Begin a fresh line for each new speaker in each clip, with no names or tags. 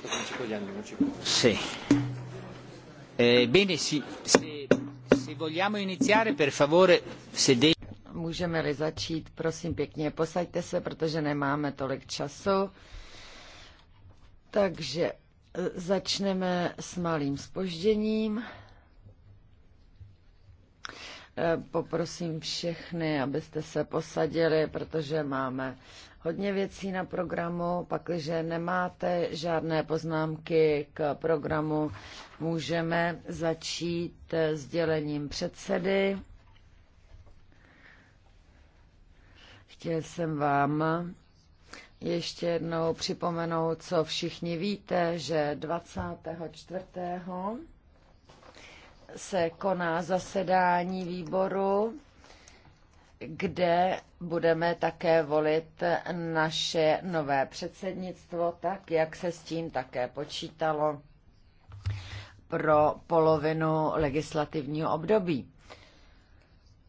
Tanto con non ci Sì. Eh, bene, sì, se, se vogliamo iniziare, per favore, se Můžeme-li začít, prosím pěkně, posaďte se, protože nemáme tolik času. Takže e, začneme s malým spožděním. E, poprosím všechny, abyste se posadili, protože máme hodně věcí na programu. Pakliže nemáte žádné poznámky k programu, můžeme začít s dělením předsedy. Chtěl jsem vám ještě jednou připomenout, co všichni víte, že 24 se koná zasedání výboru, kde budeme také volit naše nové předsednictvo, tak jak se s tím také počítalo pro polovinu legislativního období.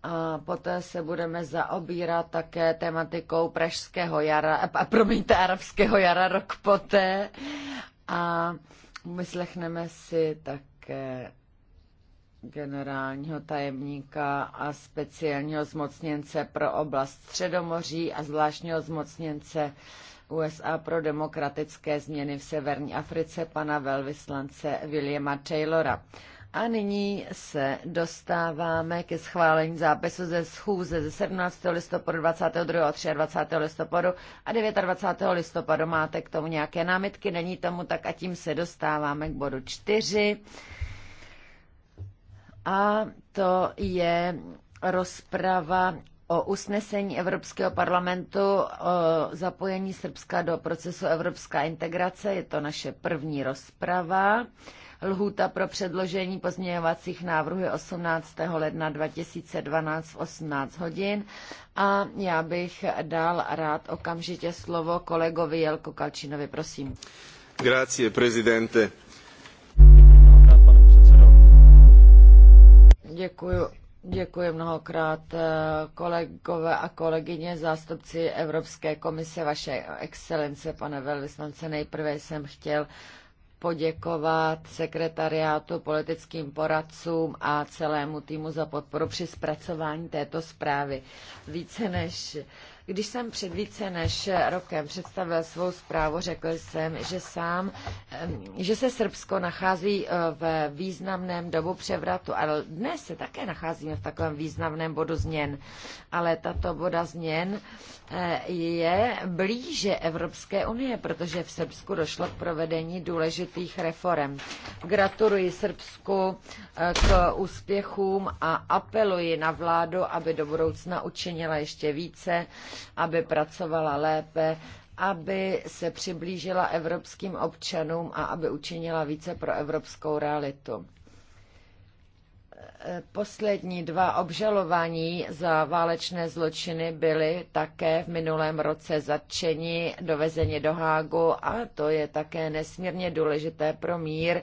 A poté se budeme zaobírat také tematikou pražského jara, a promiňte, arabského jara rok poté. A vyslechneme si také generálního tajemníka a speciálního zmocněnce pro oblast Středomoří a zvláštního zmocněnce USA pro demokratické změny v Severní Africe pana velvyslance Williama Taylora. A nyní se dostáváme ke schválení zápisu ze schůze ze 17. listopadu, 22. a 23. listopadu a 29. listopadu. Máte k tomu nějaké námitky? Není tomu tak a tím se dostáváme k bodu 4. A to je rozprava o usnesení Evropského parlamentu o zapojení Srbska do procesu evropská integrace. Je to naše první rozprava. Lhůta pro předložení pozměňovacích návrhů je 18. ledna 2012 v 18 hodin a já bych dal rád okamžitě slovo kolegovi Jelko Kalčinovi, prosím.
Grazie, prezidente.
Děkuji. Děkuji mnohokrát eh, kolegové a kolegyně, zástupci Evropské komise, vaše excelence, pane velvyslance. Nejprve jsem chtěl poděkovat sekretariátu, politickým poradcům a celému týmu za podporu při zpracování této zprávy. Více než když jsem před více než rokem představil svou zprávu, řekl jsem, že sám, že se Srbsko nachází e, v významném dobu převratu, ale dnes se také nacházíme v takovém významném bodu změn. Ale tato boda změn e, je blíže Evropské unie, protože v Srbsku došlo k provedení důležitých reform. Gratuluji Srbsku e, k úspěchům a apeluji na vládu, aby do budoucna učinila ještě více, aby pracovala lépe, aby se přiblížila evropským občanům a aby učinila více pro evropskou realitu poslední dva obžalování za válečné zločiny byly také v minulém roce zatčeni, dovezeni do Hágu a to je také nesmírně důležité pro mír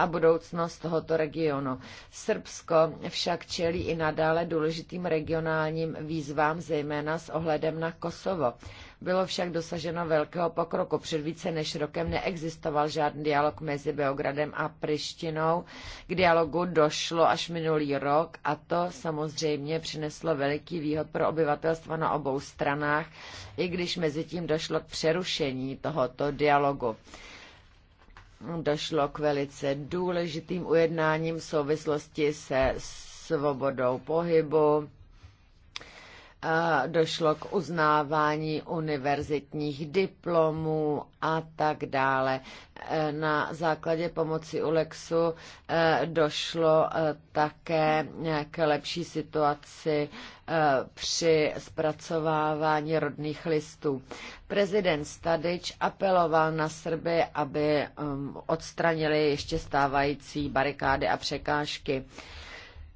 a budoucnost tohoto regionu. Srbsko však čelí i nadále důležitým regionálním výzvám, zejména s ohledem na Kosovo. Bylo však dosaženo velkého pokroku. Před více než rokem neexistoval žádný dialog mezi Beogradem a Prištinou. K dialogu došlo až minulý rok a to samozřejmě přineslo veliký výhod pro obyvatelstvo na obou stranách, i když mezi tím došlo k přerušení tohoto dialogu došlo k velice důležitým ujednáním v souvislosti se svobodou pohybu došlo k uznávání univerzitních diplomů a tak dále. E, na základě pomoci ULEXu e, došlo e, také k lepší situaci při zpracovávání rodných listů. Prezident Stadič apeloval na Srby, aby um, odstranili ještě stávající barikády a překážky.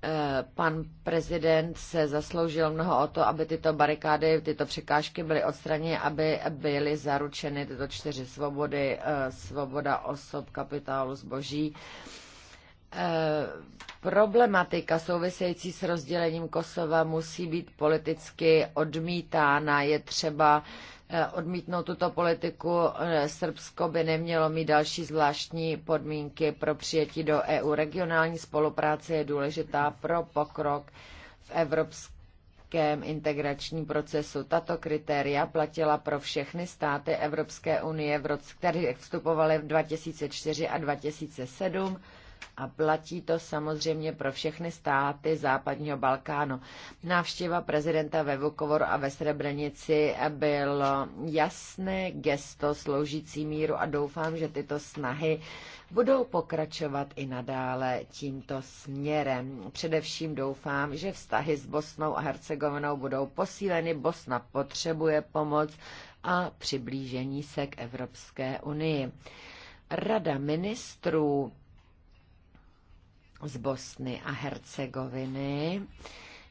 Eh, pan prezident se zasloužil mnoho o to, aby tyto barikády, tyto překážky byly odstraněny, aby byly zaručeny tyto čtyři svobody, eh, svoboda osob, kapitálu, zboží. Eh, problematika související s rozdělením Kosova musí být politicky odmítána. Je třeba uh, Eh, odmítnout tuto politiku. Eh, Srbsko by nemělo mít další zvláštní podmínky pro přijetí do EU. Regionální spolupráce je důležitá pro pokrok v evropském integračním procesu. Tato kritéria platila pro všechny státy Evropské unie, které vstupovaly v 2004 a 2007 a platí to samozřejmě pro všechny státy západního Balkánu. Návštěva prezidenta ve Vukovoru a ve Srebrenici byl jasné gesto sloužící míru a doufám, že tyto snahy budou pokračovat i nadále tímto směrem. Především doufám, že vztahy s Bosnou a Hercegovinou budou posíleny. Bosna potřebuje pomoc a přiblížení se k Evropské unii. Rada ministrů z Bosny a Hercegoviny,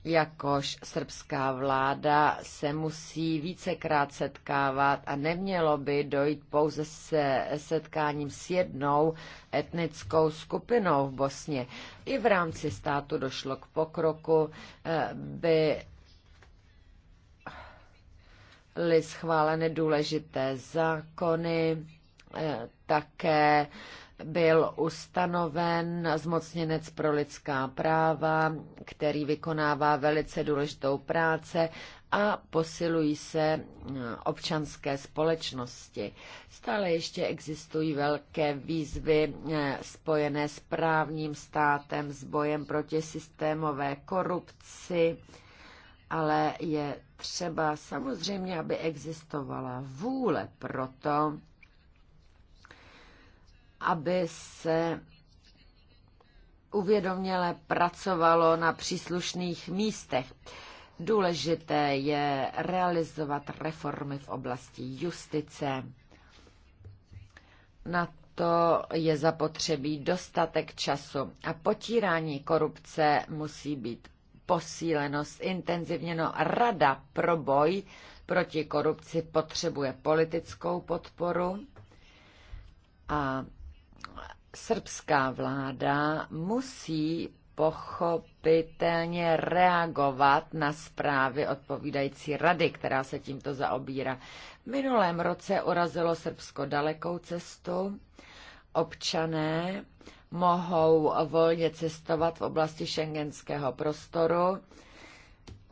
jakož srbská vláda se musí vícekrát setkávat a nemělo by dojít pouze se setkáním s jednou etnickou skupinou v Bosně. I v rámci státu došlo k pokroku, eh, by byly schváleny důležité zákony, eh, také byl ustanoven zmocněnec pro lidská práva, který vykonává velice důležitou práce a posilují se eh, občanské společnosti. Stále ještě existují velké výzvy eh, spojené s právním státem, s bojem proti systémové korupci, ale je třeba samozřejmě, aby existovala vůle pro to, aby se uvědoměle pracovalo na příslušných místech. Důležité je realizovat reformy v oblasti justice. Na to je zapotřebí dostatek času a potírání korupce musí být posíleno, zintenzivněno. Rada pro boj proti korupci potřebuje politickou podporu a srbská vláda musí pochopitelně reagovat na zprávy odpovídající rady, která se tímto zaobírá. V minulém roce urazilo Srbsko dalekou cestu. Občané mohou volně cestovat v oblasti šengenského prostoru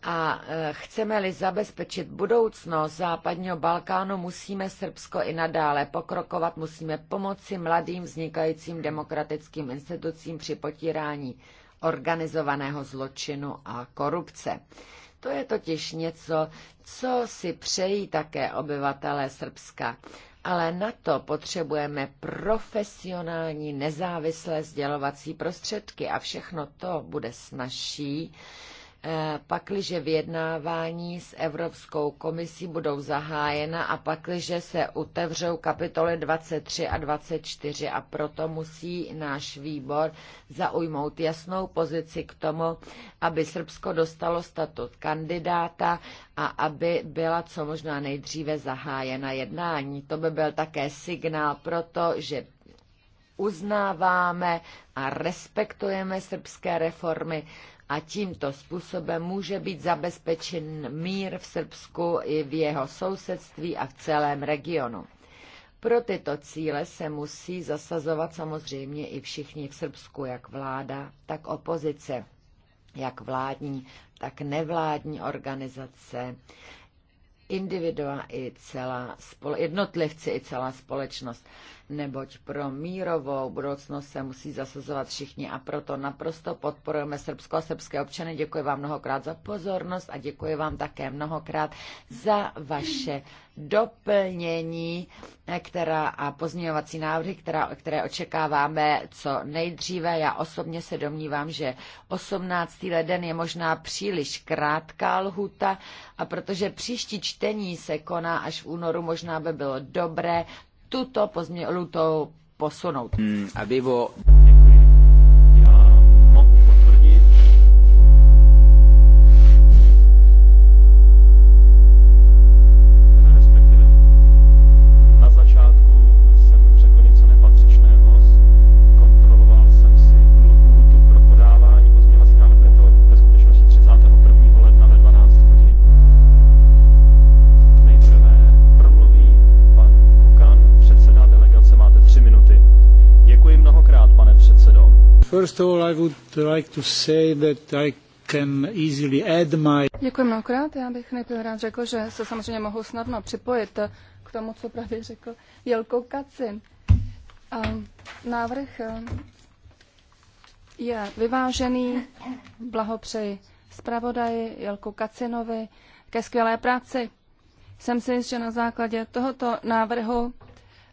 a e, chceme-li zabezpečit budoucnost západního Balkánu, musíme Srbsko i nadále pokrokovat, musíme pomoci mladým vznikajícím demokratickým institucím při potírání organizovaného zločinu a korupce. To je totiž něco, co si přejí také obyvatelé Srbska. Ale na to potřebujeme profesionální, nezávislé sdělovací prostředky a všechno to bude snažší, Eh, pakliže vyjednávání s Evropskou komisí budou zahájena a pakliže se otevřou kapitoly 23 a 24 a proto musí náš výbor zaujmout jasnou pozici k tomu, aby Srbsko dostalo statut kandidáta a aby byla co možná nejdříve zahájena jednání. To by byl také signál pro to, že uznáváme a respektujeme srbské reformy a tímto způsobem může být zabezpečen mír v Srbsku i v jeho sousedství a v celém regionu. Pro tyto cíle se musí zasazovat samozřejmě i všichni v Srbsku, jak vláda, tak opozice, jak vládní, tak nevládní organizace, individua i celá spole- jednotlivci i celá společnost neboť pro mírovou budoucnost se musí zasazovat všichni a proto naprosto podporujeme Srbsko a srbské občany. Děkuji vám mnohokrát za pozornost a děkuji vám také mnohokrát za vaše doplnění která, a pozměňovací návrhy, která, které očekáváme co nejdříve. Já osobně se domnívám, že 18. leden je možná příliš krátká lhuta a protože příští čtení se koná až v únoru, možná by bylo dobré tuto pozměnu posunout. Mm,
First of all, I would like to say that I can easily add my... Děkuji mnohokrát. Já bych nejprve rád řekl, že se samozřejmě mohu snadno připojit k tomu, co právě řekl Jelko Kacin. návrh eh, je vyvážený. Blahopřeji zpravodaji Jelku Kacinovi ke skvělé práci. Jsem si jist, že na základě tohoto návrhu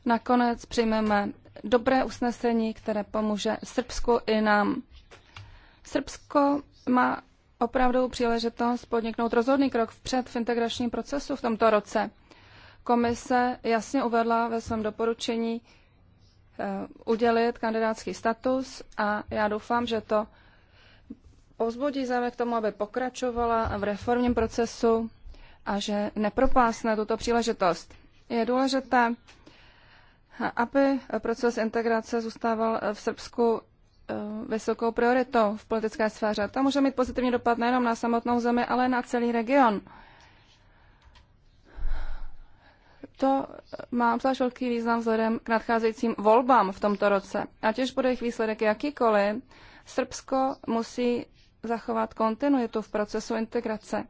nakonec přijmeme dobré usnesení, které pomůže Srbsku i nám. Srbsko má opravdu příležitost podniknout rozhodný krok vpřed v integračním procesu v tomto roce. Komise jasně uvedla ve svém doporučení eh, udělit kandidátský status a já doufám, že to pozbudí zemi k tomu, aby pokračovala v reformním procesu a že nepropásne tuto příležitost. Je důležité aby proces integrace zůstával eh, v Srbsku eh, vysokou prioritou v politické sféře. To může mít pozitivní dopad nejenom na samotnou zemi, ale na celý region. To eh, má obzvlášť velký význam vzhledem k nadcházejícím volbám v tomto roce. Ať už bude jejich výsledek jakýkoliv, Srbsko musí zachovat kontinuitu v procesu integrace.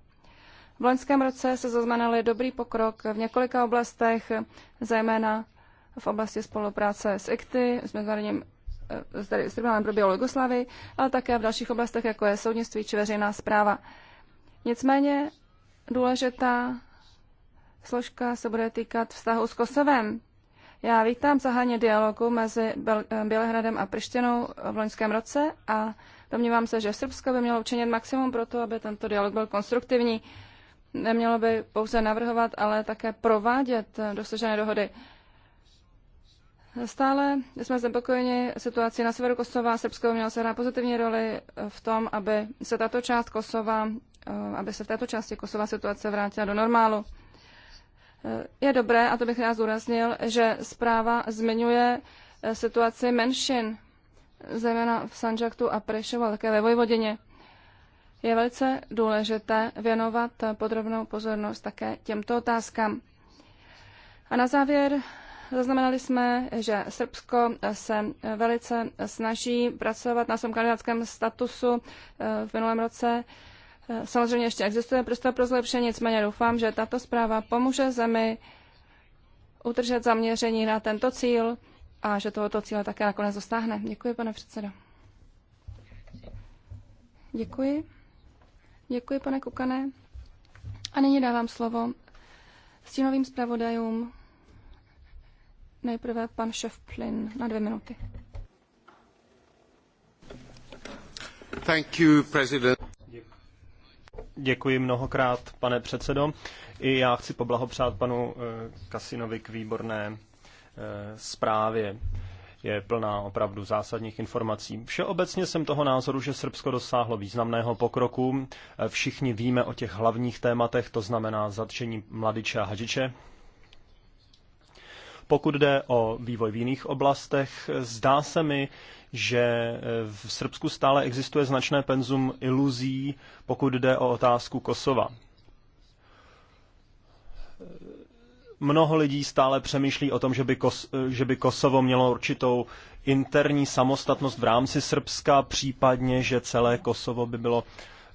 V loňském roce se zaznamenali dobrý pokrok v několika oblastech, zejména v oblasti spolupráce s ICTY, s Mezinárodním eh, s Tribunálem pro biologii Jugoslavy, ale také v dalších oblastech, jako je soudnictví či veřejná zpráva. Nicméně důležitá složka se bude týkat vztahu s Kosovem. Já vítám zahání dialogu mezi eh, Bělehradem a Prištěnou v loňském roce a domnívám se, že Srbsko by mělo učinit maximum pro to, aby tento dialog byl konstruktivní. Nemělo by pouze navrhovat, ale také provádět eh, dosažené dohody. Stále jsme znepokojeni situací na severu Kosova. Srbsko mělo se hrát pozitivní roli v tom, aby se tato část Kosova, eh, aby se v této části Kosova situace vrátila do normálu. Eh, je dobré, a to bych rád zúraznil, že zpráva zmiňuje eh, situaci menšin, zejména v Sanžaktu a Prešovu, ale také ve Vojvodině. Je velice důležité věnovat podrobnou pozornost také těmto otázkám. A na závěr Zaznamenali jsme, že Srbsko se velice snaží pracovat na svém kandidátském statusu eh, v minulém roce. Eh, samozřejmě ještě existuje prostor pro zlepšení, nicméně doufám, že tato zpráva pomůže zemi udržet zaměření na tento cíl a že tohoto cíle také nakonec dostáhne. Děkuji, pane předsedo. Děkuji. Děkuji, pane Kukane. A nyní dávám slovo stínovým zpravodajům Nejprve pan šef Plyn na dvě minuty.
Thank you, president. Děkuji mnohokrát, pane předsedo. I já chci poblahopřát panu eh, Kasinovi k výborné eh, zprávě. Je plná opravdu zásadních informací. Všeobecně jsem toho názoru, že Srbsko dosáhlo významného pokroku. Eh, všichni víme o těch hlavních tématech, to znamená zatčení mladiče a hadiče, pokud jde o vývoj v jiných oblastech, zdá se mi, že v Srbsku stále existuje značné penzum iluzí, pokud jde o otázku Kosova. Mnoho lidí stále přemýšlí o tom, že by, Kos- že by Kosovo mělo určitou interní samostatnost v rámci Srbska, případně, že celé Kosovo by bylo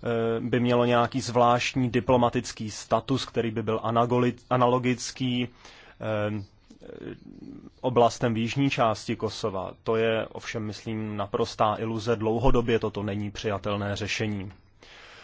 eh, by mělo nějaký zvláštní diplomatický status, který by byl analogický eh, oblastem v jižní části Kosova. To je ovšem, myslím, naprostá iluze. Dlouhodobě toto není přijatelné řešení.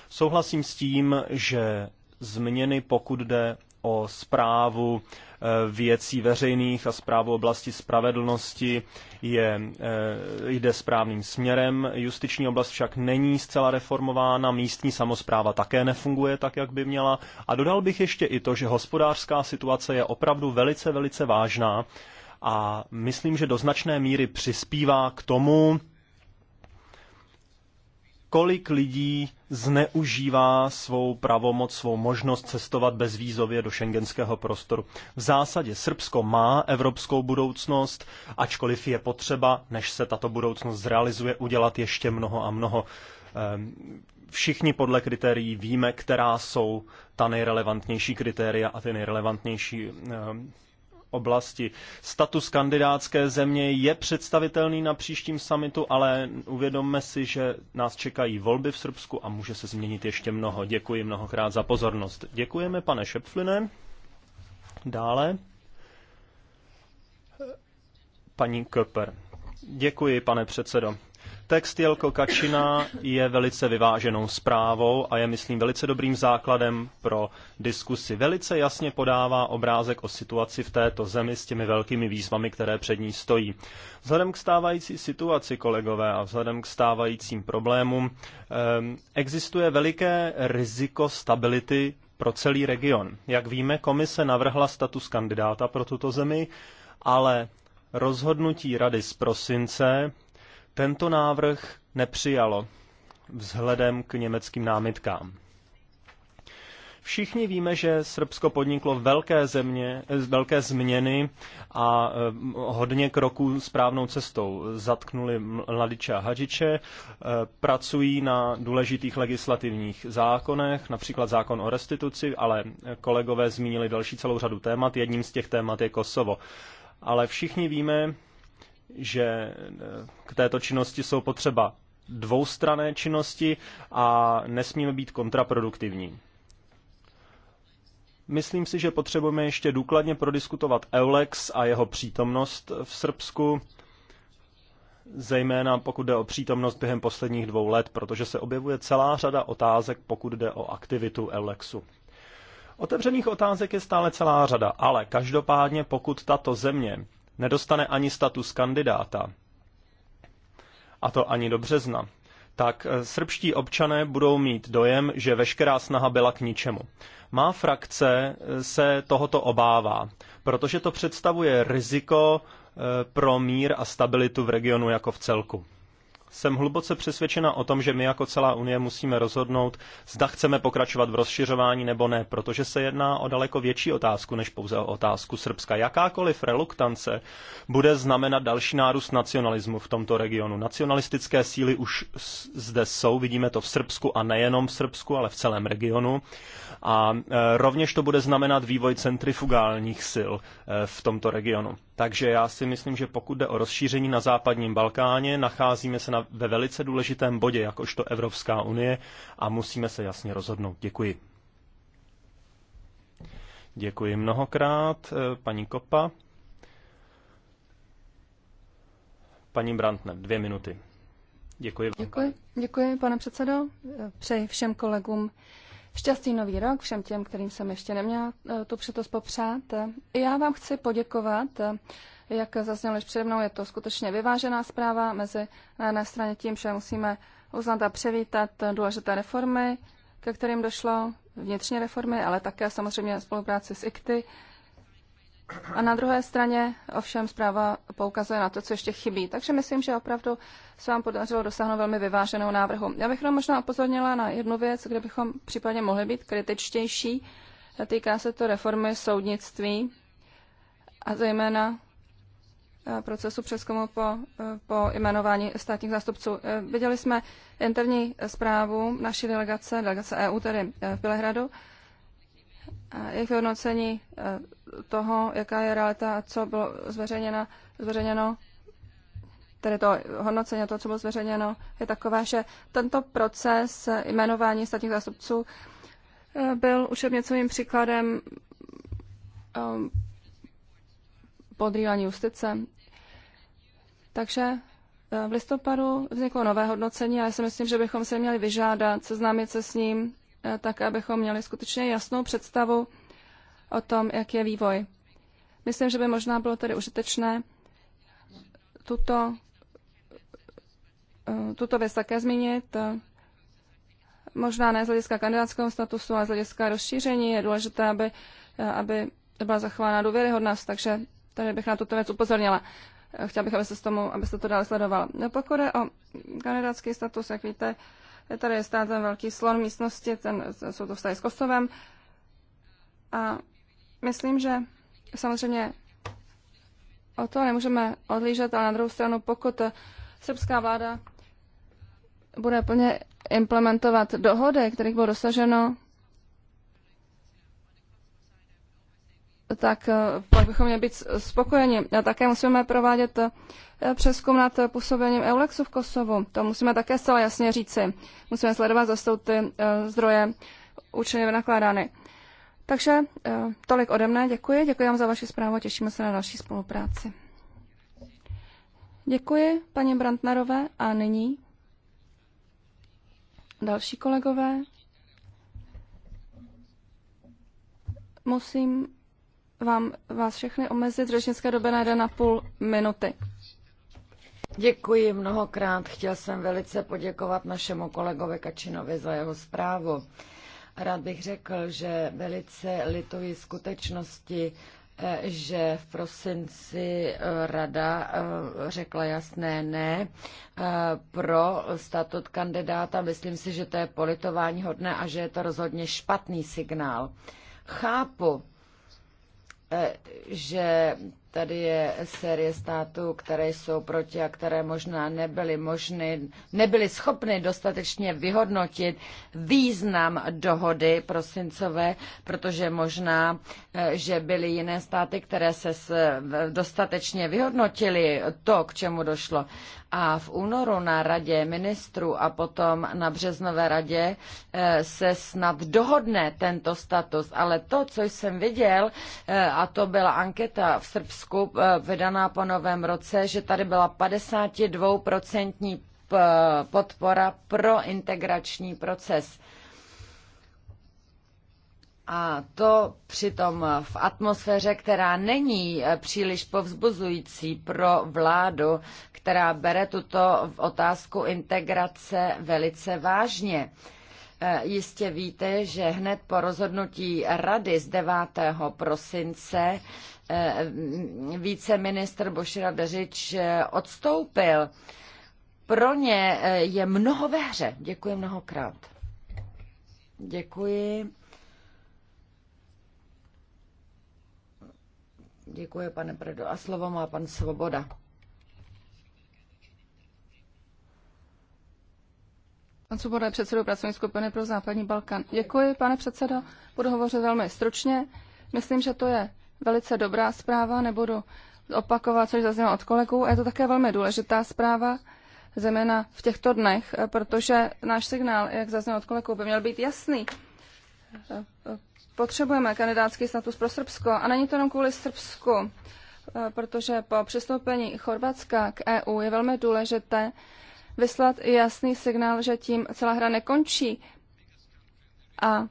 Souhlasím s tím, že změny, pokud jde o zprávu eh, věcí veřejných a zprávu oblasti spravedlnosti je, eh, jde správným směrem. Justiční oblast však není zcela reformována, místní samozpráva také nefunguje tak, jak by měla. A dodal bych ještě i to, že hospodářská situace je opravdu velice, velice vážná a myslím, že do značné míry přispívá k tomu, kolik lidí zneužívá svou pravomoc, svou možnost cestovat bezvízově do šengenského prostoru. V zásadě Srbsko má evropskou budoucnost, ačkoliv je potřeba, než se tato budoucnost zrealizuje, udělat ještě mnoho a mnoho. Ehm, všichni podle kritérií víme, která jsou ta nejrelevantnější kritéria a ty nejrelevantnější ehm, oblasti. Status kandidátské země je představitelný na příštím samitu, ale uvědomme si, že nás čekají volby v Srbsku a může se změnit ještě mnoho. Děkuji mnohokrát za pozornost. Děkujeme, pane Šepfline. Dále. Paní Köper. Děkuji, pane předsedo. Text Jelko Kačina je velice vyváženou zprávou a je, myslím, velice dobrým základem pro diskusi. Velice jasně podává obrázek o situaci v této zemi s těmi velkými výzvami, které před ní stojí. Vzhledem k stávající situaci, kolegové, a vzhledem k stávajícím problémům, ehm, existuje veliké riziko stability pro celý region. Jak víme, komise navrhla status kandidáta pro tuto zemi, ale rozhodnutí rady z prosince tento návrh nepřijalo vzhledem k německým námitkám. Všichni víme, že Srbsko podniklo velké, země, eh, velké změny a eh, hodně kroků správnou cestou. Zatknuli Mladiče a Hadžiče, eh, pracují na důležitých legislativních zákonech, například zákon o restituci, ale kolegové zmínili další celou řadu témat. Jedním z těch témat je Kosovo. Ale všichni víme, že eh, k této činnosti jsou potřeba dvoustrané činnosti a nesmíme být kontraproduktivní. Myslím si, že potřebujeme ještě důkladně prodiskutovat Eulex a jeho přítomnost v Srbsku, zejména pokud jde o přítomnost během posledních dvou let, protože se objevuje celá řada otázek, pokud jde o aktivitu Eulexu. Otevřených otázek je stále celá řada, ale každopádně pokud tato země nedostane ani status kandidáta, a to ani do března, tak eh, srbští občané budou mít dojem, že veškerá snaha byla k ničemu. Má frakce eh, se tohoto obává, protože to představuje riziko eh, pro mír a stabilitu v regionu jako v celku. Jsem hluboce přesvědčena o tom, že my jako celá Unie musíme rozhodnout, zda chceme pokračovat v rozšiřování nebo ne, protože se jedná o daleko větší otázku než pouze o otázku Srbska. Jakákoliv reluktance bude znamenat další nárůst nacionalismu v tomto regionu. Nacionalistické síly už zde jsou, vidíme to v Srbsku a nejenom v Srbsku, ale v celém regionu a e, rovněž to bude znamenat vývoj centrifugálních sil e, v tomto regionu. Takže já si myslím, že pokud jde o rozšíření na západním Balkáně, nacházíme se na, ve velice důležitém bodě, jakožto Evropská unie, a musíme se jasně rozhodnout. Děkuji. Děkuji mnohokrát, e, paní Kopa. Paní Brantner, dvě minuty. Děkuji vám.
Děkuji, děkuji pane předsedo. Přeji všem kolegům Šťastný nový rok všem těm, kterým jsem ještě neměla eh, tu přitost popřát. Já vám chci poděkovat. Jak zaznělo již přede mnou, je to skutečně vyvážená zpráva mezi na jedné straně tím, že musíme uznat a převítat důležité reformy, ke kterým došlo, vnitřní reformy, ale také samozřejmě spolupráci s ICTY, a na druhé straně ovšem zpráva poukazuje na to, co ještě chybí. Takže myslím, že opravdu se vám podařilo dosáhnout velmi vyváženou návrhu. Já bych jenom možná upozornila na jednu věc, kde bychom případně mohli být kritičtější. Týká se to reformy soudnictví a zejména eh, procesu přeskumu po, eh, po jmenování státních zástupců. Eh, viděli jsme interní zprávu naší delegace, delegace EU tedy v Bělehradu, jejich vyhodnocení toho, jaká je realita a co bylo zveřejněno, zveřejněno tedy to hodnocení to co bylo zveřejněno, je takové, že tento proces jmenování státních zástupců eh, byl už učebnicovým příkladem ehm, podrývání justice. Takže eh, v listopadu vzniklo nové hodnocení a já si myslím, že bychom se měli vyžádat, seznámit se s ním, eh, tak abychom měli skutečně jasnou představu o tom, jak je vývoj. Myslím, že by možná bylo tedy užitečné tuto, eh, tuto věc také zmínit. Možná ne z hlediska kandidátského statusu, ale z hlediska rozšíření je důležité, aby, eh, aby byla zachována důvěryhodnost, takže tady bych na tuto věc upozornila. Eh, chtěla bych, s tomu, abyste to dále sledoval. No, pokud je o kandidátský status, jak víte, je tady je stát ten velký slon místnosti, ten, jsou to vztahy s Kosovem. A Myslím, že samozřejmě o to nemůžeme odlížet, ale na druhou stranu, pokud srbská vláda bude plně implementovat dohody, kterých bylo dosaženo, tak eh, pak bychom měli být spokojeni. A také musíme provádět eh, přeskum nad působením Eulexu v Kosovu. To musíme také zcela jasně říci. Musíme sledovat, zda jsou ty eh, zdroje účinně vynakládány. Takže eh, tolik ode mne, děkuji, děkuji vám za vaši zprávu a těšíme se na další spolupráci. Děkuji paní Brantnerové a nyní další kolegové. Musím vám, vás všechny omezit řečnické doby na půl minuty. Děkuji mnohokrát. Chtěl
jsem velice poděkovat našemu kolegovi Kačinovi za jeho zprávu. Rád bych řekl, že velice lituji skutečnosti, eh, že v prosinci eh, rada eh, řekla jasné ne pro statut kandidáta. Myslím si, že to je politování hodné a že je to rozhodně špatný signál. Chápu, že Tady je série států, které jsou proti a které možná nebyly možny, nebyly schopny dostatečně vyhodnotit význam dohody prosincové, protože možná, eh, že byly jiné státy, které se dostatečně vyhodnotily to, k čemu došlo. A v únoru na radě ministrů a potom na březnové radě eh, se snad dohodne tento status. Ale to, co jsem viděl, eh, a to byla anketa v Srbsku, Norsku eh, vydaná po novém roce, že tady byla 52% eh, podpora pro integrační proces. A to přitom v atmosféře, která není eh, příliš povzbuzující pro vládu, která bere tuto otázku integrace velice vážně. Eh, jistě víte, že hned po rozhodnutí rady z 9. prosince eh, víceministr Bošira Deřič eh, odstoupil. Pro ně je mnoho ve hře. Děkuji mnohokrát. Děkuji. Děkuji, pane
Predo. A slovo má pan Svoboda. Pan Svoboda je předsedou pracovní skupiny pro Západní Balkán. Děkuji, pane předsedo. Budu hovořit velmi stručně. Myslím, že to je velice dobrá zpráva. Nebudu opakovat, což zaznělo od kolegů. A je to také velmi důležitá zpráva, zejména v těchto dnech, protože náš signál, jak zaznělo od kolegů, by měl být jasný. Potřebujeme kandidátský status pro Srbsko a není to jenom kvůli Srbsku, protože po přistoupení Chorvatska k EU je velmi důležité, vyslat jasný signál, že tím celá hra nekončí a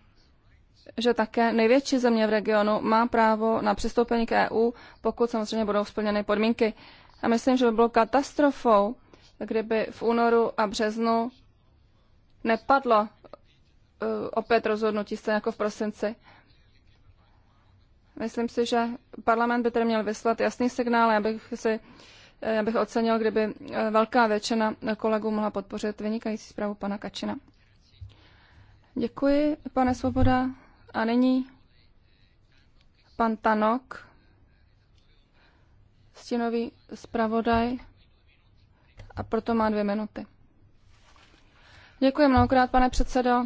že také největší země v regionu má právo na přistoupení k EU, pokud samozřejmě budou splněny podmínky. A myslím, že by bylo katastrofou, kdyby v únoru a březnu nepadlo uh, opět rozhodnutí, stejně jako v prosinci. Myslím si, že parlament by tedy měl vyslat jasný signál. abych si uh, Eh, Já bych ocenil, kdyby eh, velká většina kolegů mohla podpořit vynikající zprávu pana Kačina. Děkuji, pane Svoboda. A nyní pan Tanok, stínový zpravodaj, a proto má dvě minuty. Děkuji mnohokrát, pane předsedo.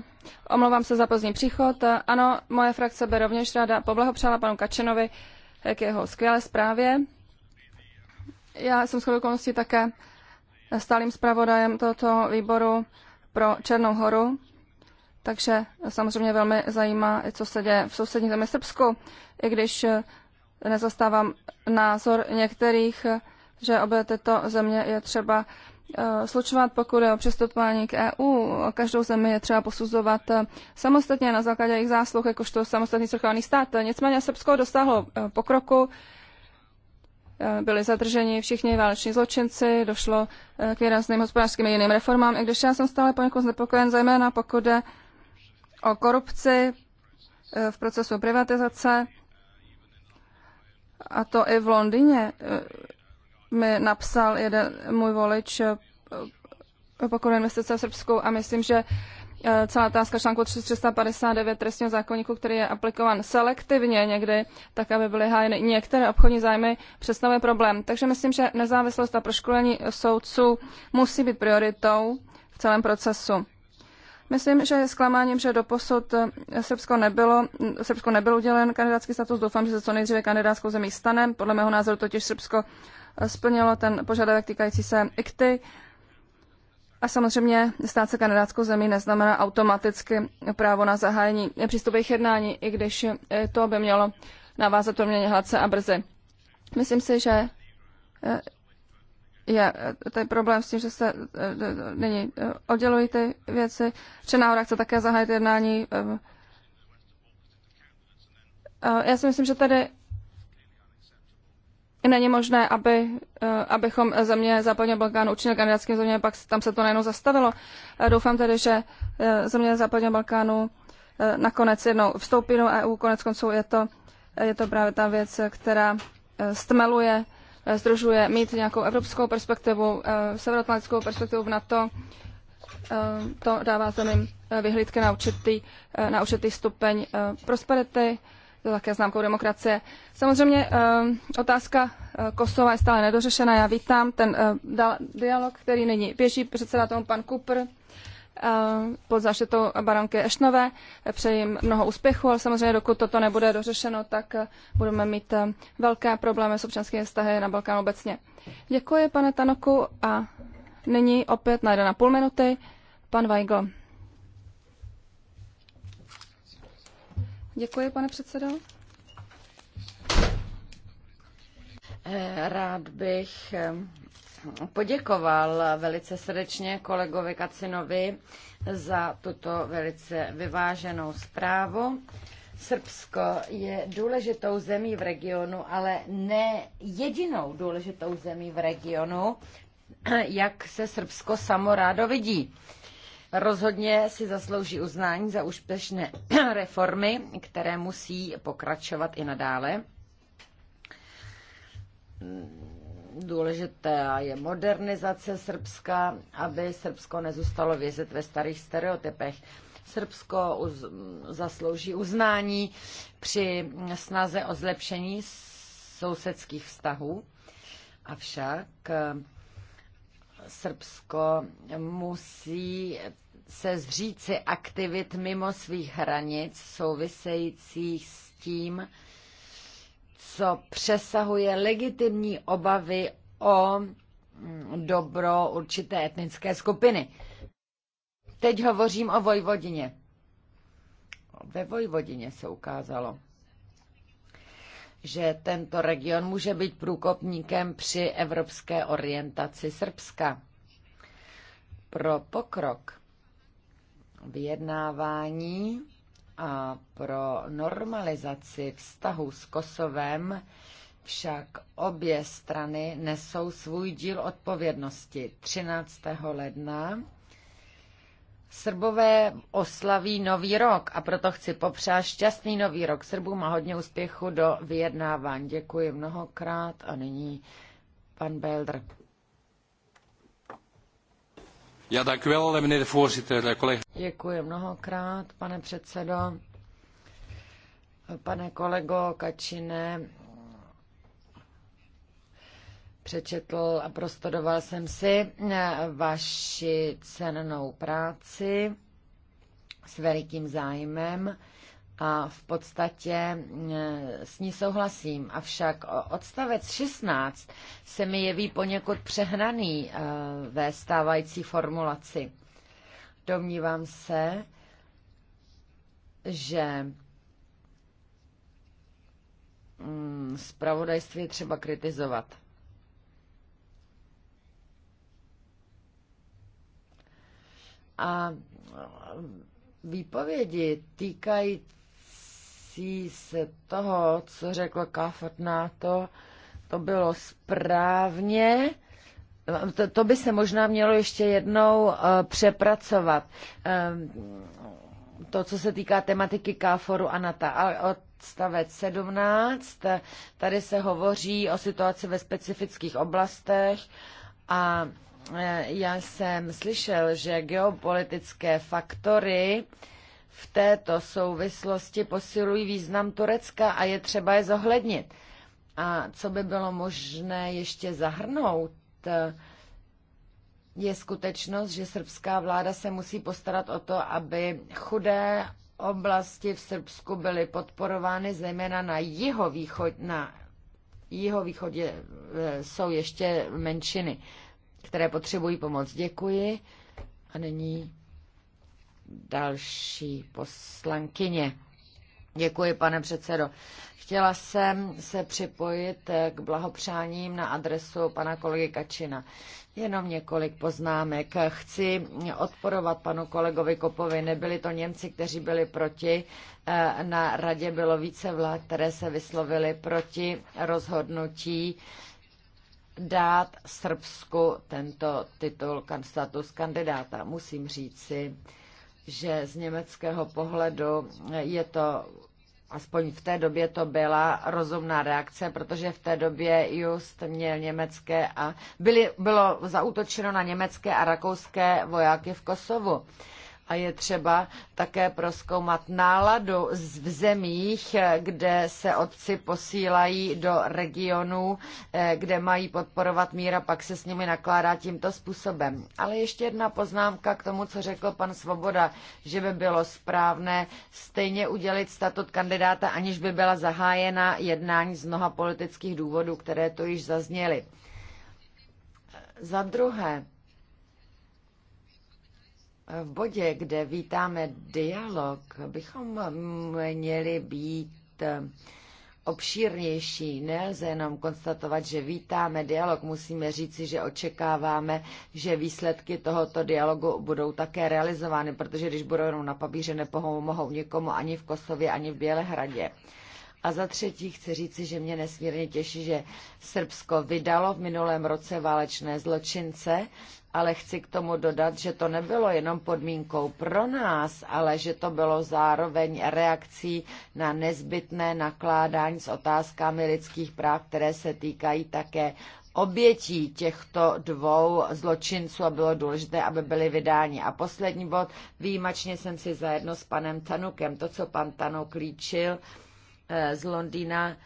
Omlouvám se za pozdní příchod. Ano, moje frakce by rovněž ráda poblahopřála panu Kačenovi k jeho skvělé zprávě. Já jsem s okolností také stálým zpravodajem tohoto výboru pro Černou horu, takže samozřejmě velmi zajímá, co se děje v sousední zemi Srbsku, i když nezastávám názor některých, že obě tyto země je třeba eh, slučovat, pokud je o přistupování k EU. Každou zemi je třeba posuzovat eh, samostatně na základě jejich zásluh, jakožto samostatný svrchovaný stát. Nicméně Srbsko dosáhlo eh, pokroku Eh, byli zadrženi všichni váleční zločinci, došlo eh, k výrazným hospodářským a jiným reformám, i když já jsem stále poněkud znepokojen, zejména pokud jde o korupci eh, v procesu privatizace, a to i v Londýně mi napsal jeden můj volič pokud investice v Srbsku a myslím, že Eh, celá otázka článku 359 trestního zákonníku, který je aplikovan selektivně někdy, tak aby byly hájeny některé obchodní zájmy, představuje problém. Takže myslím, že nezávislost a proškolení soudců musí být prioritou v celém procesu. Myslím, že je zklamáním, že posud, eh, Srbsko nebylo, mm, Srbsko nebyl udělen kandidátský status. Doufám, že se co nejdříve kandidátskou zemí stane. Podle mého názoru totiž Srbsko eh, splnilo ten požadavek týkající se IKTY. A samozřejmě stát se kanadáckou zemí neznamená automaticky právo na zahájení přístupových jednání, i když eh, to by mělo navázat měně hladce a brzy. Myslím si, že eh, je eh, ten problém s tím, že se nyní oddělují ty věci. Černá hora chce také zahájit jednání. Já si myslím, že tady není možné, aby, eh, abychom země západního Balkánu učinili kandidátským země, pak tam se to najednou zastavilo. Eh, doufám tedy, že eh, země západního Balkánu nakonec jednou vstoupí do EU, konec konců je to, je to právě ta věc, která stmeluje, združuje mít nějakou evropskou perspektivu, severoatlantickou perspektivu v NATO, to dává zemím vyhlídky na určitý, na určitý stupeň prosperity, to také známkou demokracie. Samozřejmě eh, otázka eh, Kosova je stále nedořešena. Já vítám ten eh, dialog, který nyní běží. Předseda tomu pan Kupr pod záštitou baronky Ešnové. Přeji jim mnoho úspěchu, ale samozřejmě dokud toto nebude dořešeno, tak budeme mít velké problémy s občanskými vztahy na Balkánu obecně. Děkuji, pane Tanoku, a nyní opět na 1,5 minuty pan Weigl. Děkuji, pane předsedo.
Rád bych eh, poděkoval velice srdečně kolegovi Kacinovi za tuto velice vyváženou zprávu. Srbsko je důležitou zemí v regionu, ale ne jedinou důležitou zemí v regionu, jak se Srbsko samo rádo vidí rozhodně si zaslouží uznání za úspěšné reformy, které musí pokračovat i nadále. Důležité je modernizace Srbska, aby Srbsko nezůstalo vězet ve starých stereotypech. Srbsko uz, zaslouží uznání při snaze o zlepšení sousedských vztahů. Avšak eh, Srbsko musí se zříci aktivit mimo svých hranic souvisejících s tím, co přesahuje legitimní obavy o dobro určité etnické skupiny. Teď hovořím o Vojvodině. Ve Vojvodině se ukázalo, že tento region může být průkopníkem při evropské orientaci Srbska. Pro pokrok vyjednávání a pro normalizaci vztahu s Kosovem však obě strany nesou svůj díl odpovědnosti. 13. ledna Srbové oslaví nový rok a proto chci popřát šťastný nový rok. Srbům a hodně úspěchu do vyjednávání. Děkuji mnohokrát a nyní pan Belder.
Ja, dank wel, eh, meneer de voorzitter, eh, collega.
Děkuji mnohokrát, pane předsedo. Pane kolego Kačine, přečetl a prostudoval jsem si eh, vaši cennou práci s velikým zájmem a v podstatě e, s ní souhlasím. Avšak odstavec 16 se mi jeví poněkud přehnaný e, ve stávající formulaci. Domnívám se, že mm, zpravodajství je třeba kritizovat. A e, výpovědi týkají týkající se toho, co řekl Kafat na to, to bylo správně. To, to by se možná mělo ještě jednou uh, přepracovat. Um, to, co se týká tematiky Káforu a NATO. Ale odstavec 17, tady se hovoří o situaci ve specifických oblastech a eh, já jsem slyšel, že geopolitické faktory uh, v této souvislosti posilují význam Turecka a je třeba je zohlednit. A co by bylo možné ještě zahrnout, je skutečnost, že srbská vláda se musí postarat o to, aby chudé oblasti v Srbsku byly podporovány, zejména na jihovýchod, na jihovýchodě e, jsou ještě menšiny, které potřebují pomoc. Děkuji. A nyní další poslankyně. Děkuji, pane předsedo. Chtěla jsem se připojit k blahopřáním na adresu pana kolegy Kačina. Jenom několik poznámek. Chci odporovat panu kolegovi Kopovi. Nebyli to Němci, kteří byli proti. Eh, na radě bylo více vlád, které se vyslovily proti rozhodnutí dát Srbsku tento titul status kandidáta. Musím říci, si že z německého pohledu je to aspoň v té době to byla rozumná reakce, protože v té době Just měl německé a byly, bylo zautočeno na německé a rakouské vojáky v Kosovu a je třeba také proskoumat náladu v zemích, kde se otci posílají do regionů, eh, kde mají podporovat míra, pak se s nimi nakládá tímto způsobem. Ale ještě jedna poznámka k tomu, co řekl pan Svoboda, že by bylo správné stejně udělit statut kandidáta, aniž by byla zahájena jednání z mnoha politických důvodů, které to již zazněly. Za druhé, v bodě, kde vítáme dialog, bychom měli být obšírnější. Nelze jenom konstatovat, že vítáme dialog, musíme říci, že očekáváme, že výsledky tohoto dialogu budou také realizovány, protože když budou jenom na papíře, nepomohou nikomu ani v Kosově, ani v Bělehradě. A za třetí chci říci, že mě nesmírně těší, že Srbsko vydalo v minulém roce válečné zločince ale chci k tomu dodat, že to nebylo jenom podmínkou pro nás, ale že to bylo zároveň reakcí na nezbytné nakládání s otázkami lidských práv, které se týkají také obětí těchto dvou zločinců a bylo důležité, aby byly vydáni. A poslední bod, výjimačně jsem si zajedno s panem Tanukem, to, co pan Tanuk líčil eh, z Londýna,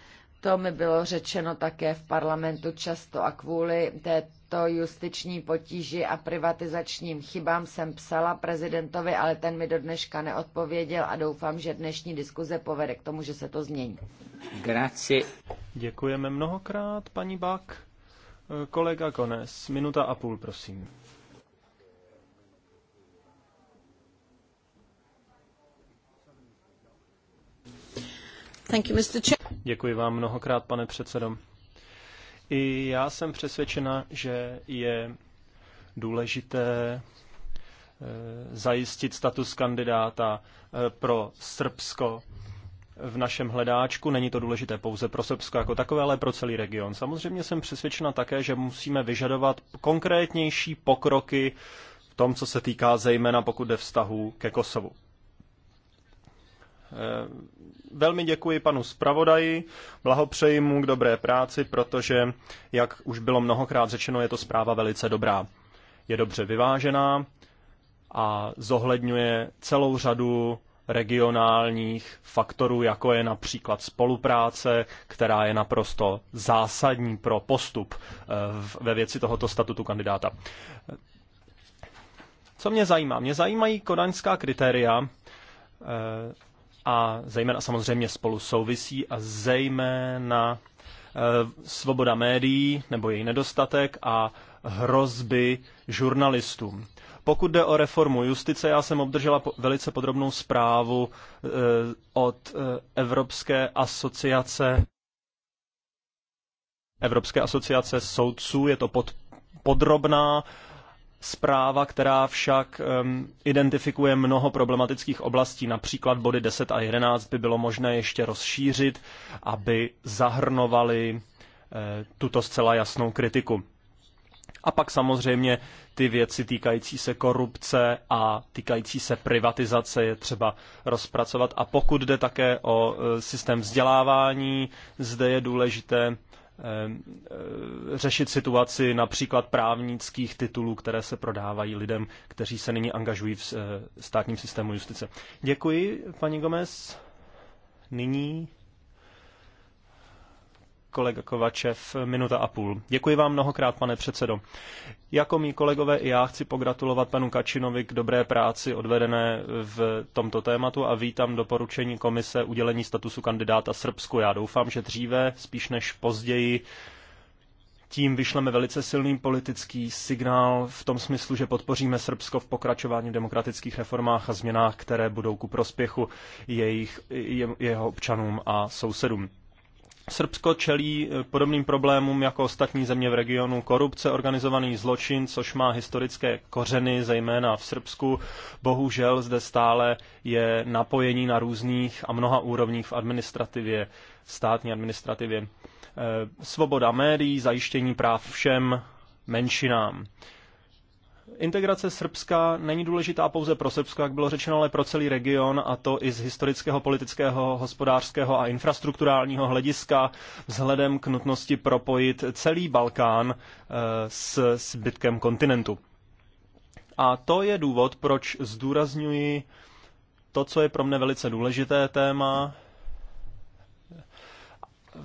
to mi bylo řečeno také v parlamentu často a kvůli té, to justiční potíži a privatizačním chybám jsem psala prezidentovi, ale ten mi do dneška neodpověděl a doufám, že dnešní diskuze povede k tomu, že se to změní.
Grazie. Děkujeme mnohokrát, paní Bak. Eh, kolega Gones, minuta a půl, prosím. Thank you, Mr. Děkuji vám mnohokrát, pane předsedo. I já jsem přesvědčena, že je důležité eh, zajistit status kandidáta eh, pro Srbsko v našem hledáčku. Není to důležité pouze pro Srbsko jako takové, ale pro celý region. Samozřejmě jsem přesvědčena také, že musíme vyžadovat konkrétnější pokroky v tom, co se týká zejména pokud jde vztahu ke Kosovu. Eh, velmi děkuji panu zpravodaji, blahopřeji mu k dobré práci, protože, jak už bylo mnohokrát řečeno, je to zpráva velice dobrá. Je dobře vyvážená a zohledňuje celou řadu regionálních faktorů, jako je například spolupráce, která je naprosto zásadní pro postup eh, ve věci tohoto statutu kandidáta. Co mě zajímá? Mě zajímají kodaňská kritéria, eh, a zejména samozřejmě spolu souvisí a zejména eh, svoboda médií nebo její nedostatek a hrozby žurnalistům. Pokud jde o reformu justice, já jsem obdržela velice podrobnou zprávu eh, od eh, Evropské asociace Evropské asociace soudců. Je to pod, podrobná zpráva, která však um, identifikuje mnoho problematických oblastí, například body 10 a 11 by bylo možné ještě rozšířit, aby zahrnovaly uh, eh, tuto zcela jasnou kritiku. A pak samozřejmě ty věci týkající se korupce a týkající se privatizace je třeba rozpracovat. A pokud jde také o eh, systém vzdělávání, zde je důležité Eh, eh, řešit situaci například právnických titulů, které se prodávají lidem, kteří se nyní angažují v eh, státním systému justice. Děkuji, paní Gomez. Nyní kolega Kovačev, minuta a půl. Děkuji vám mnohokrát, pane předsedo. Jako mý kolegové i já chci pogratulovat panu Kačinovi k dobré práci odvedené v tomto tématu a vítám doporučení komise udělení statusu kandidáta Srbsku. Já doufám, že dříve, spíš než později, tím vyšleme velice silný politický signál v tom smyslu, že podpoříme Srbsko v pokračování v demokratických reformách a změnách, které budou ku prospěchu jejich, je, jeho občanům a sousedům. Srbsko čelí eh, podobným problémům jako ostatní země v regionu. Korupce, organizovaný zločin, což má historické kořeny, zejména v Srbsku. Bohužel zde stále je napojení na různých a mnoha úrovních v administrativě, státní administrativě. Eh, Svoboda médií, zajištění práv všem menšinám. Integrace Srbska není důležitá pouze pro Srbsko, jak bylo řečeno, ale pro celý region, a to i z historického, politického, hospodářského a infrastrukturálního hlediska, vzhledem k nutnosti propojit celý Balkán eh, s zbytkem kontinentu. A to je důvod, proč zdůrazňuji to, co je pro mě velice důležité téma,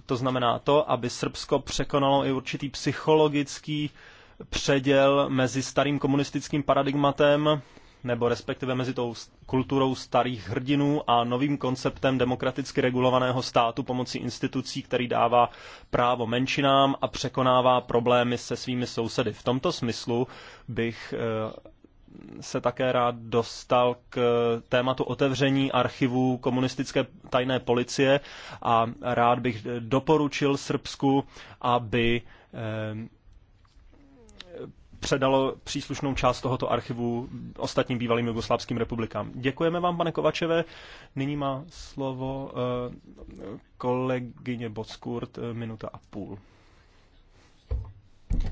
to znamená to, aby Srbsko překonalo i určitý psychologický předěl mezi starým komunistickým paradigmatem, nebo respektive mezi tou kulturou starých hrdinů a novým konceptem demokraticky regulovaného státu pomocí institucí, který dává právo menšinám a překonává problémy se svými sousedy. V tomto smyslu bych eh, se také rád dostal k eh, tématu otevření archivů komunistické tajné policie a rád bych eh, doporučil Srbsku, aby předalo příslušnou část tohoto archivu ostatním bývalým jugoslávským republikám. Děkujeme vám, pane Kovačeve. Nyní má slovo eh, kolegyně Bockurt, eh, minuta a půl.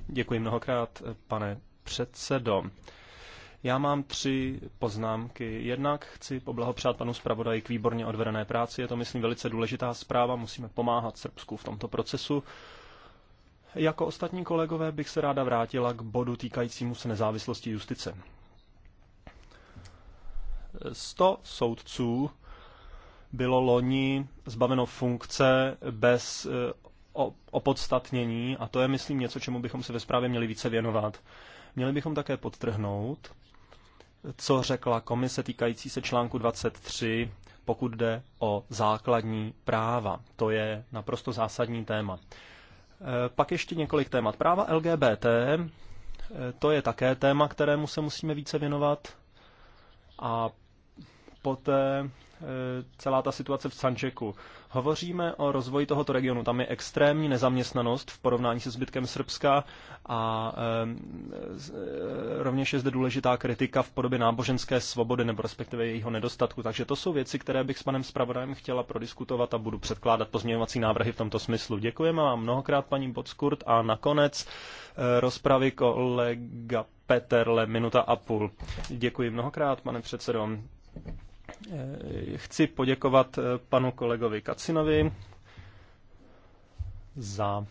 Děkuji mnohokrát, eh, pane předsedo. Já mám tři poznámky. Jednak chci poblahopřát panu zpravodaji k výborně odvedené práci. Je to, myslím, velice důležitá zpráva. Musíme pomáhat Srbsku v tomto procesu. Jako ostatní kolegové bych se ráda vrátila k bodu týkajícímu se nezávislosti justice. 100 soudců bylo loni zbaveno funkce bez eh, opodstatnění a to je, myslím, něco, čemu bychom se ve zprávě měli více věnovat. Měli bychom také podtrhnout, co řekla komise týkající se článku 23, pokud jde o základní práva. To je naprosto zásadní téma. Eh, pak ještě několik témat. Práva LGBT, eh, to je také téma, kterému se musíme více věnovat. A poté Eh, celá ta situace v Sančeku. Hovoříme o rozvoji tohoto regionu. Tam je extrémní nezaměstnanost v porovnání se zbytkem Srbska a eh, rovněž je zde důležitá kritika v podobě náboženské svobody nebo respektive jejího nedostatku. Takže to jsou věci, které bych s panem zpravodajem chtěla prodiskutovat a budu předkládat pozměňovací návrhy v tomto smyslu. Děkujeme vám mnohokrát, paní Bockurt, a nakonec eh, rozpravy kolega Peterle, minuta a půl. Děkuji mnohokrát, pane předsedo. Chci poděkovat eh, panu kolegovi Kacinovi za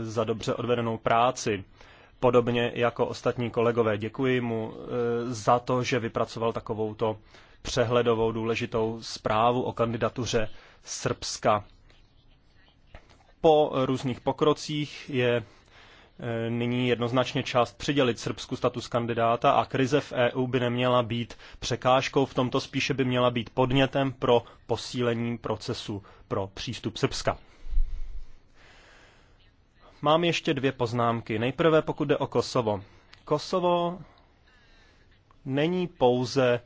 eh, za dobře odvedenou práci. Podobně jako ostatní kolegové, děkuji mu eh, za to, že vypracoval takovouto přehledovou důležitou zprávu o kandidatuře Srbska. Po různých pokrocích je Eh, nyní jednoznačně část přidělit Srbsku status kandidáta a krize v EU by neměla být překážkou, v tomto spíše by měla být podnětem pro posílení procesu pro přístup Srbska. Mám ještě dvě poznámky. Nejprve pokud jde o Kosovo. Kosovo není pouze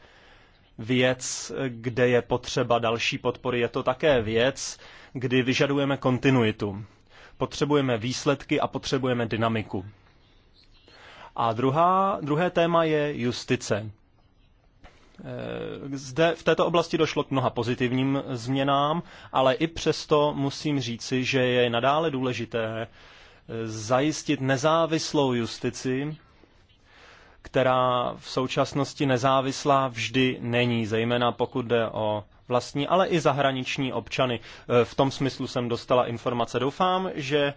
věc, kde je potřeba další podpory, je to také věc, kdy vyžadujeme kontinuitu. Potřebujeme výsledky a potřebujeme dynamiku. A druhá, druhé téma je justice. Eh, zde v této oblasti došlo k mnoha pozitivním změnám, ale i přesto musím říci, že je nadále důležité eh, zajistit nezávislou justici, která v současnosti nezávislá vždy není, zejména pokud jde o vlastní, ale i zahraniční občany. Eh, v tom smyslu jsem dostala informace. Doufám, že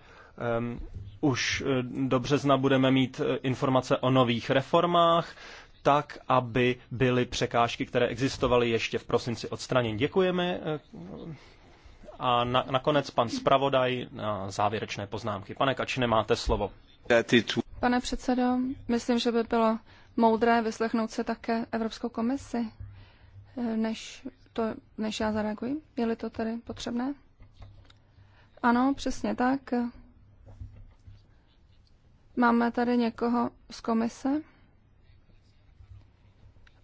um, už eh, do března budeme mít eh, informace o nových reformách, tak, aby byly překážky, které existovaly ještě v prosinci odstraněny. Děkujeme. A na, nakonec pan zpravodaj na závěrečné poznámky. Pane Kačine, máte slovo.
Pane předsedo, myslím, že by bylo moudré vyslechnout se také Evropskou komisi, než to, než já zareaguji? Je-li to tedy potřebné? Ano, přesně tak. Máme tady někoho z komise?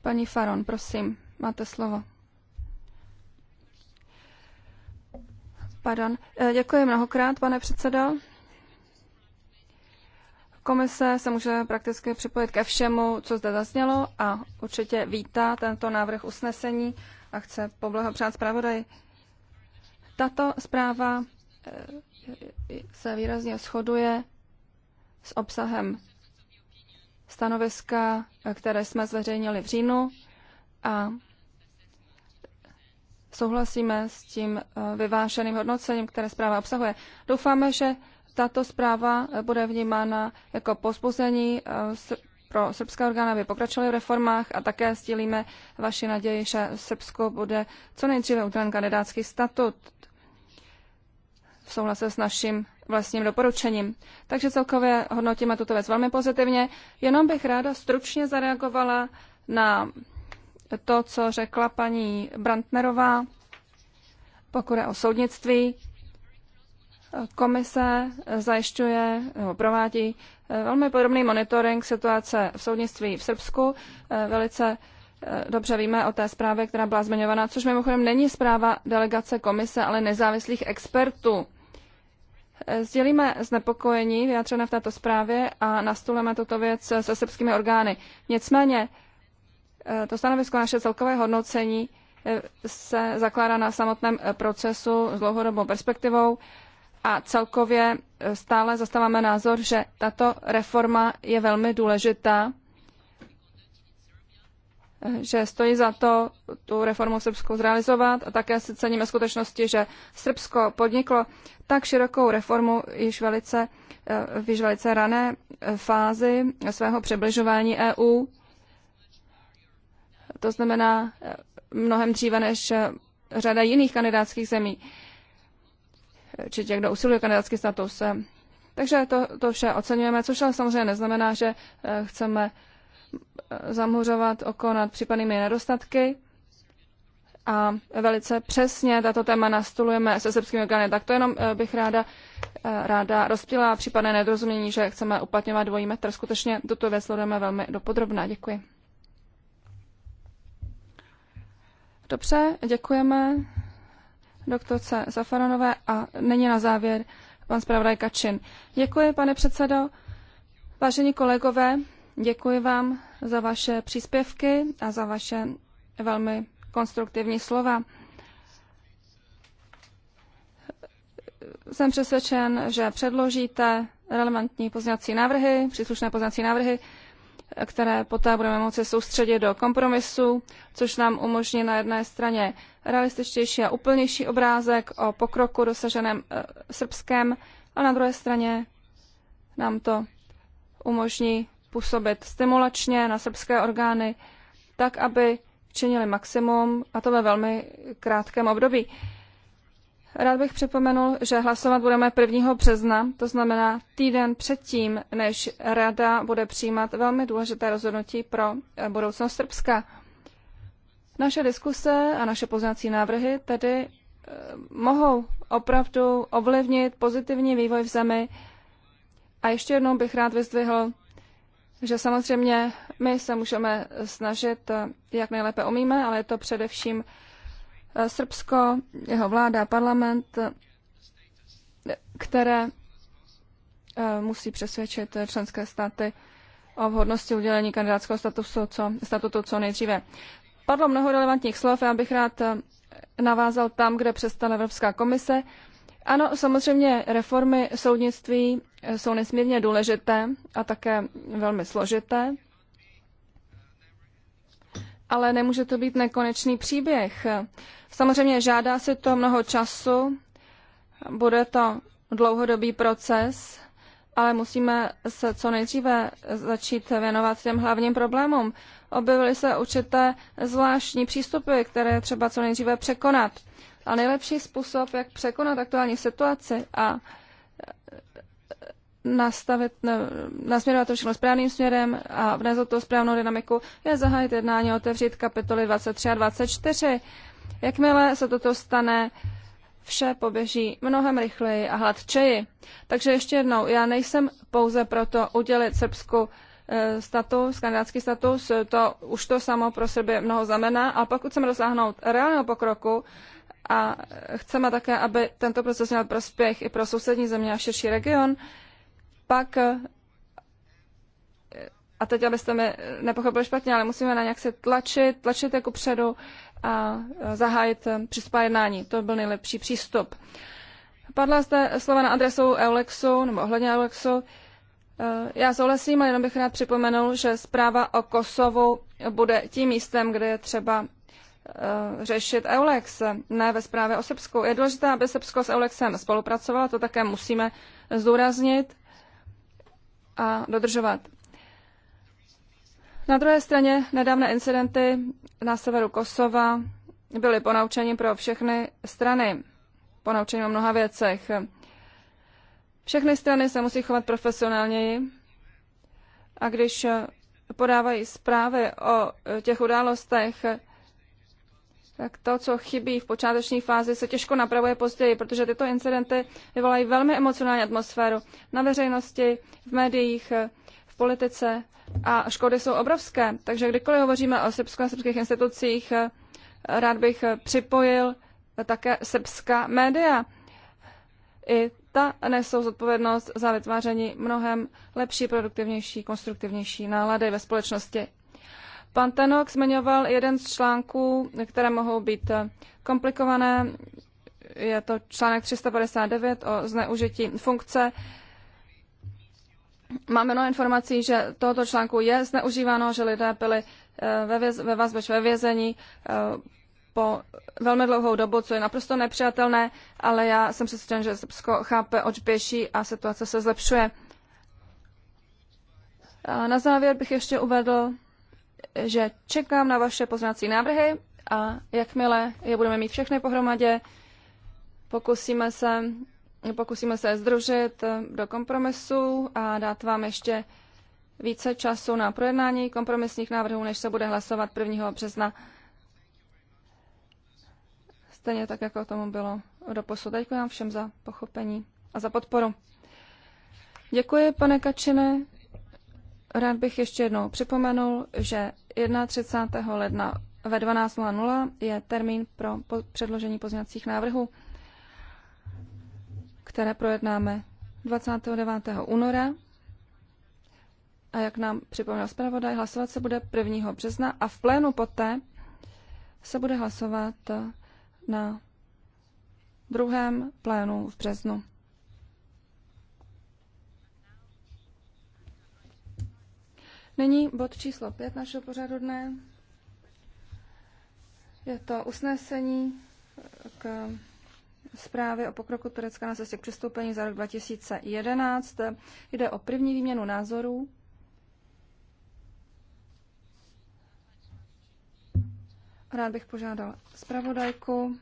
Paní Faron, prosím, máte slovo. Pardon. Eh, děkuji mnohokrát, pane předsedo. Komise se může prakticky připojit ke všemu, co zde zaznělo a určitě vítá tento návrh usnesení a chce poblahopřát zpravodaji. Tato zpráva eh, se výrazně shoduje s obsahem stanoviska, které jsme zveřejnili v říjnu a souhlasíme s tím eh, vyvášeným hodnocením, které zpráva obsahuje. Doufáme, že tato zpráva eh, bude vnímána jako pozbuzení pro srbské orgány, aby pokračovaly v reformách a také sdílíme vaši naději, že Srbsko bude co nejdříve udělen kandidátský statut v souhlase s naším vlastním doporučením. Takže celkově hodnotíme tuto věc velmi pozitivně. Jenom bych ráda stručně zareagovala na to, co řekla paní Brantnerová, pokud je o soudnictví. Komise zajišťuje, nebo provádí eh, velmi podrobný monitoring situace v soudnictví v Srbsku. Eh, velice eh, dobře víme o té zprávě, která byla zmiňovaná, což mimochodem není zpráva delegace komise, ale nezávislých expertů. Sdělíme znepokojení vyjádřené v této zprávě a nastolíme tuto věc se srbskými orgány. Nicméně to stanovisko naše celkové hodnocení se zakládá na samotném procesu s dlouhodobou perspektivou a celkově e, stále zastáváme názor, že tato reforma je velmi důležitá, e, že stojí za to tu reformu v Srbsku zrealizovat a také si ceníme skutečnosti, že Srbsko podniklo tak širokou reformu již velice, e, v již velice rané fázi svého přibližování EU. To znamená mnohem dříve než řada jiných kandidátských zemí či těch, kdo usiluje kandidátský status. Eh, Takže to, to vše oceňujeme, což ale samozřejmě neznamená, že eh, chceme eh, zamhuřovat oko nad případnými nedostatky a velice přesně tato téma nastolujeme se srbskými orgány. Tak to jenom bych ráda, ráda rozptila případné nedorozumění, že chceme uplatňovat dvojí metr. Skutečně tuto věc sledujeme velmi dopodrobná. Děkuji. Dobře, děkujeme doktorce Zafaranové a není na závěr pan zpravodaj Kačin. Děkuji, pane předsedo. Vážení kolegové, děkuji vám za vaše příspěvky a za vaše velmi konstruktivní slova. Jsem přesvědčen, že předložíte relevantní poznací návrhy, příslušné poznací návrhy, které poté budeme moci soustředit do kompromisu, což nám umožní na jedné straně realističtější a úplnější obrázek o pokroku dosaženém e, srbském, ale na druhé straně nám to umožní působit stimulačně na srbské orgány, tak, aby činili maximum, a to ve velmi krátkém období. Rád bych připomenul, že hlasovat budeme 1. března, to znamená týden předtím, než Rada bude přijímat velmi důležité rozhodnutí pro eh, budoucnost Srbska. Naše diskuse a naše poznací návrhy tedy eh, mohou opravdu ovlivnit pozitivní vývoj v zemi. A ještě jednou bych rád vyzdvihl, že samozřejmě my se můžeme snažit, eh, jak nejlépe umíme, ale je to především eh, Srbsko, jeho vláda, parlament, které musí přesvědčit členské státy o vhodnosti udělení kandidátského statusu co, statutu co nejdříve. Padlo mnoho relevantních slov, já bych rád eh, navázal tam, kde přestala Evropská komise. Ano, samozřejmě reformy soudnictví eh, jsou nesmírně důležité a také velmi složité, ale nemůže to být nekonečný příběh. Samozřejmě žádá se to mnoho času, bude to dlouhodobý proces, ale musíme se co nejdříve začít věnovat těm hlavním problémům. Objevily se určité zvláštní přístupy, které třeba co nejdříve překonat. A nejlepší způsob, jak překonat aktuální situaci a e, nastavit, nasměrovat to všechno správným směrem a vnést to správnou dynamiku, je zahájit jednání, otevřít kapitoly 23 a 24. Jakmile se toto stane, vše poběží mnohem rychleji a hladčeji. Takže ještě jednou, já nejsem pouze proto udělit Srbsku eh, status, kandidátský status, to už to samo pro sebe mnoho znamená. A pokud chceme dosáhnout reálného pokroku a chceme také, aby tento proces měl prospěch i pro sousední země a širší region, pak eh, a teď, abyste mi nepochopili špatně, ale musíme na nějak se tlačit, tlačit jako předu a zahájit eh, přispá jednání. To byl nejlepší přístup. Padla zde slova na adresu Eulexu, nebo ohledně Eulexu. Eh, já souhlasím, ale jenom bych rád připomenul, že zpráva o Kosovu bude tím místem, kde je třeba eh, řešit EULEX, ne ve zprávě o Srbsku. Je důležité, aby Srbsko s EULEXem spolupracovalo, to také musíme zdůraznit a dodržovat. Na druhé straně nedávné incidenty na severu Kosova byly ponaučením pro všechny strany, ponaučením o mnoha věcech. Všechny strany se musí chovat profesionálněji a když podávají zprávy o těch událostech, tak to, co chybí v počáteční fázi, se těžko napravuje později, protože tyto incidenty vyvolají velmi emocionální atmosféru na veřejnosti, v médiích, politice a škody jsou obrovské. Takže kdykoliv hovoříme o srbsko srbských institucích, eh, rád bych eh, připojil eh, také srbská média. I ta nesou zodpovědnost za vytváření mnohem lepší, produktivnější, konstruktivnější nálady ve společnosti. Pan Tenok zmiňoval jeden z článků, které mohou být komplikované. Je to článek 359 o zneužití funkce. Máme mnoho informací, že tohoto článku je zneužíváno, že lidé byli eh, ve, věz, ve vazbě ve vězení eh, po velmi dlouhou dobu, co je naprosto nepřijatelné, ale já jsem přesvědčen, že Srbsko chápe, oč běží a situace se zlepšuje. A na závěr bych ještě uvedl, že čekám na vaše poznací návrhy a jakmile je budeme mít všechny pohromadě, pokusíme se Pokusíme se združit do kompromisu a dát vám ještě více času na projednání kompromisních návrhů, než se bude hlasovat 1. března. Stejně tak, jako tomu bylo do posud. Děkuji vám všem za pochopení a za podporu. Děkuji, pane Kačine. Rád bych ještě jednou připomenul, že 31. ledna ve 12.00 je termín pro předložení pozněcích návrhů které projednáme 29. února. A jak nám připomněl zpravodaj, hlasovat se bude 1. března a v plénu poté se bude hlasovat na druhém plénu v březnu. Nyní bod číslo 5 našeho pořadu dne. Je to usnesení k zprávy o pokroku Turecka na cestě k přistoupení za rok 2011. Jde o první výměnu názorů. Rád bych požádal zpravodajku,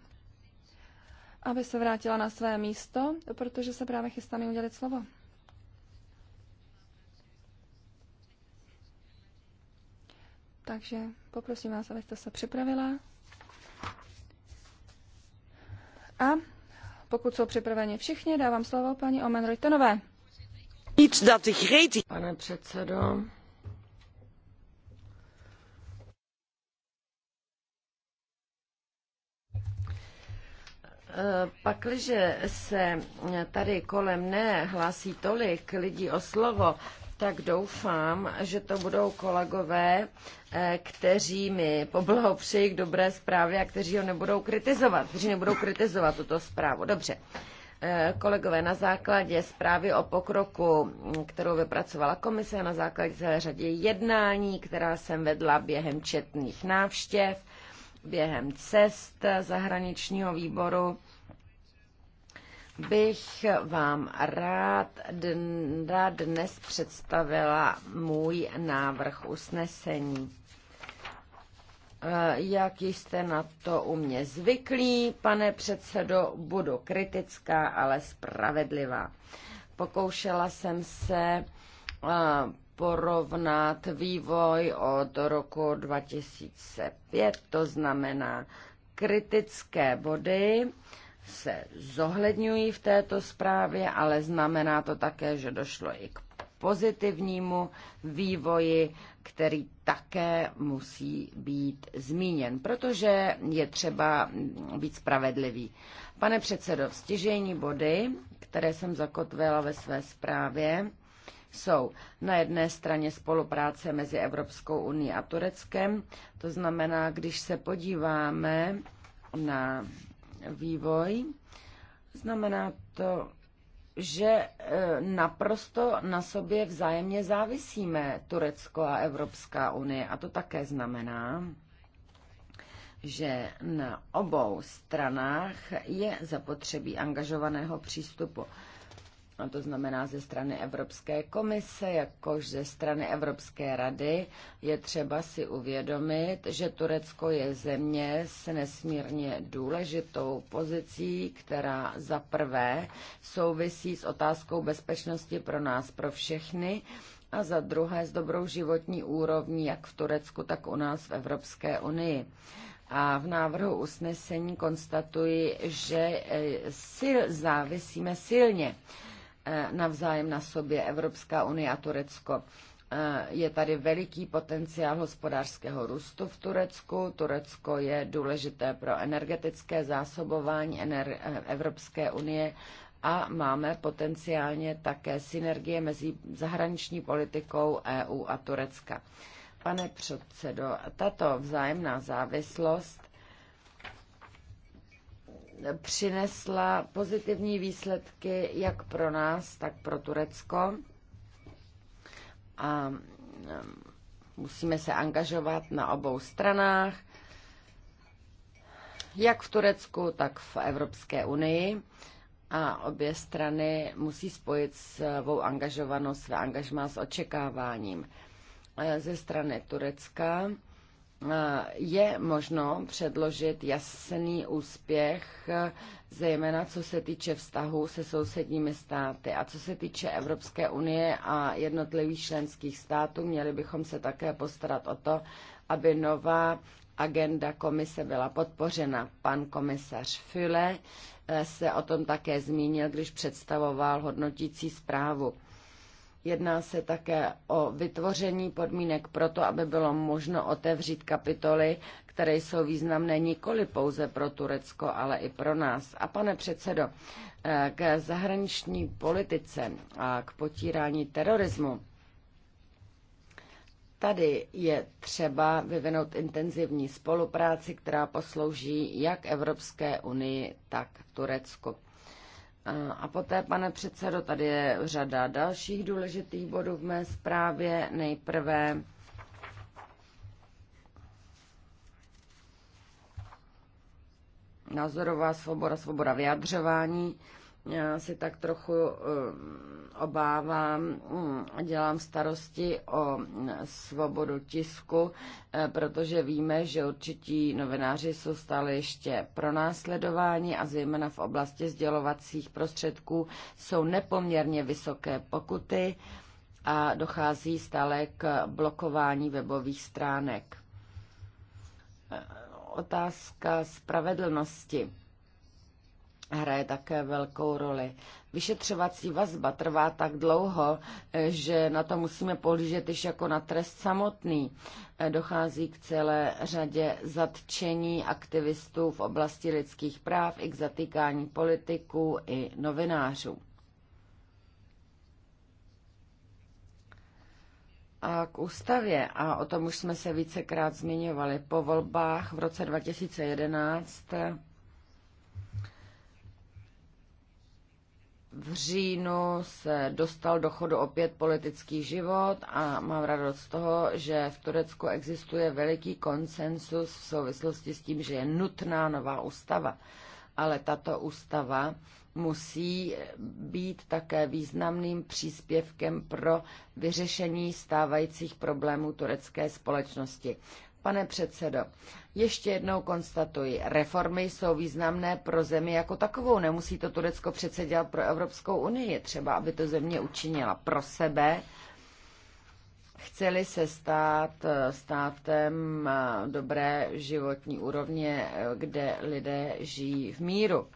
aby se vrátila na své místo, protože se právě chystám jí udělit slovo. Takže poprosím vás, abyste se připravila. A pokud jsou připraveni všichni, dávám slovo paní Omen Rojtenové.
Pane předsedo, eh, Pakliže se tady kolem ne hlásí tolik lidí o slovo, tak doufám, že to budou kolegové, eh, kteří mi poblahopřejí k dobré zprávě a kteří ho nebudou kritizovat, kteří nebudou kritizovat tuto zprávu. Dobře. Eh, kolegové, na základě zprávy o pokroku, mm, kterou vypracovala komise, na základě celé řadě jednání, která jsem vedla během četných návštěv, během cest zahraničního výboru, bych vám rád dnes představila můj návrh usnesení. Eh, jak jste na to u mě zvyklí, pane předsedo, budu kritická, ale spravedlivá. Pokoušela jsem se eh, porovnat vývoj od roku 2005, to znamená kritické body, se zohledňují v této zprávě, ale znamená to také, že došlo i k pozitivnímu vývoji, který také musí být zmíněn, protože je třeba být spravedlivý. Pane předsedo, stěžejní body, které jsem zakotvila ve své zprávě, jsou na jedné straně spolupráce mezi Evropskou unii a Tureckem. To znamená, když se podíváme na vývoj. Znamená to, že e, naprosto na sobě vzájemně závisíme Turecko a Evropská unie. A to také znamená, že na obou stranách je zapotřebí angažovaného přístupu no to znamená ze strany Evropské komise, jakož ze strany Evropské rady, je třeba si uvědomit, že Turecko je země s nesmírně důležitou pozicí, která za prvé souvisí s otázkou bezpečnosti pro nás, pro všechny, a za druhé s dobrou životní úrovní jak v Turecku, tak u nás v Evropské unii. A v návrhu usnesení konstatuji, že eh, sil, závisíme silně Eh, navzájem na sobě Evropská unie a Turecko. Eh, je tady veliký potenciál hospodářského růstu v Turecku. Turecko je důležité pro energetické zásobování eh, Evropské unie a máme potenciálně také synergie mezi zahraniční politikou EU a Turecka. Pane předsedo, tato vzájemná závislost přinesla pozitivní výsledky jak pro nás, tak pro Turecko. A musíme se angažovat na obou stranách, jak v Turecku, tak v Evropské unii. A obě strany musí spojit svou angažovanost, své angažma s očekáváním e, ze strany Turecka je možno předložit jasný úspěch, zejména co se týče vztahu se sousedními státy. A co se týče Evropské unie a jednotlivých členských států, měli bychom se také postarat o to, aby nová agenda komise byla podpořena. Pan komisař Füle eh, se o tom také zmínil, když představoval hodnotící zprávu. Jedná se také o vytvoření podmínek pro to, aby bylo možno otevřít kapitoly, které jsou významné nikoli pouze pro Turecko, ale i pro nás. A pane předsedo, eh, k zahraniční politice a k potírání terorismu. Tady je třeba vyvinout intenzivní spolupráci, která poslouží jak Evropské unii, tak Turecku. A poté, pane předsedo, tady je řada dalších důležitých bodů v mé zprávě. Nejprve názorová svoboda, svoboda vyjadřování. Já si tak trochu obávám a mm, dělám starosti o mm, svobodu tisku, eh, protože víme, že určití novináři jsou stále ještě pronásledováni a zejména v oblasti sdělovacích prostředků jsou nepoměrně vysoké pokuty a dochází stále k blokování webových stránek. Eh, otázka spravedlnosti hraje také velkou roli. Vyšetřovací vazba trvá tak dlouho, eh, že na to musíme pohlížet již jako na trest samotný. Eh, dochází k celé řadě zatčení aktivistů v oblasti lidských práv i k zatýkání politiků i novinářů. A k ústavě, a o tom už jsme se vícekrát zmiňovali, po volbách v roce 2011 v říjnu se dostal do chodu opět politický život a mám radost z toho, že v Turecku existuje veliký konsensus v souvislosti s tím, že je nutná nová ústava. Ale tato ústava musí být také významným příspěvkem pro vyřešení stávajících problémů turecké společnosti. Pane předsedo, ještě jednou konstatuji, reformy jsou významné pro zemi jako takovou. Nemusí to Turecko přece dělat pro Evropskou unii. Je třeba, aby to země učinila pro sebe. Chceli se stát eh, státem eh, dobré životní úrovně, eh, kde lidé žijí v míru.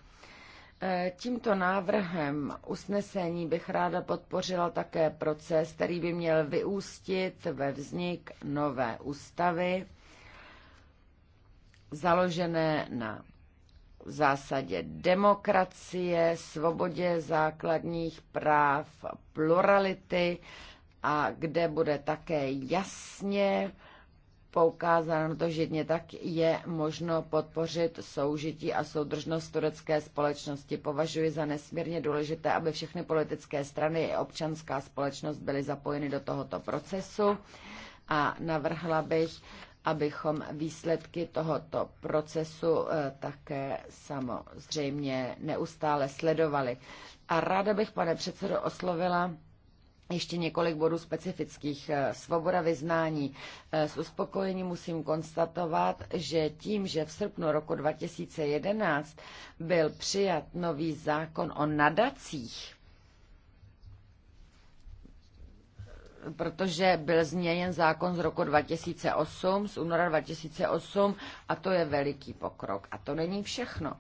Tímto návrhem usnesení bych ráda podpořila také proces, který by měl vyústit ve vznik nové ústavy založené na zásadě demokracie, svobodě základních práv, plurality a kde bude také jasně poukázáno na to, že jedně tak je možno podpořit soužití a soudržnost turecké společnosti. Považuji za nesmírně důležité, aby všechny politické strany i občanská společnost byly zapojeny do tohoto procesu a navrhla bych abychom výsledky tohoto procesu eh, také samozřejmě neustále sledovali. A ráda bych, pane předsedo, oslovila ještě několik bodů specifických. Eh, svoboda vyznání. Eh, s uspokojením musím konstatovat, že tím, že v srpnu roku 2011 byl přijat nový zákon o nadacích, protože byl změněn zákon z roku 2008, z února 2008 a to je veliký pokrok. A to není všechno.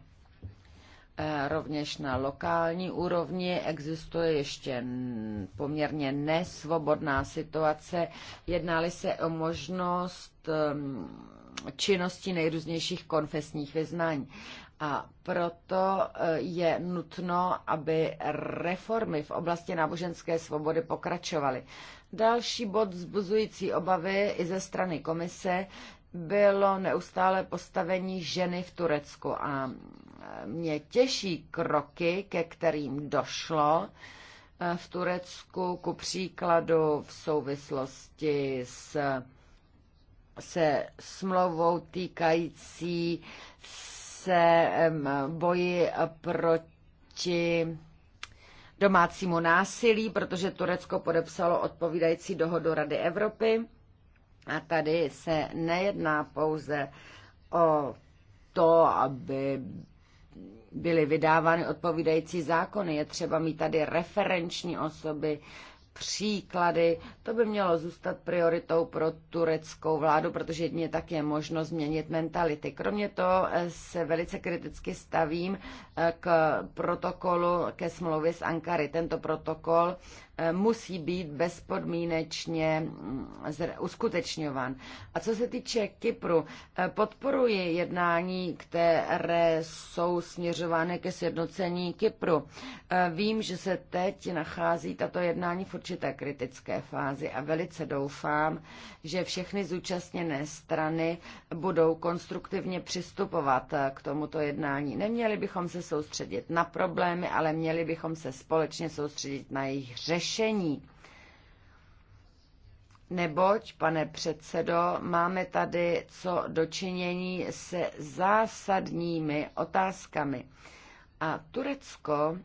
E, rovněž na lokální úrovni existuje ještě poměrně nesvobodná situace. Jednali se o možnost činnosti nejrůznějších konfesních vyznání. A proto e, je nutno, aby reformy v oblasti náboženské svobody pokračovaly. Další bod zbuzující obavy i ze strany komise bylo neustále postavení ženy v Turecku a mě těší kroky, ke kterým došlo eh, v Turecku, ku příkladu v souvislosti s se smlouvou týkající se boji proti domácímu násilí, protože Turecko podepsalo odpovídající dohodu Rady Evropy. A tady se nejedná pouze o to, aby byly vydávány odpovídající zákony. Je třeba mít tady referenční osoby, příklady. To by mělo zůstat prioritou pro tureckou vládu, protože jedině tak je možno změnit mentality. Kromě toho eh, se velice kriticky stavím eh, k protokolu ke smlouvě s Ankary. Tento protokol musí být bezpodmínečně mm, uskutečňován. A co se týče Kypru, eh, podporuji jednání, které jsou směřovány ke sjednocení Kypru. Eh, vím, že se teď nachází tato jednání v určité kritické fázi a velice doufám, že všechny zúčastněné strany budou konstruktivně přistupovat eh, k tomuto jednání. Neměli bychom se soustředit na problémy, ale měli bychom se společně soustředit na jejich řešení řešení. Neboť, pane předsedo, máme tady co dočinění se zásadními otázkami. A Turecko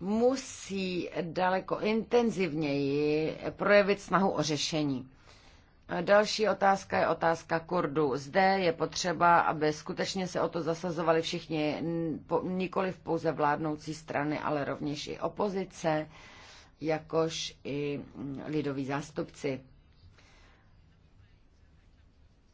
musí daleko intenzivněji projevit snahu o řešení. Další otázka je otázka Kurdů. Zde je potřeba, aby skutečně se o to zasazovali všichni, nikoli v pouze vládnoucí strany, ale rovněž i opozice, jakož i lidoví zástupci.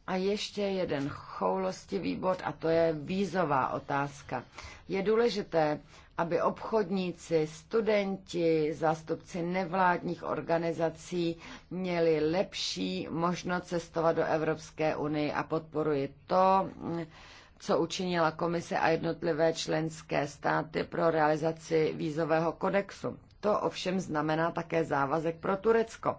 A ještě jeden choulostivý bod, a to je vízová otázka. Je důležité, aby obchodníci, studenti, zástupci nevládních organizací měli lepší možnost cestovat do Evropské unie a podporuji to, co učinila komise a jednotlivé členské státy pro realizaci vízového kodexu. To ovšem znamená také závazek pro Turecko.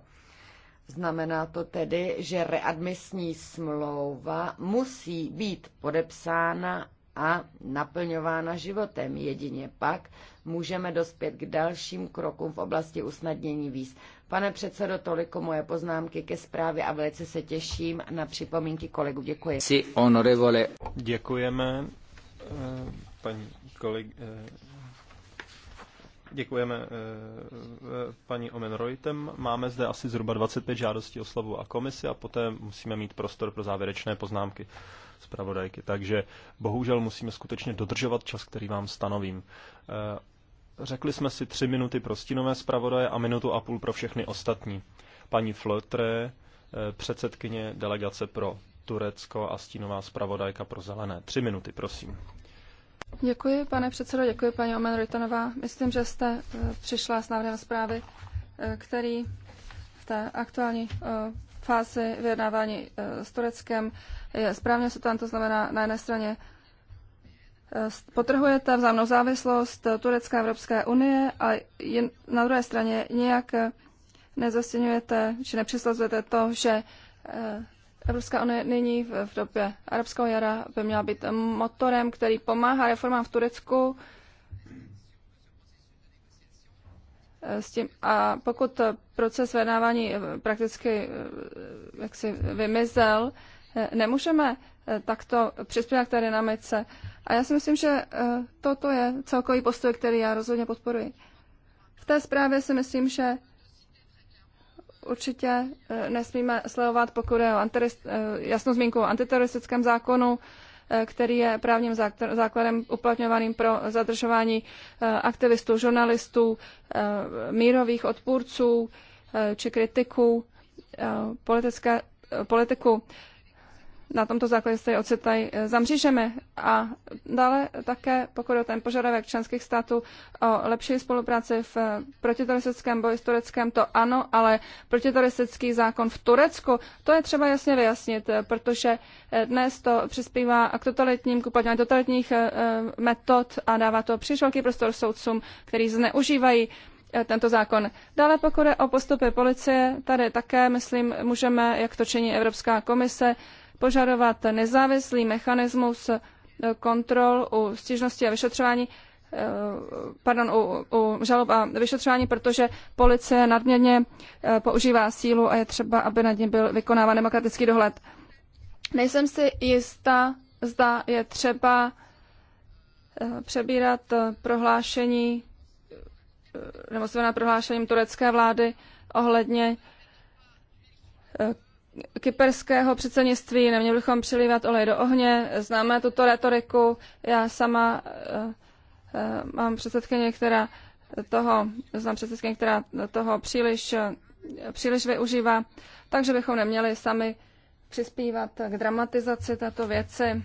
Znamená to tedy, že readmisní smlouva musí být podepsána a naplňována životem. Jedině pak můžeme dospět k dalším krokům v oblasti usnadnění víz. Pane předsedo, toliko moje poznámky ke zprávě a velice se těším na připomínky kolegů. Děkuji. Si
honorevole. Děkujeme, eh, paní koleg... Eh, děkujeme eh, paní Omen Reutem. Máme zde asi zhruba 25 žádostí o slovu a komisi a poté musíme mít prostor pro závěrečné poznámky zpravodajky. Takže bohužel musíme skutečně dodržovat čas, který vám stanovím. Eh, řekli jsme si tři minuty pro stínové zpravodaje a minutu a půl pro všechny ostatní. Paní Flotre, eh, předsedkyně delegace pro Turecko a stínová zpravodajka pro zelené. Tři minuty, prosím.
Děkuji, pane předsedo, děkuji, paní Omen Rytanová. Myslím, že jste eh, přišla s návrhem zprávy, který v té aktuální fázi vyjednávání eh, s Tureckem. Je správně se tam, to znamená na jedné straně eh, potrhujete vzájemnou závislost Turecka a Evropské unie a jen, na druhé straně nějak eh, nezastěňujete či nepřislazujete to, že Evropská unie nyní v, v době arabského jara by měla být motorem, který pomáhá reformám v Turecku, Eh, s tím, a pokud proces vyjednávání eh, prakticky eh, jaksi vymizel, nemůžeme takto přispívat k té dynamice. A já si myslím, že toto je celkový postoj, který já rozhodně podporuji. V té zprávě si myslím, že určitě nesmíme sledovat, pokud je o jasnou zmínku o antiteroristickém zákonu, Eh, který je právním základem uplatňovaným pro zadržování eh, aktivistů, žurnalistů, eh, mírových odpůrců či kritiků politické, politiku na tomto základě se ocitají eh, za mřížemi. A dále také, pokud o ten požadavek členských států o lepší spolupráci v eh, protiteroristickém boji s Tureckem, to ano, ale protiteroristický zákon v Turecku, to je třeba jasně vyjasnit, eh, protože dnes to přispívá k totalitním, k totalitních metod a dává to příliš velký prostor soudcům, který zneužívají tento zákon. Dále pokud je o postupy policie, tady také, myslím, můžeme, jak to činí Evropská komise, požadovat nezávislý mechanismus eh, kontrol u stížnosti a vyšetřování, eh, pardon, u, u žalob a vyšetřování, protože policie nadměrně eh, používá sílu a je třeba, aby nad ním byl vykonáván demokratický dohled. Nejsem si jistá, zda je třeba přebírat prohlášení nebo na prohlášením turecké vlády ohledně kyperského předsednictví, neměli bychom přilívat olej do ohně, známe tuto retoriku. Já sama eh, eh, mám předsedkyně, která toho, znám předsedkyně, která toho příliš, příliš využívá, takže bychom neměli sami přispívat k dramatizaci této věci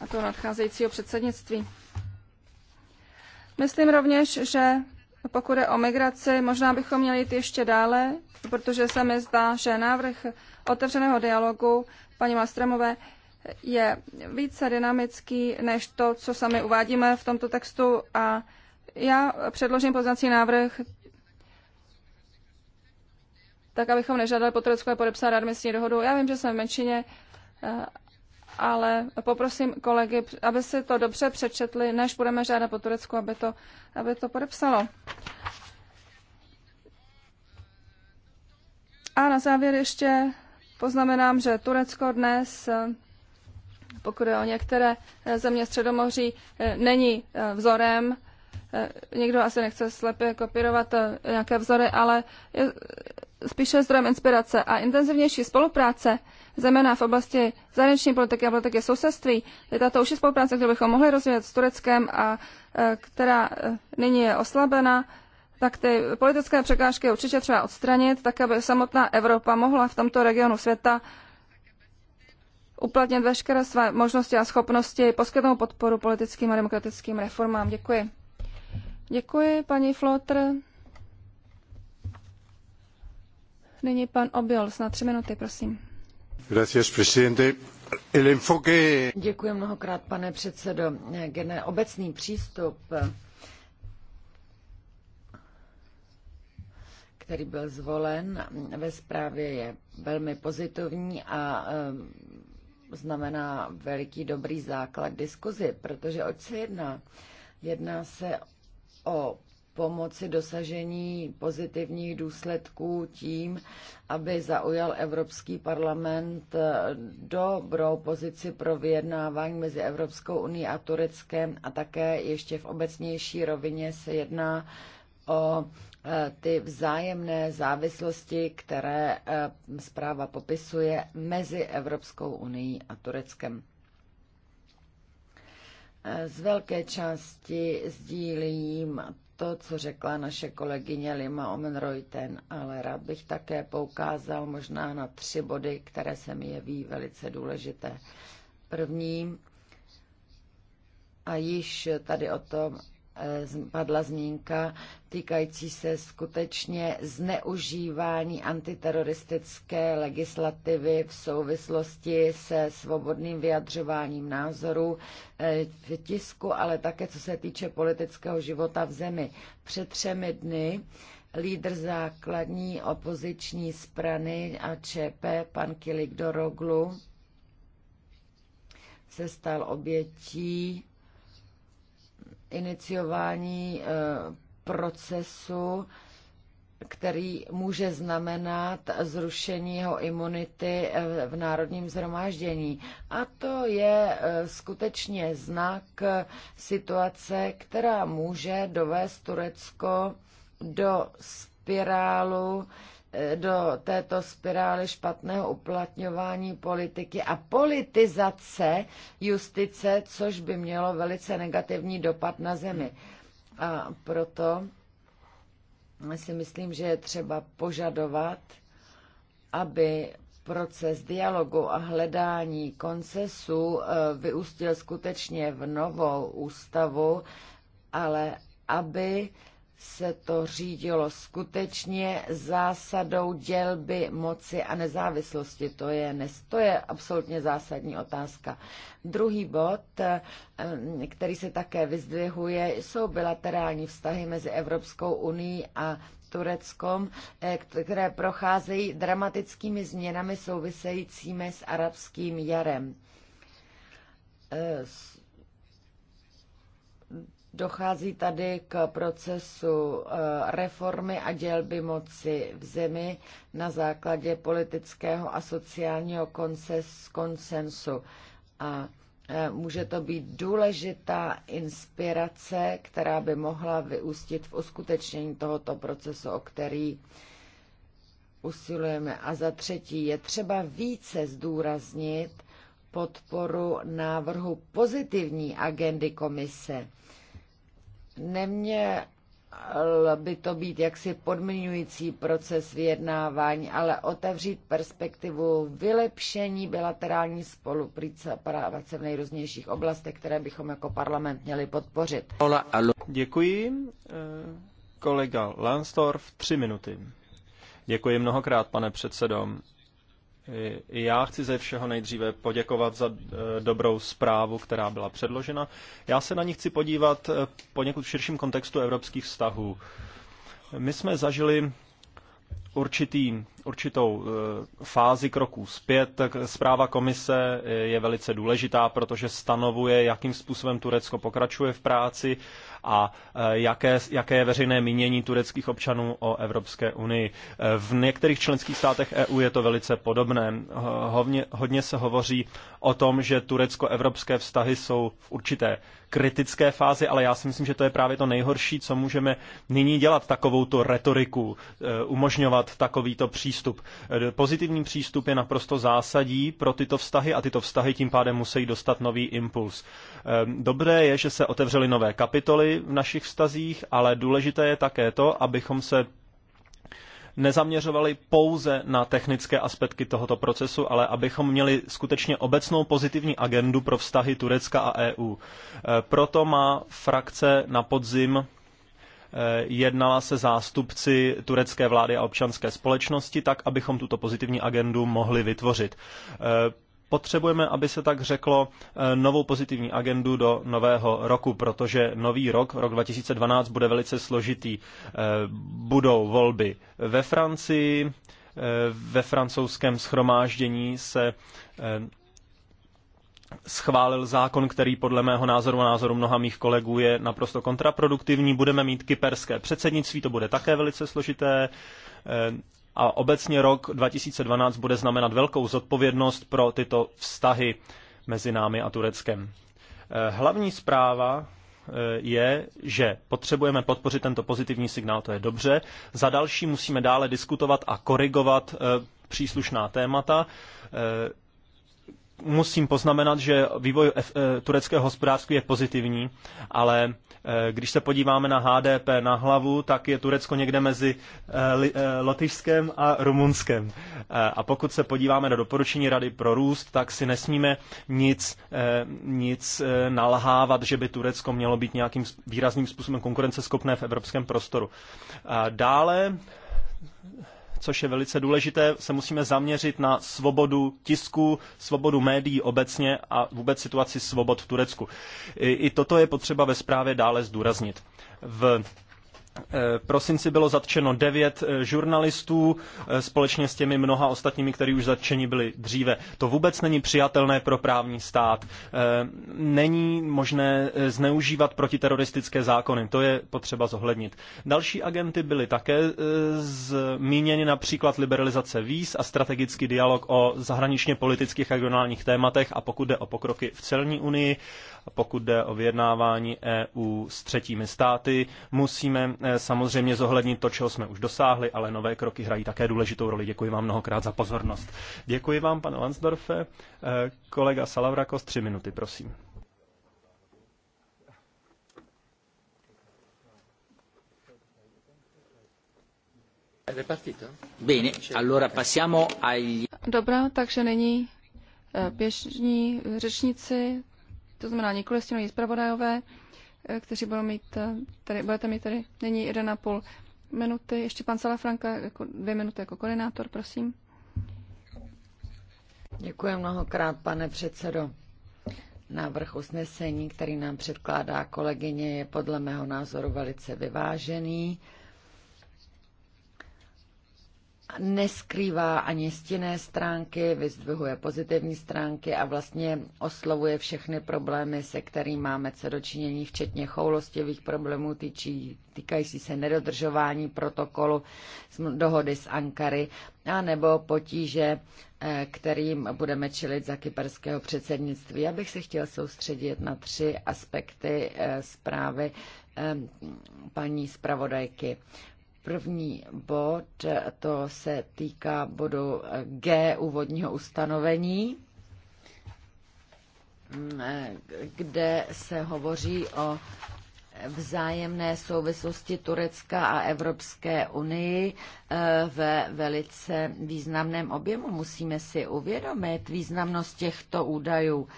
a toho nadcházejícího předsednictví. Myslím rovněž, že pokud je o migraci, možná bychom měli jít ještě dále, protože se mi zdá, že návrh otevřeného dialogu paní Mastremové je více dynamický než to, co sami uvádíme v tomto textu a já předložím poznací návrh tak, abychom nežádali po Turecku podepsat readmisní dohodu. Já vím, že jsme v menšině ale poprosím kolegy, aby si to dobře přečetli, než budeme žádat po Turecku, aby to, aby to podepsalo. A na závěr ještě poznamenám, že Turecko dnes, pokud je o některé země Středomoří, není vzorem. Nikdo asi nechce slepě kopírovat nějaké vzory, ale je, spíše zdrojem inspirace a intenzivnější spolupráce, zejména v oblasti zahraniční politiky a politiky sousedství, je tato užší spolupráce, kterou bychom mohli rozvíjet s Tureckem a e, která e, nyní je oslabena, tak ty politické překážky je určitě třeba odstranit, tak aby samotná Evropa mohla v tomto regionu světa uplatnit veškeré své možnosti a schopnosti poskytnout podporu politickým a demokratickým reformám. Děkuji. Děkuji, paní Flotr. Nyní pan Obiol, snad tři minuty, prosím. Gracias, presidente. Děkuji mnohokrát,
pane předsedo. Obecný přístup, který byl zvolen ve zprávě, je velmi pozitivní a eh, znamená veliký dobrý základ diskuzi, protože oč se jedná? Jedná se o pomoci dosažení pozitivních důsledků tím, aby zaujal Evropský parlament eh, dobrou pozici pro vyjednávání mezi Evropskou unii a Tureckem a také ještě v obecnější rovině se jedná o eh, ty vzájemné závislosti, které eh, zpráva popisuje mezi Evropskou unii a Tureckem. Z velké části sdílím to, co řekla naše kolegyně Lima Omenreuten, ale rád bych také poukázal možná na tři body, které se mi jeví velice důležité. První, a již tady o tom padla zmínka týkající se skutečně zneužívání antiteroristické legislativy v souvislosti se svobodným vyjadřováním názorů eh, v tisku, ale také co se týče politického života v zemi. Před třemi dny lídr základní opoziční strany a ČP, pan Kilik Doroglu, se stal obětí iniciování eh, procesu, který může znamenat zrušení jeho imunity eh, v národním zhromáždění. A to je eh, skutečně znak situace, která může dovést Turecko do spirálu do této spirály špatného uplatňování politiky a politizace justice, což by mělo velice negativní dopad na zemi. A proto si myslím, že je třeba požadovat, aby proces dialogu a hledání koncesu eh, vyústil skutečně v novou ústavu, ale aby se to řídilo skutečně zásadou dělby moci a nezávislosti. To je, to je absolutně zásadní otázka. Druhý bod, který se také vyzdvihuje, jsou bilaterální vztahy mezi Evropskou unii a Tureckom, eh, které procházejí dramatickými změnami souvisejícími s arabským jarem. Eh, s Dochází tady k procesu eh, reformy a dělby moci v zemi na základě politického a sociálního konsensu. A eh, může to být důležitá inspirace, která by mohla vyústit v uskutečnění tohoto procesu, o který usilujeme. A za třetí je třeba více zdůraznit podporu návrhu pozitivní agendy komise Neměl by to být jaksi podmiňující proces vyjednávání, ale otevřít perspektivu vylepšení bilaterální spolupráce v nejrůznějších oblastech, které bychom jako parlament měli podpořit.
Děkuji. Kolega Lansdorf, tři minuty. Děkuji mnohokrát, pane předsedo. I já chci ze všeho nejdříve poděkovat za eh, dobrou zprávu, která byla předložena. Já se na ní chci podívat eh, poněkud v širším kontextu evropských vztahů. My jsme zažili určitý, určitou eh, fázi kroků zpět, tak zpráva komise eh, je velice důležitá, protože stanovuje, jakým způsobem Turecko pokračuje v práci a eh, jaké, jaké je veřejné mínění tureckých občanů o Evropské unii. V některých členských státech EU je to velice podobné. Hovně, hodně se hovoří o tom, že turecko-evropské vztahy jsou v určité kritické fázi, ale já si myslím, že to je právě to nejhorší, co můžeme nyní dělat, takovou tu retoriku, umožňovat přijat takovýto přístup. Eh, pozitivní přístup je naprosto zásadí pro tyto vztahy a tyto vztahy tím pádem musí dostat nový impuls. Ehm, dobré je, že se otevřely nové kapitoly v našich vztazích, ale důležité je také to, abychom se nezaměřovali pouze na technické aspekty tohoto procesu, ale abychom měli skutečně obecnou pozitivní agendu pro vztahy Turecka a EU. Eh, proto má frakce na podzim Eh, jednala se zástupci turecké vlády a občanské společnosti tak, abychom tuto pozitivní agendu mohli vytvořit. Eh, potřebujeme, aby se tak řeklo, eh, novou pozitivní agendu do nového roku, protože nový rok, rok 2012, bude velice složitý. Budou volby ve Francii, ve francouzském schromáždění se schválil zákon, který podle mého názoru a názoru mnoha mých kolegů je naprosto kontraproduktivní. Budeme mít kyperské předsednictví, to bude také velice složité. Eh, a obecně rok 2012 bude znamenat velkou zodpovědnost pro tyto vztahy mezi námi a Tureckem. Eh, hlavní zpráva eh, je, že potřebujeme podpořit tento pozitivní signál, to je dobře. Za další musíme dále diskutovat a korigovat příslušná témata musím poznamenat, že vývoj eh, tureckého hospodářství je pozitivní, ale eh, když se podíváme na HDP na hlavu, tak je Turecko někde mezi eh, Lotyšskem a Rumunskem. A pokud se podíváme na doporučení Rady pro růst, tak si nesmíme nic, nic nalhávat, že by Turecko mělo být nějakým výrazným způsobem konkurenceschopné v evropském prostoru. A dále což je velice důležité, se musíme zaměřit na svobodu tisku, svobodu médií obecně a vůbec situaci svobod v Turecku. I, i toto je potřeba ve zprávě dále zdůraznit. V Eh, prosinci bylo zatčeno devět eh, žurnalistů eh, společně s těmi mnoha ostatními, kteří už zatčeni byli dříve. To vůbec není přijatelné pro právní stát. Není možné zneužívat protiteroristické zákony, to je potřeba zohlednit. Další agenty byly také zmíněny například liberalizace víz a strategický dialog o zahraničně politických a regionálních tématech a pokud jde o pokroky v celní unii pokud jde o vyjednávání EU s třetími státy. Musíme eh, samozřejmě zohlednit to, čeho jsme už dosáhli, ale nové kroky hrají také důležitou roli. Děkuji vám mnohokrát za pozornost. Děkuji vám, pane Lansdorfe. Eh, kolega Salavrakos, tři minuty, prosím.
Dobrá, takže nyní eh, běžní řečníci, to znamená nikoli stěnoví zpravodajové, eh, kteří budou mít, eh, tady, budete mít tady nyní 1,5 minuty. Ještě pan Salafranka, jako dvě minuty jako koordinátor, prosím.
Děkuji mnohokrát, pane předsedo. Návrh usnesení, který nám předkládá kolegyně, je podle mého názoru velice vyvážený neskrývá ani stinné stránky, vyzdvihuje pozitivní stránky a vlastně oslovuje všechny problémy, se kterými máme co dočinění, včetně choulostivých problémů týčí, týkající se nedodržování protokolu dohody z Ankary a nebo potíže, eh, kterým budeme čelit za kyperského předsednictví. Já bych se chtěl soustředit na tři aspekty eh, zprávy eh, paní zpravodajky. První bod, to se týká bodu G úvodního ustanovení, kde se hovoří o vzájemné souvislosti Turecka a Evropské unii eh, ve velice významném objemu. Musíme si uvědomit významnost těchto údajů.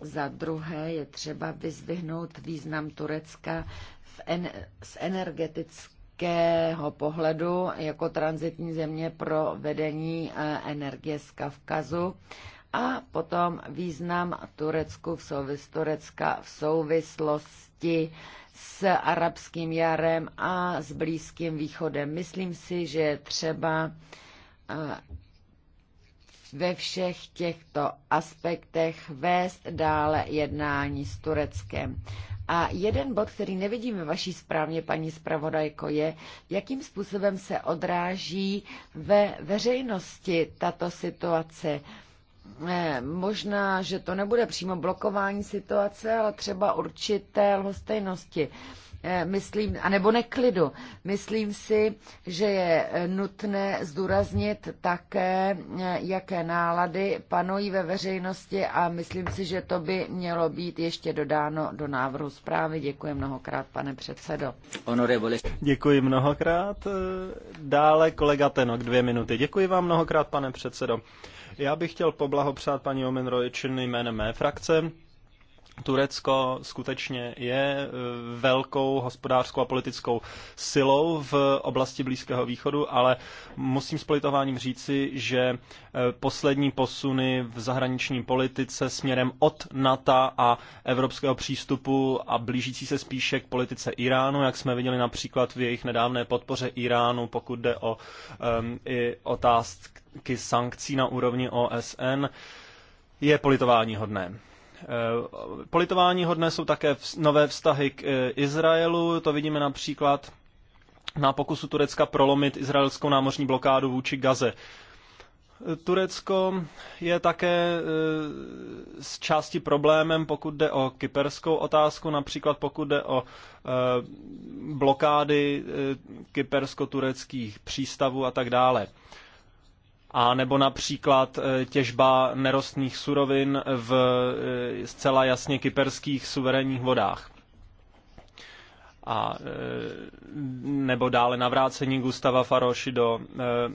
Za druhé je třeba vyzvihnout význam Turecka z energetického pohledu jako transitní země pro vedení e, energie z Kavkazu a potom význam Turecku v souvis, Turecka v souvislosti s arabským jarem a s Blízkým východem. Myslím si, že je třeba e, ve všech těchto aspektech vést dále jednání s Tureckem. A jeden bod, který nevidíme ve vaší správně, paní zpravodajko, je, jakým způsobem se odráží ve veřejnosti tato situace. Eh, možná, že to nebude přímo blokování situace, ale třeba určité lhostejnosti. Eh, myslím, anebo neklidu. Myslím si, že je nutné zdůraznit také, eh, jaké nálady panují ve veřejnosti a myslím si, že to by mělo být ještě dodáno do návrhu zprávy. Děkuji mnohokrát, pane předsedo.
Děkuji mnohokrát. Dále kolega Tenok, dvě minuty. Děkuji vám mnohokrát, pane předsedo. Já bych chtěl poblahopřát paní Omenrojčin jménem mé frakce Turecko skutečně je e, velkou hospodářskou a politickou silou v oblasti Blízkého východu, ale musím s politováním říci, že e, poslední posuny v zahraniční politice směrem od NATO a evropského přístupu a blížící se spíše k politice Iránu, jak jsme viděli například v jejich nedávné podpoře Iránu, pokud jde o um, i otázky sankcí na úrovni OSN, je politování hodné. Eh, Politování hodné jsou také nové vztahy k eh, Izraelu, to vidíme například na pokusu Turecka prolomit izraelskou námořní blokádu vůči Gaze. Eh, Turecko je také s části problémem, pokud jde o kyperskou otázku, například pokud jde o blokády kypersko-tureckých přístavů a tak dále a nebo například eh, těžba nerostných surovin v eh, zcela jasně kyperských suverénních vodách a e, nebo dále navrácení Gustava Faroši do, e, e,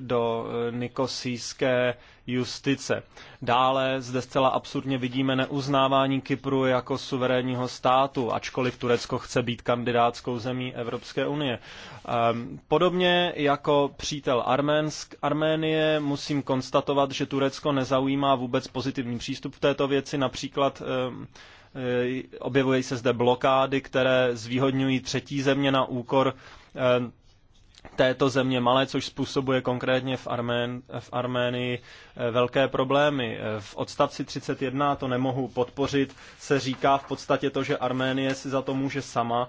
do nikosijské justice. Dále zde zcela absurdně vidíme neuznávání Kypru jako suverénního státu, ačkoliv Turecko chce být kandidátskou zemí Evropské unie. Podobně jako přítel Arménsk, Arménie musím konstatovat, že Turecko nezaujímá vůbec pozitivní přístup v této věci, například Eh, objevují se zde blokády, které zvýhodňují třetí země na úkor eh, této země malé, což způsobuje konkrétně v, Armén, v Arménii eh, velké problémy. V odstavci 31, to nemohu podpořit, se říká v podstatě to, že Arménie si za to může sama,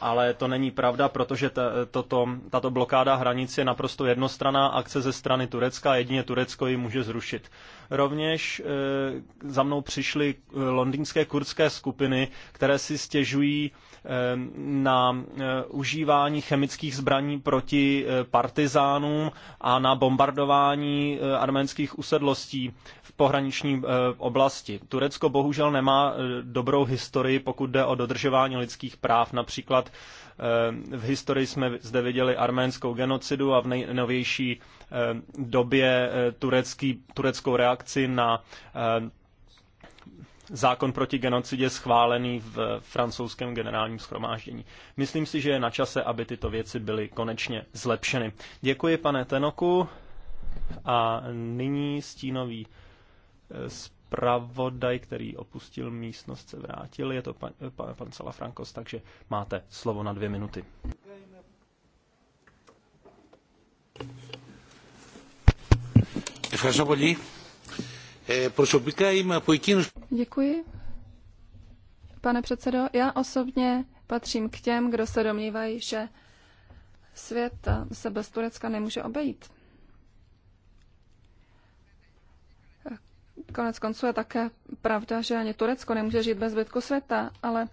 ale to není pravda, protože tato, tato blokáda hranic je naprosto jednostraná akce ze strany Turecka a jedině Turecko ji může zrušit. Rovněž eh, za mnou přišly eh, londýnské kurdské skupiny, které si stěžují eh, na užívání chemických zbraní proti partizánům a na bombardování arménských usedlostí v pohraniční oblasti. Turecko bohužel nemá dobrou historii, pokud jde o dodržování lidských práv. Například Eh, v historii jsme zde viděli arménskou genocidu a v nejnovější eh, době eh, turecký, tureckou reakci na zákon proti genocidě schválený v francouzském generálním schromáždění. Myslím si, že je na čase, aby tyto věci byly konečně zlepšeny. Děkuji, pane Tenoku. A nyní stínový zpravodaj, který opustil místnost, se vrátil. Je to pan, pan, pan Salafrankos, takže máte slovo na dvě minuty.
Děkuji. Pane předsedo, já osobně patřím k těm, kdo se domnívají, že svět se bez Turecka nemůže obejít. Konec konců je také pravda, že ani Turecko nemůže žít bez zbytku světa, ale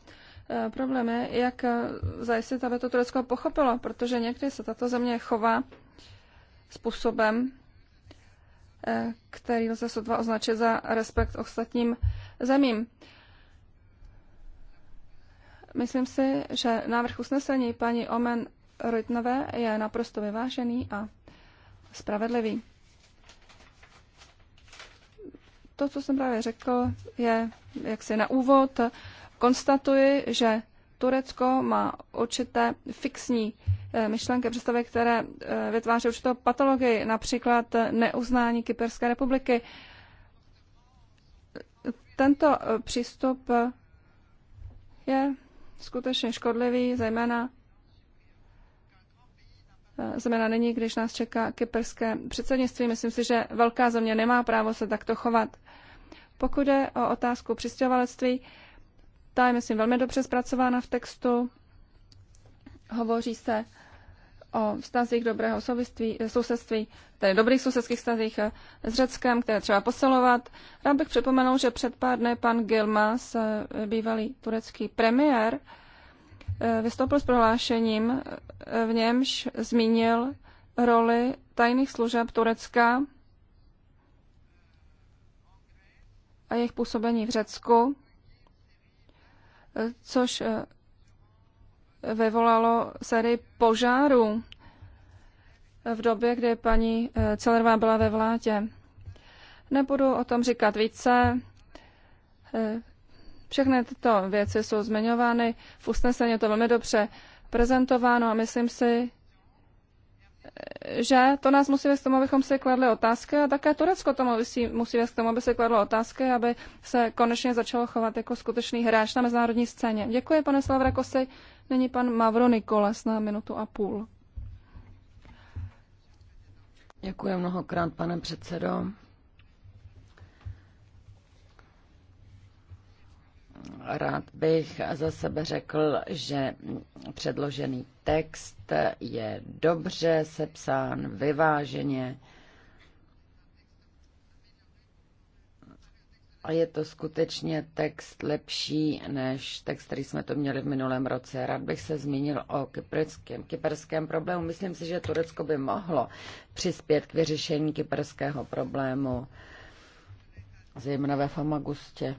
eh, problém je, jak eh, zajistit, aby to Turecko pochopilo, protože někdy se tato země chová způsobem, eh, který lze sotva označit za respekt ostatním zemím. Myslím si, že návrh usnesení paní Omen Rytnové je naprosto vyvážený a spravedlivý. To, co jsem právě řekl, je jaksi na úvod. Konstatuji, že Turecko má určité fixní eh, myšlenky, představy, které eh, vytváří určitou patologii, například neuznání Kyperské republiky. Tento eh, přístup je skutečně škodlivý, zejména Zeměna není, když nás čeká kyperské předsednictví. Myslím si, že velká země nemá právo se takto chovat. Pokud je o otázku přistěhovalectví, ta je, myslím, velmi dobře zpracována v textu. Hovoří se o vztazích dobrého sousedství, tedy dobrých sousedských vztazích s Řeckem, které třeba posilovat. Rád bych připomenul, že před pár dny pan Gilmas, eh, bývalý turecký premiér, eh, vystoupil s prohlášením, eh, v němž zmínil roli tajných služeb Turecka a jejich působení v Řecku, eh, což eh, vyvolalo sérii požáru eh, v době, kdy paní Celerová byla ve vládě. Nebudu o tom říkat více. Všechny tyto věci jsou zmiňovány. V usnesení je to velmi dobře prezentováno a myslím si, že to nás musí vést k tomu, abychom si kladli otázky a také Turecko to musí, musí vést k tomu, aby se kladlo otázky, aby se konečně začalo chovat jako skutečný hráč na mezinárodní scéně. Děkuji, pane Slavrakosi. Není pan Mavro Nikoles na minutu a půl. Děkuji mnohokrát, pane předsedo.
Rád bych za sebe řekl, že předložený text je dobře sepsán, vyváženě a je to skutečně text lepší než text, který jsme to měli v minulém roce. Rád bych se zmínil o kyperském, kyperském problému. Myslím si, že Turecko by mohlo přispět k vyřešení kyperského problému, zejména ve Famagustě.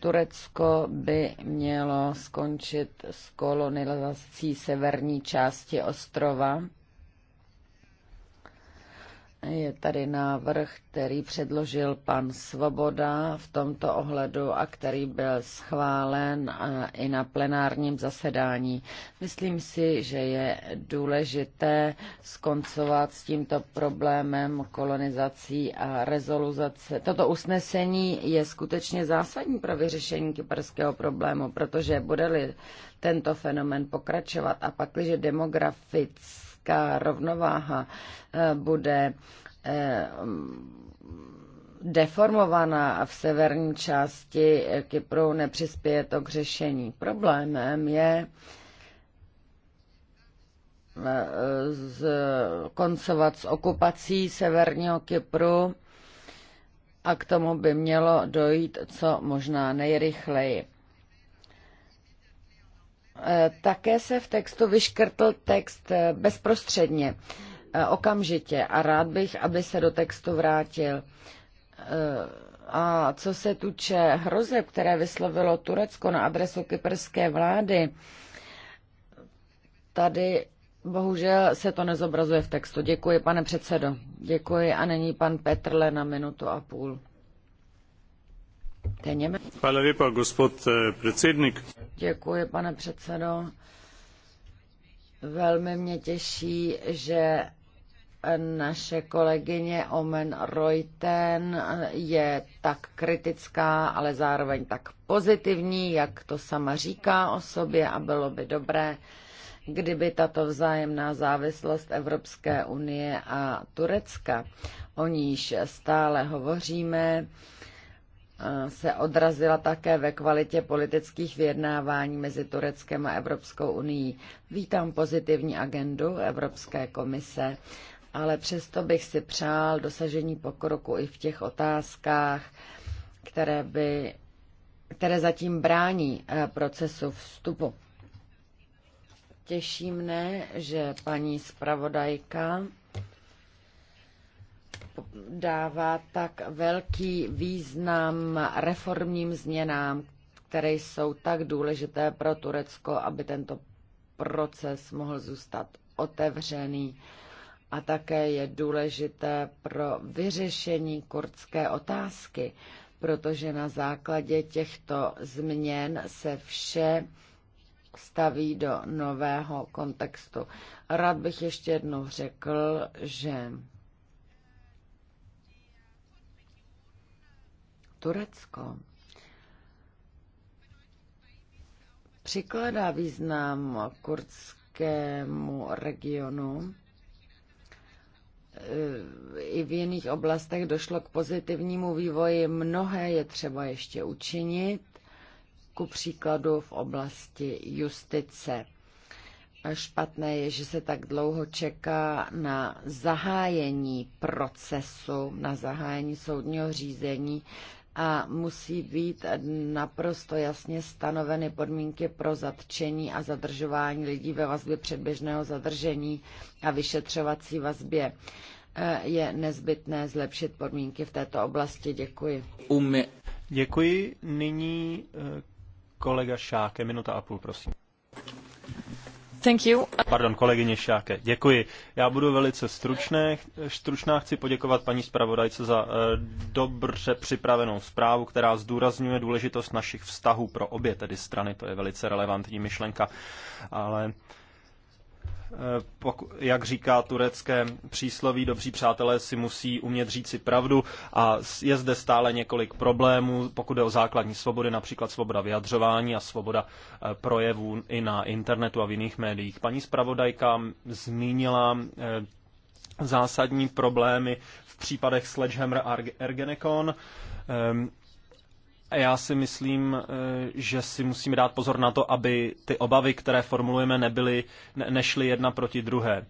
Turecko by mělo skončit s kolonizací severní části ostrova je tady návrh, který předložil pan Svoboda v tomto ohledu a který byl schválen i na plenárním zasedání. Myslím si, že je důležité skoncovat s tímto problémem kolonizací a rezoluzace. Toto usnesení je skutečně zásadní pro vyřešení kyperského problému, protože bude-li tento fenomen pokračovat a pakliže demografic politická rovnováha eh, bude eh, deformovaná v severní části Kypru nepřispěje to k řešení. Problémem je eh, z, koncovat s okupací severního Kypru a k tomu by mělo dojít co možná nejrychleji. Eh, také se v textu vyškrtl text eh, bezprostředně, eh, okamžitě a rád bych, aby se do textu vrátil. A co se tuče hrozeb, které vyslovilo Turecko na adresu kyperské vlády, tady bohužel se to nezobrazuje v textu. Děkuji, pane předsedo. Děkuji a není pan Petrle na minutu a půl. Eh, pane předsedo. Velmi mě těší, že naše kolegyně Omen Reuten je tak kritická, ale zároveň tak pozitivní, jak to sama říká o sobě a bylo by dobré, kdyby tato vzájemná závislost Evropské unie a Turecka, o níž stále hovoříme, se odrazila také ve kvalitě politických vyjednávání mezi Tureckem a Evropskou unii. Vítám pozitivní agendu Evropské komise, ale přesto bych si přál dosažení pokroku i v těch otázkách, které, by, které zatím brání eh, procesu vstupu. Těší mne, že paní zpravodajka dává tak velký význam reformním změnám, které jsou tak důležité pro Turecko, aby tento proces mohl zůstat otevřený. A také je důležité pro vyřešení kurdské otázky, protože na základě těchto změn se vše staví do nového kontextu. Rád bych ještě jednou řekl, že Turecko přikládá význam kurdskému regionu. I v jiných oblastech došlo k pozitivnímu vývoji. Mnohé je třeba ještě učinit, ku příkladu v oblasti justice. Špatné je, že se tak dlouho čeká na zahájení procesu, na zahájení soudního řízení a musí být naprosto jasně stanoveny podmínky pro zatčení a zadržování lidí ve vazbě předběžného zadržení a vyšetřovací vazbě. E, je nezbytné zlepšit podmínky v této oblasti. Děkuji.
Umě. Děkuji. Nyní e, kolega Šáke, minuta a půl, prosím. Thank you. Pardon, kolegyně Šáke. Děkuji. Já budu velice stručné. stručná. Chci poděkovat paní zpravodajce za eh, dobře připravenou zprávu, která zdůrazňuje důležitost našich vztahů pro obě tedy strany. To je velice relevantní myšlenka. Ale jak říká turecké přísloví, dobří přátelé si musí umět říci pravdu a je zde stále několik problémů, pokud je o základní svobody, například svoboda vyjadřování a svoboda eh, projevů i na internetu a v jiných médiích. Paní zpravodajka zmínila eh, zásadní problémy v případech Sledgehammer a Ergenekon. Ehm, já si myslím, eh, že si musíme dát pozor na to, aby ty obavy, které formulujeme, nebyly, ne, nešly jedna proti druhé.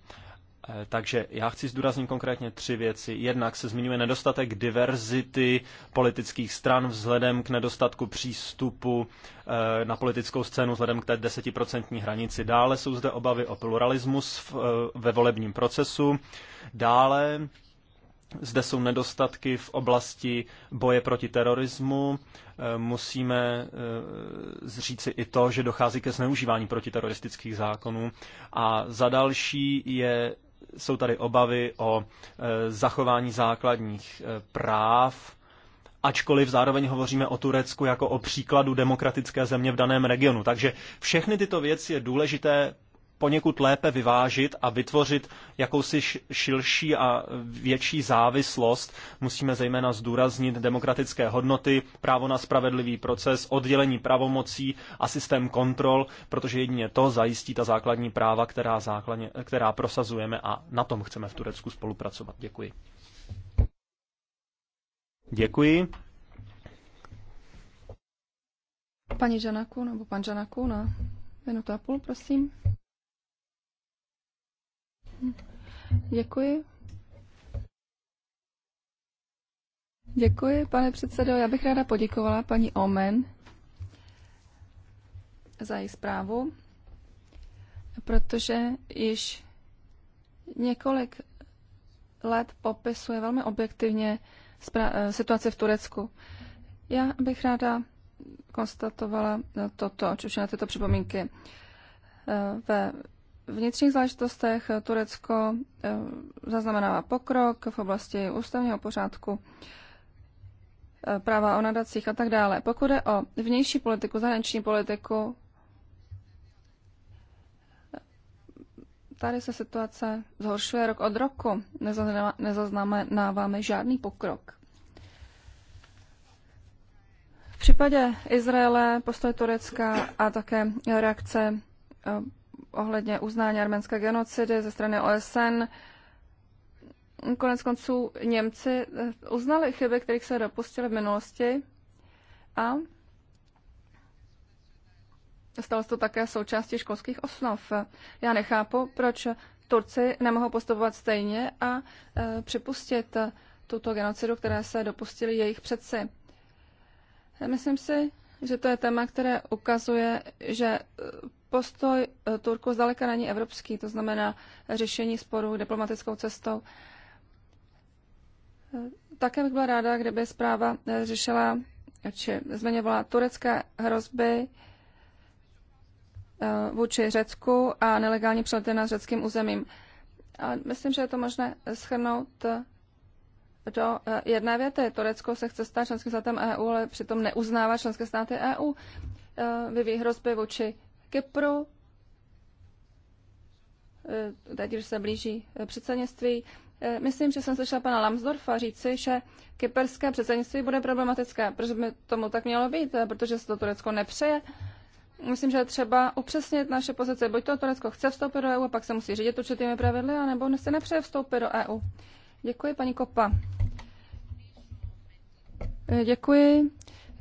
Eh, takže já chci zdůraznit konkrétně tři věci. Jednak se zmiňuje nedostatek diverzity politických stran vzhledem k nedostatku přístupu eh, na politickou scénu vzhledem k té desetiprocentní hranici. Dále jsou zde obavy o pluralismus ve volebním procesu. Dále zde jsou nedostatky v oblasti boje proti terorismu. Eh, musíme eh, zříci i to, že dochází ke zneužívání protiteroristických zákonů. A za další je, jsou tady obavy o eh, zachování základních práv, ačkoliv zároveň hovoříme o Turecku jako o příkladu demokratické země v daném regionu. Takže všechny tyto věci je důležité poněkud lépe vyvážit a vytvořit jakousi širší a větší závislost. Musíme zejména zdůraznit demokratické hodnoty, právo na spravedlivý proces, oddělení pravomocí a systém kontrol, protože jedině to zajistí ta základní práva, která, základně, která prosazujeme a na tom chceme v Turecku spolupracovat. Děkuji. Děkuji.
Paní Žanaku nebo pan Žanaku na minutu a půl, prosím. Děkuji. Děkuji, pane předsedo. Já bych ráda poděkovala paní Omen za její zprávu, protože již několik let popisuje velmi objektivně eh, situaci v Turecku. Já bych ráda konstatovala toto, či už na tyto připomínky. Eh, ve vnitřních záležitostech eh, Turecko eh, zaznamenává pokrok v oblasti ústavního pořádku, eh, práva o nadacích a tak dále. Pokud je o vnější politiku, zahraniční politiku, tady se situace zhoršuje rok od roku. Nezaznamenáváme žádný pokrok. V případě Izraele, postoj Turecka a také reakce ohledně uznání arménské genocidy ze strany OSN. Konec konců Němci eh, uznali chyby, kterých se dopustili v minulosti a stalo se to také součástí školských osnov. Já nechápu, proč Turci nemohou postupovat stejně a e, připustit tuto genocidu, které se dopustili jejich předci. Myslím si, že to je téma, které ukazuje, že eh, postoj e, Turku zdaleka není evropský, to znamená řešení sporů diplomatickou cestou. E, také bych byla ráda, kdyby zpráva e, řešila či zmiňovala turecké hrozby vůči Řecku a nelegální přelety na řeckým územím. A myslím, že je to možné schrnout do jedné věty. Turecko se chce stát členským státem EU, ale přitom neuznává členské státy EU. Vyvíjí hrozby vůči Kypru, eh, teď už se blíží eh, předsednictví. Eh, myslím, že jsem slyšela pana Lambsdorfa říci, že kyperské předsednictví bude problematické, protože by tomu tak mělo být, protože se to Turecko nepřeje. Myslím, že je třeba upřesnit naše pozice. Buď to Turecko chce vstoupit do EU a pak se musí řídit určitými pravidly, anebo se nepřeje vstoupit do EU. Děkuji, paní Kopa. Děkuji.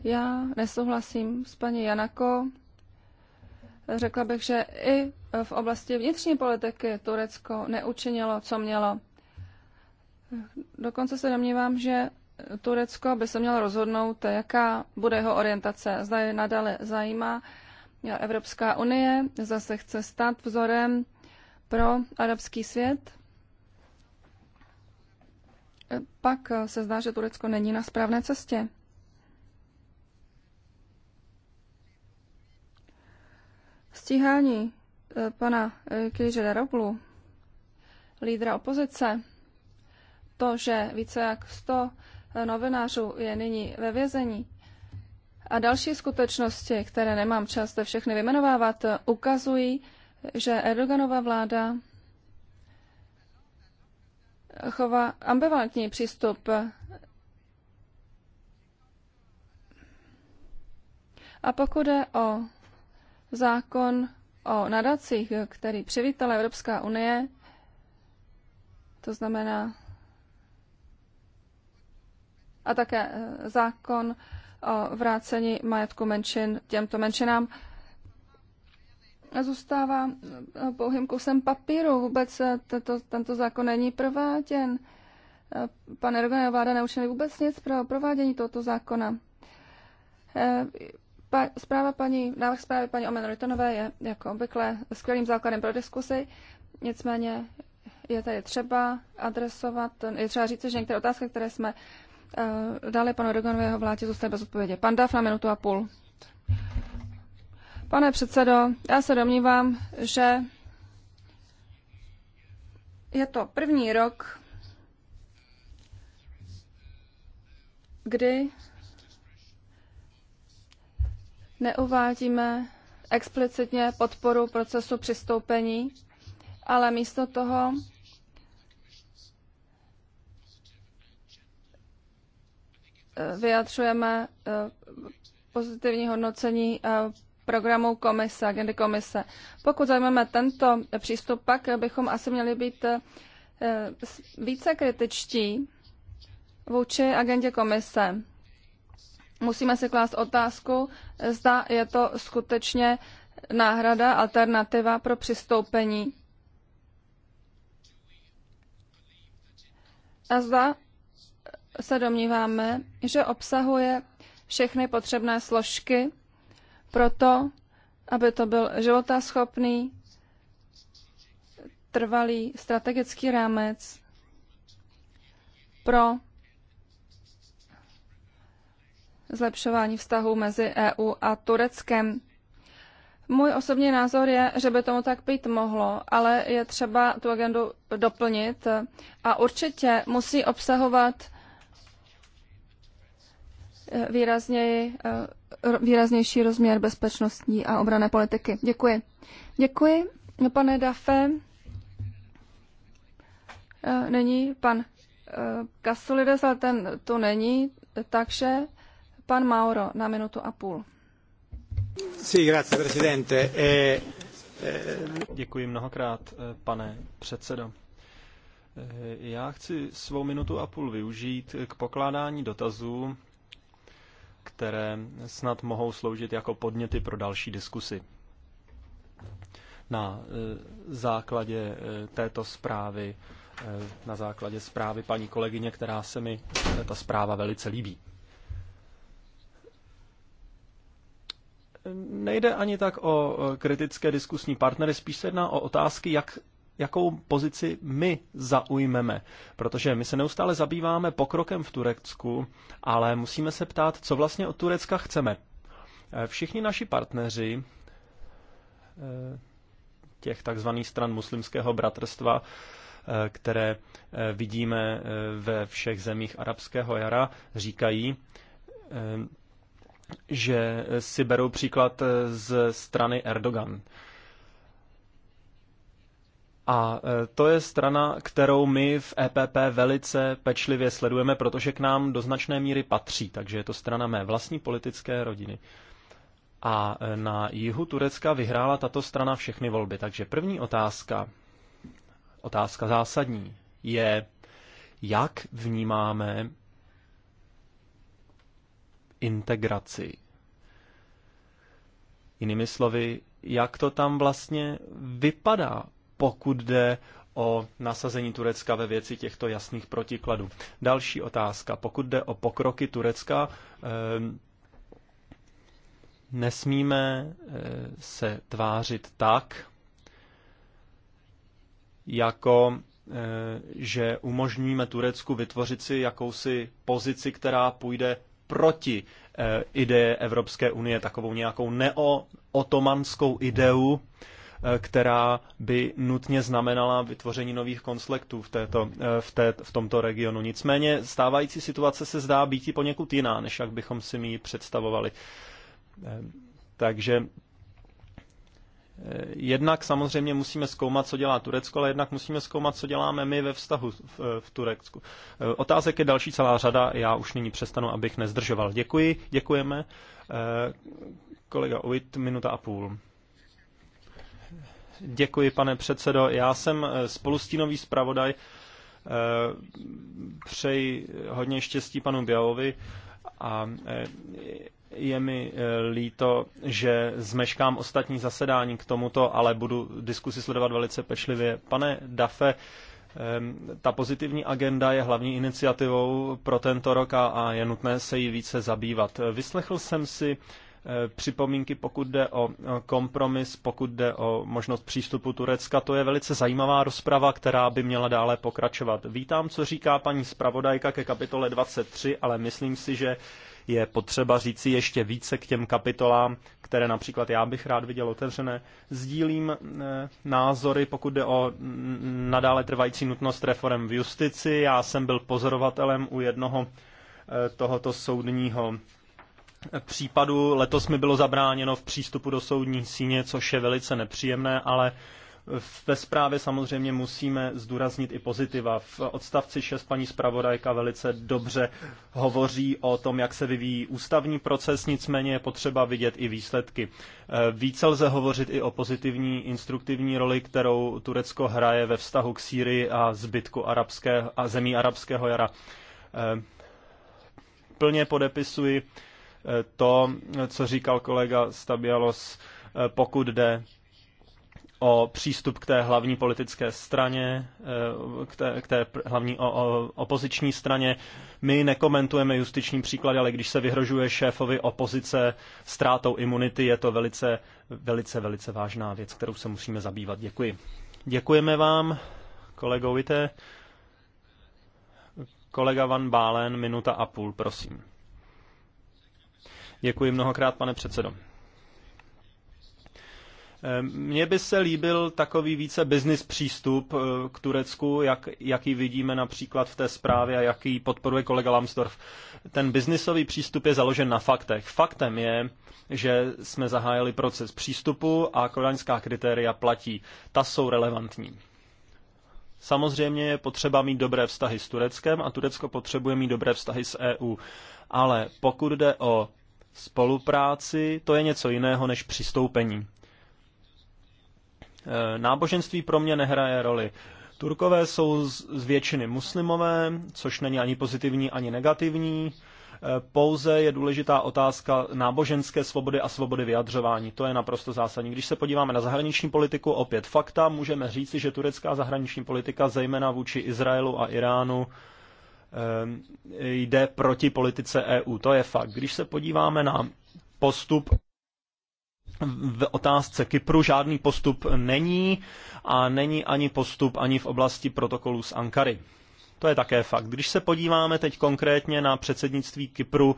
Já nesouhlasím s paní Janako Řekla bych, že i v oblasti vnitřní politiky Turecko neučinilo, co mělo. Dokonce se domnívám, že Turecko by se mělo rozhodnout, jaká bude jeho orientace. Zda je nadále zajímá Evropská unie, zase chce stát vzorem pro arabský svět. Pak se zdá, že Turecko není na správné cestě. Stíhání eh, pana eh, Kiliže Deroplu, lídra opozice, to, že více jak 100 eh, novinářů je nyní ve vězení a další skutečnosti, které nemám čas zde všechny vymenovávat, ukazují, že Erdoganova vláda chová ambivalentní přístup A pokud je o zákon o nadacích, který přivítala Evropská unie, to znamená a také eh, zákon o vrácení majetku menšin těmto menšinám, zůstává eh, pouhým kusem papíru. Vůbec eh, tato, tento zákon není prováděn. Pane Erdogan, vláda neučili vůbec nic pro provádění tohoto zákona. Pa, zpráva paní, návrh zprávy paní Omen Rytonové je jako obvykle skvělým základem pro diskusi, nicméně je tady třeba adresovat, je třeba říct, že některé otázky, které jsme uh, dali panu Rogonovi jeho vládě, zůstaly bez odpovědi. Pan Daf na minutu a půl. Pane předsedo, já se domnívám, že je to první rok, kdy neuvádíme explicitně podporu procesu přistoupení, ale místo toho vyjadřujeme eh, pozitivní hodnocení eh, programu komise, agendy komise. Pokud zajmeme tento přístup, pak bychom asi měli být eh, více kritičtí vůči agendě komise musíme si klást otázku, zda je to skutečně náhrada, alternativa pro přistoupení. A zda se domníváme, že obsahuje všechny potřebné složky pro to, aby to byl životaschopný, trvalý strategický rámec pro zlepšování vztahu mezi EU a Tureckem. Můj osobní názor je, že by tomu tak být mohlo, ale je třeba tu agendu doplnit a určitě musí obsahovat výrazněji, eh, výraznější rozměr bezpečnostní a obrané politiky. Děkuji. Děkuji, pane Dafe. Eh, není pan eh, Kasulides, ale ten tu není, takže pan Mauro na minutu a půl.
Eh, eh, Děkuji mnohokrát, eh, pane předsedo. Já chci svou minutu a půl využít k pokládání dotazů, které snad mohou sloužit jako podněty pro další diskusy. Na základě této zprávy, na základě zprávy paní kolegyně, která se mi ta zpráva velice líbí. nejde ani tak o kritické diskusní partnery, spíš se jedná o otázky, jak jakou pozici my zaujmeme. Protože my se neustále zabýváme pokrokem v Turecku, ale musíme se ptát, co vlastně od Turecka chceme. Eh, všichni naši partneři eh, těch takzvaných stran muslimského bratrstva, eh, které vidíme ve všech zemích arabského jara, říkají, že si berou příklad eh, z strany Erdogan. A eh, to je strana, kterou my v EPP velice pečlivě sledujeme, protože k nám do značné míry patří, takže je to strana mé vlastní politické rodiny. A eh, na jihu Turecka vyhrála tato strana všechny volby. Takže první otázka, otázka zásadní, je, jak vnímáme integraci. Jinými slovy, jak to tam vlastně vypadá, pokud jde o nasazení Turecka ve věci těchto jasných protikladů. Další otázka. Pokud jde o pokroky Turecka, ehm, nesmíme eh, se tvářit tak, jako eh, že umožníme Turecku vytvořit si jakousi pozici, která půjde proti eh, ideje Evropské unie, takovou nějakou neo-otomanskou ideu, eh, která by nutně znamenala vytvoření nových konfliktů v, této, eh, v, té, v tomto regionu. Nicméně stávající situace se zdá být i poněkud jiná, než jak bychom si ji představovali. Takže Eh, jednak samozřejmě musíme zkoumat, co dělá Turecko, ale jednak musíme zkoumat, co děláme my ve vztahu v, v Turecku. Eh, otázek je další celá řada, já už nyní přestanu, abych nezdržoval. Děkuji, děkujeme. Eh, kolega Ovid, minuta a půl. Děkuji, pane předsedo. Já jsem spolustínový zpravodaj. Přeji hodně štěstí panu Bělovi a je mi eh, líto, že zmeškám ostatní zasedání k tomuto, ale budu diskusi sledovat velice pečlivě. Pane Dafe, ta pozitivní agenda je hlavní iniciativou pro tento rok a je nutné se jí více zabývat. Vyslechl jsem si eh, připomínky, pokud jde o kompromis, pokud jde o možnost přístupu Turecka. To je velice zajímavá rozprava, která by měla dále pokračovat. Vítám, co říká paní zpravodajka ke kapitole 23, ale myslím si, že je potřeba říci ještě více k těm kapitolám, které například já bych rád viděl otevřené. Sdílím eh, názory, pokud jde o mm, nadále trvající nutnost reform v justici. Já jsem byl pozorovatelem u jednoho eh, tohoto soudního eh, případu. Letos mi bylo zabráněno v přístupu do soudní síně, což je velice nepříjemné, ale ve zprávě samozřejmě musíme zdůraznit i pozitiva. V odstavci 6 paní zpravodajka velice dobře hovoří o tom, jak se vyvíjí ústavní proces, nicméně je potřeba vidět i výsledky. Eh, více lze hovořit i o pozitivní instruktivní roli, kterou Turecko hraje ve vztahu k Sýrii a zbytku arabské, a zemí arabského jara. Eh, plně podepisuji eh, to, co říkal kolega Stabialos, pokud jde o přístup k té hlavní politické straně, eh, k té, k té hlavní o, o, opoziční straně. My nekomentujeme justiční příklad, ale když se vyhrožuje šéfovi opozice ztrátou imunity, je to velice, velice, velice vážná věc, kterou se musíme zabývat. Děkuji. Děkujeme vám, kolego Vite. Kolega Van Bálen, minuta a půl, prosím. Děkuji mnohokrát, pane předsedo. Ehm, mně by se líbil takový více business přístup eh, k Turecku, jak, jaký vidíme například v té zprávě a jaký podporuje kolega Lambsdorff. Ten biznisový přístup je založen na faktech. Faktem je, že jsme zahájili proces přístupu a kodaňská kritéria platí. Ta jsou relevantní. Samozřejmě je potřeba mít dobré vztahy s Tureckem a Turecko potřebuje mít dobré vztahy s EU. Ale pokud jde o spolupráci, to je něco jiného než přistoupení. Eh, náboženství pro mě nehraje roli. Turkové jsou z většiny muslimové, což není ani pozitivní, ani negativní. Eh, pouze je důležitá otázka náboženské svobody a svobody vyjadřování. To je naprosto zásadní. Když se podíváme na zahraniční politiku, opět fakta, můžeme říci, že turecká zahraniční politika, zejména vůči Izraelu a Iránu, eh, jde proti politice EU. To je fakt. Když se podíváme na postup v otázce Kypru žádný postup není a není ani postup ani v oblasti protokolu z Ankary. To je také fakt. Když se podíváme teď konkrétně na předsednictví Kypru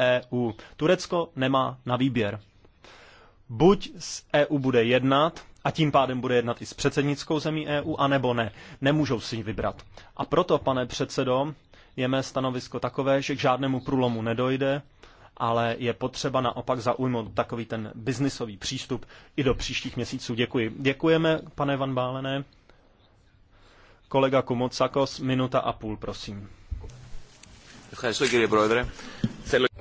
EU, Turecko nemá na výběr. Buď s EU bude jednat, a tím pádem bude jednat i s předsednickou zemí EU, anebo ne. Nemůžou si vybrat. A proto, pane předsedo, je mé stanovisko takové, že k žádnému průlomu nedojde ale je potřeba naopak zaujmout takový ten biznisový přístup i do příštích měsíců. Děkuji. Děkujeme, pane Van Bálené. Kolega Kumocakos, minuta a půl, prosím.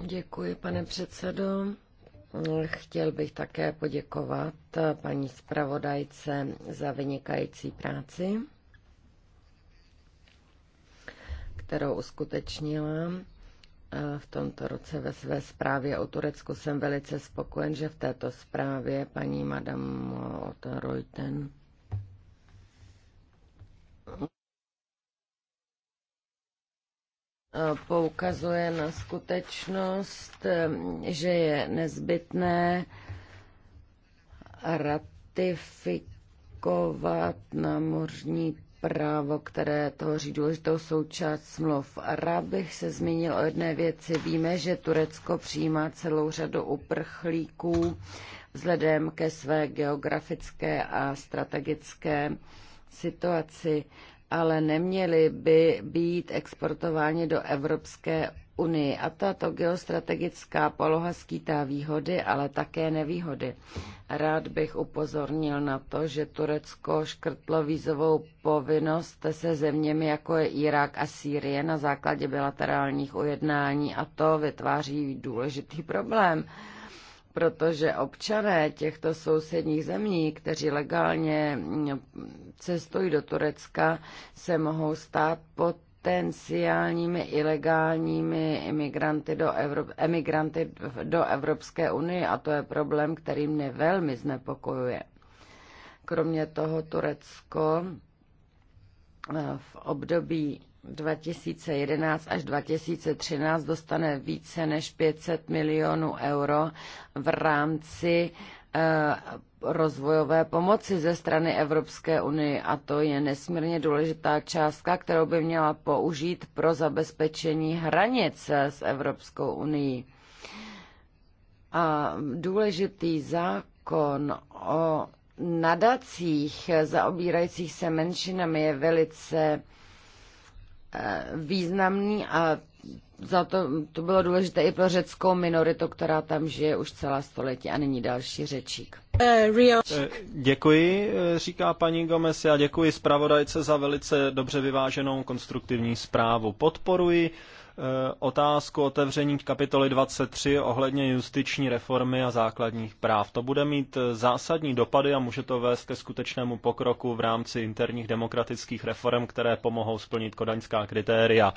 Děkuji, pane předsedo. Chtěl bych také poděkovat paní zpravodajce za vynikající práci, kterou uskutečnila Eh, v tomto roce ve své zprávě o Turecku. Jsem velice spokojen, že v této zprávě paní madam Otaroyten eh, poukazuje na skutečnost, eh, že je nezbytné ratifikovat námořní právo, které tvoří důležitou součást smluv. Rád bych se zmínil o jedné věci. Víme, že Turecko přijímá celou řadu uprchlíků vzhledem ke své geografické a strategické situaci, ale neměli by být exportováni do Evropské unii. A tato geostrategická poloha skýtá výhody, ale také nevýhody. Rád bych upozornil na to, že Turecko škrtlo vízovou povinnost se zeměmi, jako je Irák a Sýrie, na základě bilaterálních ujednání a to vytváří důležitý problém protože občané těchto sousedních zemí, kteří legálně cestují do Turecka, se mohou stát pod potenciálními ilegálními imigranty do, Evrop, emigranty do Evropské unie a to je problém, který mě velmi znepokojuje. Kromě toho Turecko eh, v období 2011 až 2013 dostane více než 500 milionů euro v rámci eh, rozvojové pomoci ze strany Evropské unie a to je nesmírně důležitá částka, kterou by měla použít pro zabezpečení hranic s Evropskou unii. A důležitý zákon o nadacích zaobírajících se menšinami je velice eh, významný a za to, to bylo důležité i pro řeckou minoritu, která tam žije už celá století a není další řečík.
Eh, eh, děkuji, eh, říká paní Gomez. Já děkuji zpravodajce za velice dobře vyváženou konstruktivní zprávu. Podporuji otázku otevření kapitoly 23 ohledně justiční reformy a základních práv. To bude mít zásadní dopady a může to vést ke skutečnému pokroku v rámci interních demokratických reform, které pomohou splnit kodaňská kritéria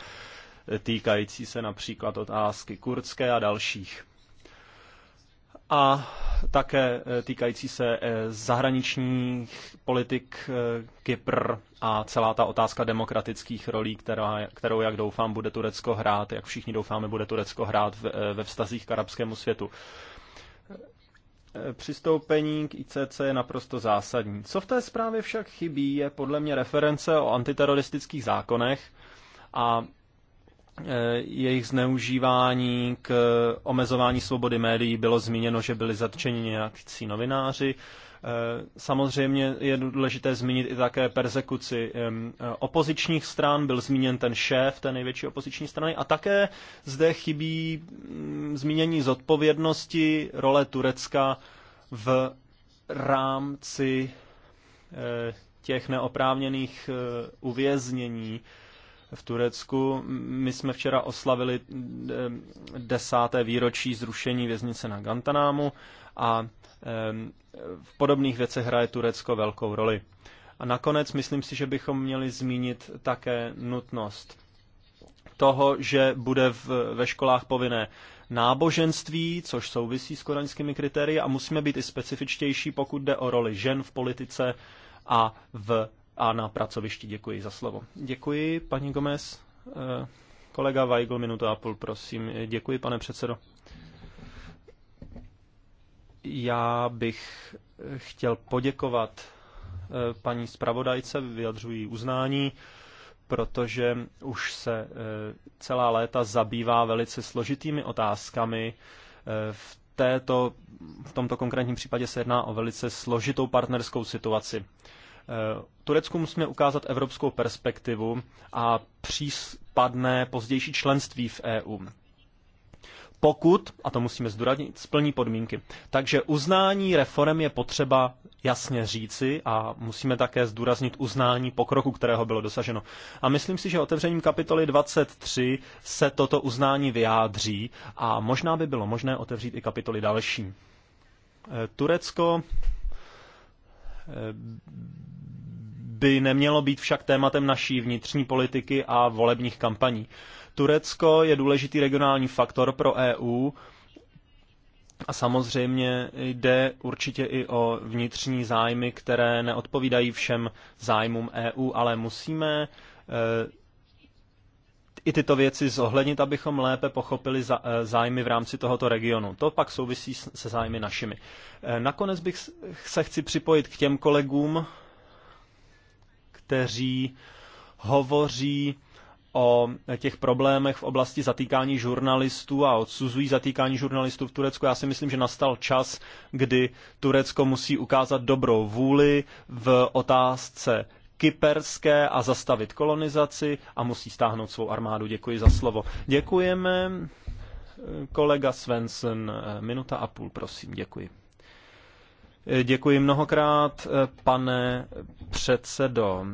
týkající se například otázky kurdské a dalších. A také eh, týkající se eh, zahraničních politik eh, Kypr a celá ta otázka demokratických rolí, která, kterou, jak doufám, bude Turecko hrát, jak všichni doufáme, bude Turecko hrát ve vztazích k arabskému světu přistoupení k ICC je naprosto zásadní. Co v té zprávě však chybí, je podle mě reference o antiteroristických zákonech a Eh, jejich zneužívání k omezování svobody médií bylo zmíněno, že byli zatčeni nějakí novináři. Eh, samozřejmě je důležité zmínit i také persekuci opozičních stran, byl zmíněn ten šéf té největší opoziční strany a také zde chybí mm, zmínění zodpovědnosti role Turecka v rámci eh, těch neoprávněných uvěznění v Turecku. My jsme včera oslavili eh, desáté výročí zrušení věznice na Gantanámu a eh, v podobných věcech hraje Turecko velkou roli. A nakonec myslím si, že bychom měli zmínit také nutnost toho, že bude v, ve školách povinné náboženství, což souvisí s koraňskými kritérii a musíme být i specifičtější, pokud jde o roli žen v politice a v a na pracovišti. Děkuji za slovo. Děkuji, paní Gomez. Eh, kolega Weigl, minuta a půl, prosím. Děkuji, pane předsedo. Já bych chtěl poděkovat eh, paní zpravodajce, vyjadřují uznání, protože už se eh, celá léta zabývá velice složitými otázkami. V, této, v tomto konkrétním případě se jedná o velice složitou partnerskou situaci. Eh, Turecku musíme ukázat evropskou perspektivu a případné pozdější členství v EU. Pokud, a to musíme zdůraznit, splní podmínky. Takže uznání reform je potřeba jasně říci a musíme také zdůraznit uznání pokroku, kterého bylo dosaženo. A myslím si, že otevřením kapitoly 23 se toto uznání vyjádří a možná by bylo možné otevřít i kapitoly další. Eh, Turecko eh, by nemělo být však tématem naší vnitřní politiky a volebních kampaní. Turecko je důležitý regionální faktor pro EU a samozřejmě jde určitě i o vnitřní zájmy, které neodpovídají všem zájmům EU, ale musíme eh, i tyto věci zohlednit, abychom lépe pochopili eh, zájmy v rámci tohoto regionu. To pak souvisí se zájmy našimi. Eh, nakonec bych se chci připojit k těm kolegům, kteří hovoří o těch problémech v oblasti zatýkání žurnalistů a odsuzují zatýkání žurnalistů v Turecku. Já si myslím, že nastal čas, kdy Turecko musí ukázat dobrou vůli v otázce kyperské a zastavit kolonizaci a musí stáhnout svou armádu. Děkuji za slovo. Děkujeme. Kolega Svensson, minuta a půl, prosím, děkuji. Děkuji mnohokrát, pane předsedo.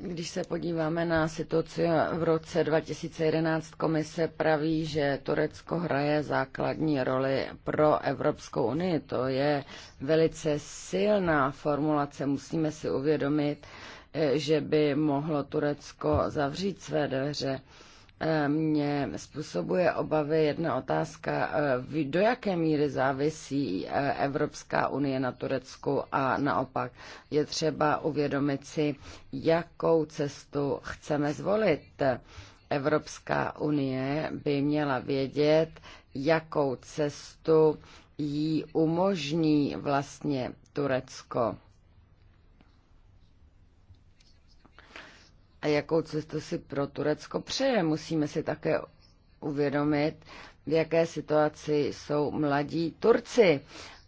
když se podíváme na situaci v roce 2011, komise praví, že Turecko hraje základní roli pro Evropskou unii. To je velice silná formulace. Musíme si uvědomit, že by mohlo Turecko zavřít své dveře mě způsobuje obavy jedna otázka, e, do jaké míry závisí e, Evropská unie na Turecku a naopak je třeba uvědomit si, jakou cestu chceme zvolit. Evropská unie by měla vědět, jakou cestu jí umožní vlastně Turecko a jakou cestu si pro Turecko přeje. Musíme si také uvědomit, v jaké situaci jsou mladí Turci.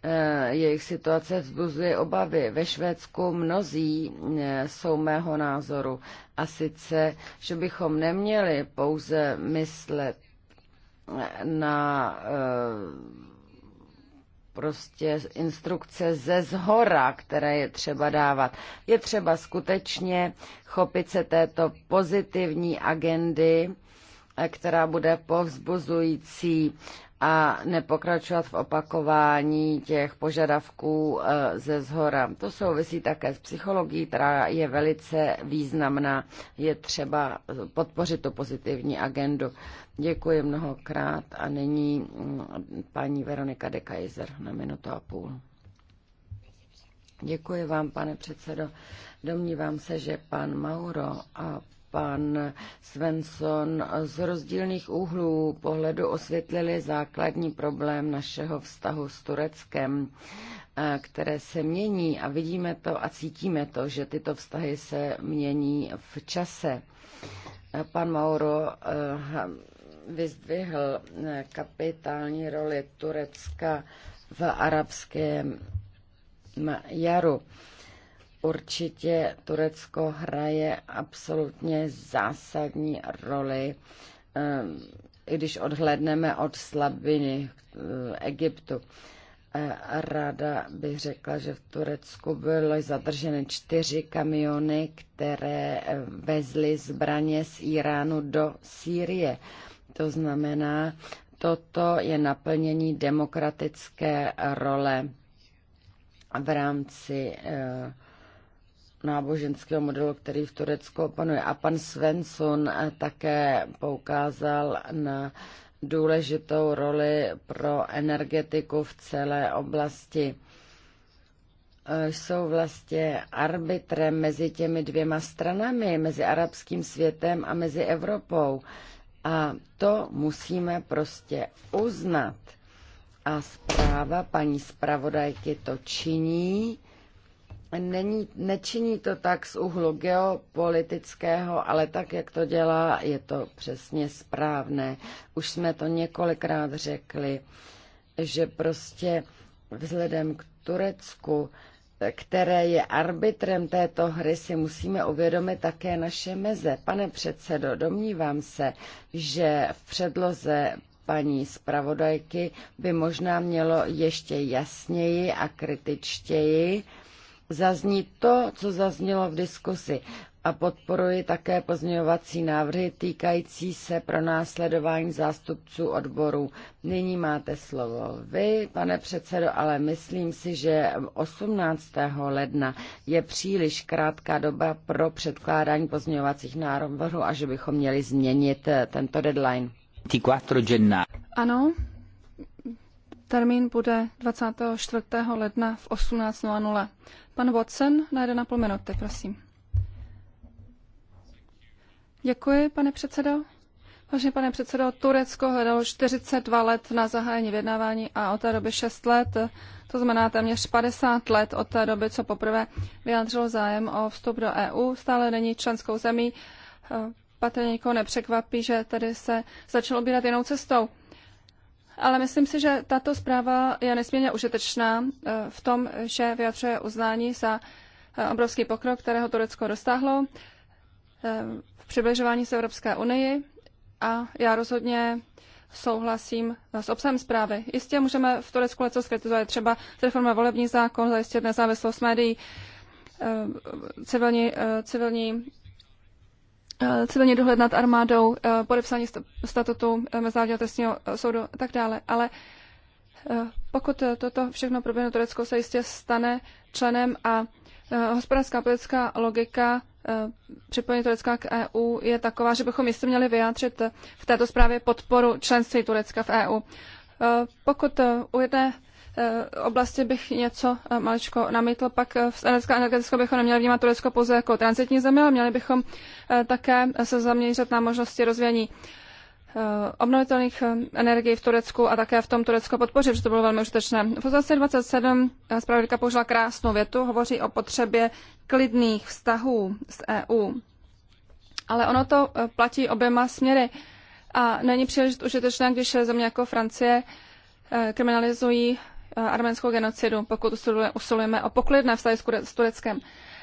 Eh, jejich situace vzbuzuje obavy. Ve Švédsku mnozí eh, jsou mého názoru. A sice, že bychom neměli pouze myslet eh, na prostě instrukce ze zhora, které je třeba dávat. Je třeba skutečně chopit se této pozitivní agendy, eh, která bude povzbuzující a nepokračovat v opakování těch požadavků eh, ze zhora. To souvisí také s psychologií, která je velice významná. Je třeba podpořit tu pozitivní agendu. Děkuji mnohokrát a nyní mm, paní Veronika de Kaiser na minutu a půl. Děkuji vám, pane předsedo. Domnívám se, že pan Mauro a pan Svensson z rozdílných úhlů pohledu osvětlili základní problém našeho vztahu s Tureckem, eh, které se mění a vidíme to a cítíme to, že tyto vztahy se mění v čase. Eh, pan Mauro eh, vyzdvihl eh, kapitální roli Turecka v arabském jaru. Určitě Turecko hraje absolutně zásadní roli, eh, i když odhledneme od slabiny eh, Egyptu. Ráda bych řekla, že v Turecku byly zadrženy čtyři kamiony, které vezly zbraně z Iránu do Sýrie. To znamená, toto je naplnění demokratické role v rámci eh, náboženského modelu, který v Turecku opanuje. A pan Svensson eh, také poukázal na důležitou roli pro energetiku v celé oblasti. Eh, jsou vlastně arbitrem mezi těmi dvěma stranami, mezi arabským světem a mezi Evropou. A to musíme prostě uznat. A zpráva paní zpravodajky to činí. Není, nečiní to tak z úhlu geopolitického, ale tak, jak to dělá, je to přesně správné. Už jsme to několikrát řekli, že prostě vzhledem k Turecku které je arbitrem této hry, si musíme uvědomit také naše meze. Pane předsedo, domnívám se, že v předloze paní zpravodajky by možná mělo ještě jasněji a kritičtěji zaznít to, co zaznělo v diskusi a podporuji také pozměňovací návrhy týkající se pronásledování zástupců odborů. Nyní máte slovo vy, pane předsedo, ale myslím si, že 18. ledna je příliš krátká doba pro předkládání pozměňovacích návrhů a že bychom měli změnit eh, tento deadline.
Ano, termín bude 24. ledna v 18.00. Pan Watson na 1,5 minuty, prosím. Děkuji, pane předsedo. Vážený pane předsedo, Turecko hledalo 42 let na zahájení vyjednávání a od té doby 6 let, to znamená téměř 50 let od té doby, co poprvé vyjádřilo zájem o vstup do EU. Stále není členskou zemí. Patrně nikoho nepřekvapí, že tady se začalo obírat jinou cestou. Ale myslím si, že tato zpráva je nesmírně užitečná eh, v tom, že vyjadřuje uznání za eh, obrovský pokrok, kterého Turecko dostáhlo v přibližování se Evropské unii a já rozhodně souhlasím s obsahem zprávy. Jistě můžeme v Turecku něco skritizovat, třeba reforma volební zákon, zajistit nezávislost médií, eh, civilní, eh, civilní eh, civilní dohled nad armádou, podepsání statutu Mezinárodního trestního soudu a tak dále. Ale pokud toto všechno proběhne, Turecko se jistě stane členem a hospodářská politická logika Eh, připojení Turecka k EU je taková, že bychom jistě měli vyjádřit v této zprávě podporu členství Turecka v EU. Eh, pokud eh, u jedné oblasti bych něco maličko namítl, pak v energetické energetické bychom neměli vnímat Turecko pouze jako transitní zemi, ale měli bychom také se zaměřit na možnosti rozvíjení Eh, obnovitelných eh, energií v Turecku a také v tom Turecku podpořit, protože to bylo velmi užitečné. V roce 27 eh, zpravodajka použila krásnou větu, hovoří o potřebě klidných vztahů s EU. Ale ono to platí oběma směry a není příliš užitečné, když země jako Francie kriminalizují arménskou genocidu, pokud usilujeme o poklidné vztahy s Tureckem.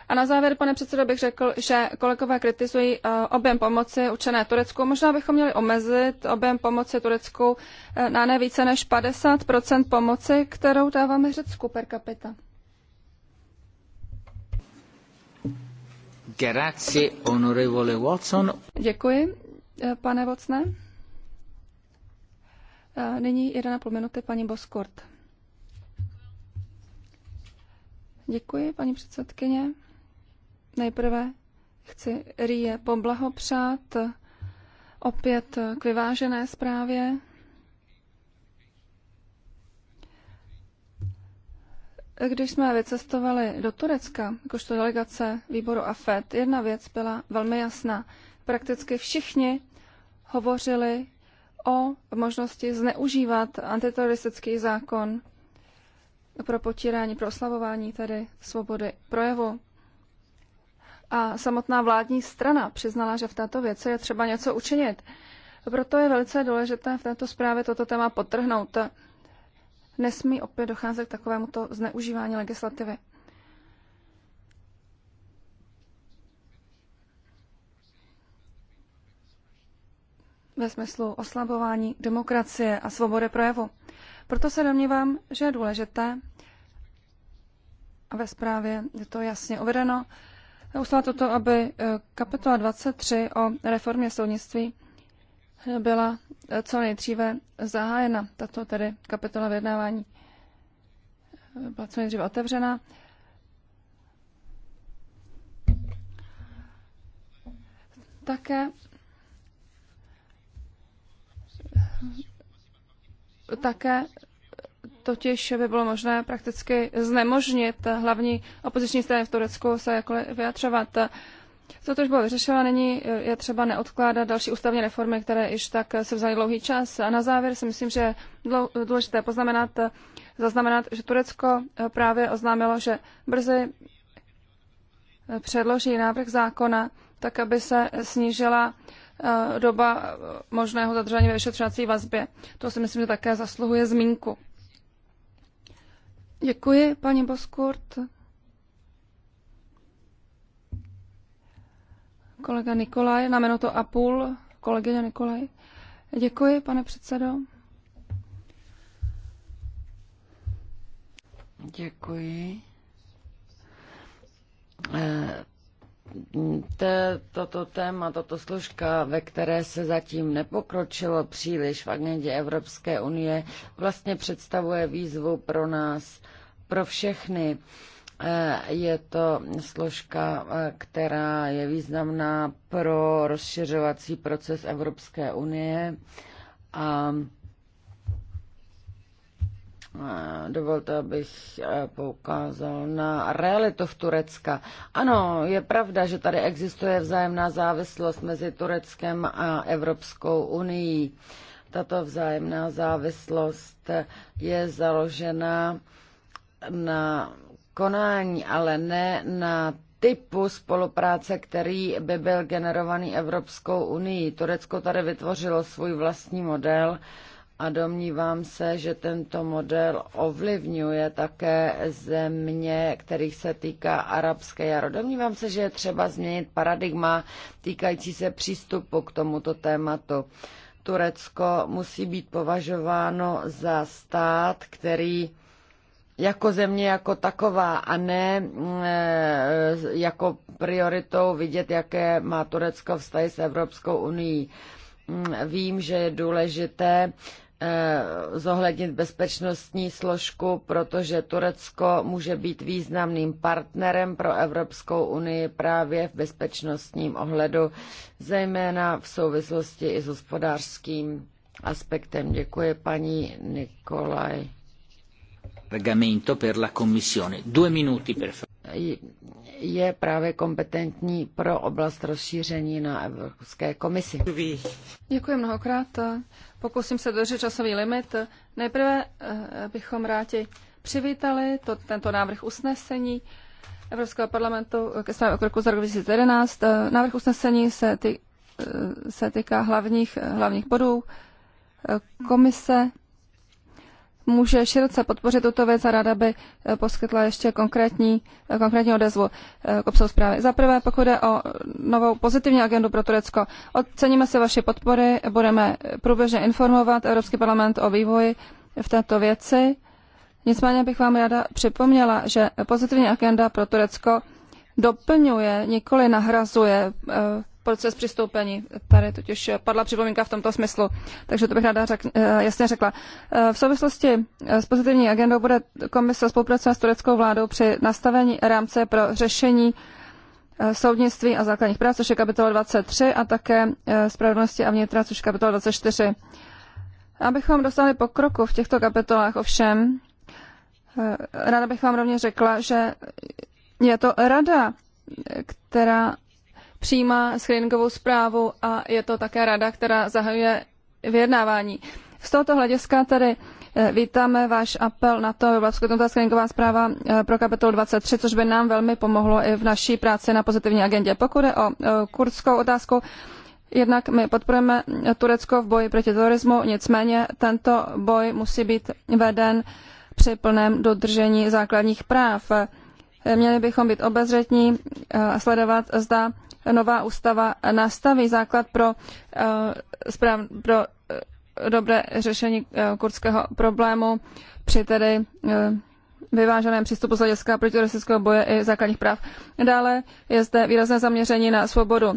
A na závěr, pane předsedo, bych řekl, že kolegové kritizují eh, objem pomoci učené Turecku. Možná bychom měli omezit objem pomoci Turecku eh, na nevíce než 50 pomoci, kterou dáváme Řecku per capita.
Grazie, onorevole Watson.
Děkuji, eh, pane Vocne. Nyní 1,5 minuty paní Boskort. Děkuji, paní předsedkyně. Nejprve chci Rie poblahopřát opět k vyvážené zprávě. Když jsme vycestovali do Turecka, jakožto delegace výboru AFET, jedna věc byla velmi jasná. Prakticky všichni hovořili o možnosti zneužívat antiteroristický zákon pro potírání, pro oslavování tedy svobody projevu a samotná vládní strana přiznala, že v této věci je třeba něco učinit. Proto je velice důležité v této zprávě toto téma potrhnout. Nesmí opět docházet k takovému to zneužívání legislativy. ve smyslu oslabování demokracie a svobody projevu. Proto se domnívám, že je důležité, a ve zprávě je to jasně uvedeno, usilovat o to, aby eh, kapitola 23 o reformě soudnictví byla eh, co nejdříve zahájena. Tato tedy kapitola vyjednávání eh, byla co nejdříve otevřena. Také také totiž by bylo možné prakticky znemožnit hlavní opoziční strany v Turecku se jakkoliv vyjadřovat. Co to už bylo vyřešeno, není je třeba neodkládat další ústavní reformy, které již tak se vzaly dlouhý čas. A na závěr si myslím, že je důležité poznamenat, zaznamenat, že Turecko právě oznámilo, že brzy předloží návrh zákona, tak aby se snížila eh, doba možného zadržení ve vyšetřovací vazbě. To si myslím, že také zasluhuje zmínku. Děkuji, paní Boskurt. Kolega Nikolaj, na to a půl, kolegyně Nikolaj. Děkuji, pane předsedo.
Děkuji. Eh, toto téma, toto složka, ve které se zatím nepokročilo příliš v agendě Evropské unie, vlastně představuje výzvu pro nás, pro všechny. E, je to složka, e, která je významná pro rozšiřovací proces Evropské unie a Dovolte, abych eh, poukázal na realitu v Turecka. Ano, je pravda, že tady existuje vzájemná závislost mezi Tureckem a Evropskou unii. Tato vzájemná závislost je založena na konání, ale ne na typu spolupráce, který by byl generovaný Evropskou unii. Turecko tady vytvořilo svůj vlastní model, a domnívám se, že tento model ovlivňuje také země, kterých se týká arabské jaro. Domnívám se, že je třeba změnit paradigma týkající se přístupu k tomuto tématu. Turecko musí být považováno za stát, který jako země jako taková a ne eh, jako prioritou vidět, jaké má Turecko vztahy s Evropskou unii. Vím, že je důležité Eh, zohlednit bezpečnostní složku, protože Turecko může být významným partnerem pro Evropskou unii právě v bezpečnostním ohledu, zejména v souvislosti i s hospodářským aspektem. Děkuji paní Nikolaj. Regamento per la Commissione. Due minuti per je právě kompetentní pro oblast rozšíření na Evropské komisi.
Děkuji mnohokrát. Pokusím se držet časový limit. Nejprve eh, bychom rádi přivítali to, tento návrh usnesení Evropského parlamentu ke svému okroku za rok 2011. Eh, návrh usnesení se, ty, eh, se týká hlavních, hlavních bodů komise může široce podpořit tuto věc a ráda by eh, poskytla ještě konkrétní, eh, konkrétní odezvu eh, k obsahu zprávy. Za prvé, pokud jde o novou pozitivní agendu pro Turecko, oceníme se vaše podpory, budeme průběžně informovat Evropský parlament o vývoji v této věci. Nicméně bych vám ráda připomněla, že pozitivní agenda pro Turecko doplňuje, nikoli nahrazuje proces přistoupení. Tady totiž padla připomínka v tomto smyslu, takže to bych ráda řek, eh, jasně řekla. Eh, v souvislosti eh, s pozitivní agendou bude komise spolupracovat s tureckou vládou při nastavení rámce pro řešení soudnictví a základních práv, což je kapitola 23, a také spravedlnosti a vnitra, což je kapitola 24. Abychom dostali pokroku v těchto kapitolách ovšem, ráda bych vám rovně řekla, že je to rada, která přijímá screeningovou zprávu a je to také rada, která zahajuje vyjednávání. Z tohoto hlediska tedy eh, vítáme váš apel na to, aby byla poskytnuta screeningová zpráva eh, pro kapitolu 23, což by nám velmi pomohlo i v naší práci na pozitivní agendě. Pokud je o eh, kurdskou otázku, Jednak my podporujeme Turecko v boji proti terorismu, nicméně tento boj musí být veden při plném dodržení základních práv. Měli bychom být obezřetní a sledovat, zda nová ústava nastaví základ pro, eh, správ, pro eh, dobré řešení eh, kurdského problému při tedy vyváženém přístupu z hlediska protiteroristického boje i základních práv. Dále je zde výrazné zaměření na svobodu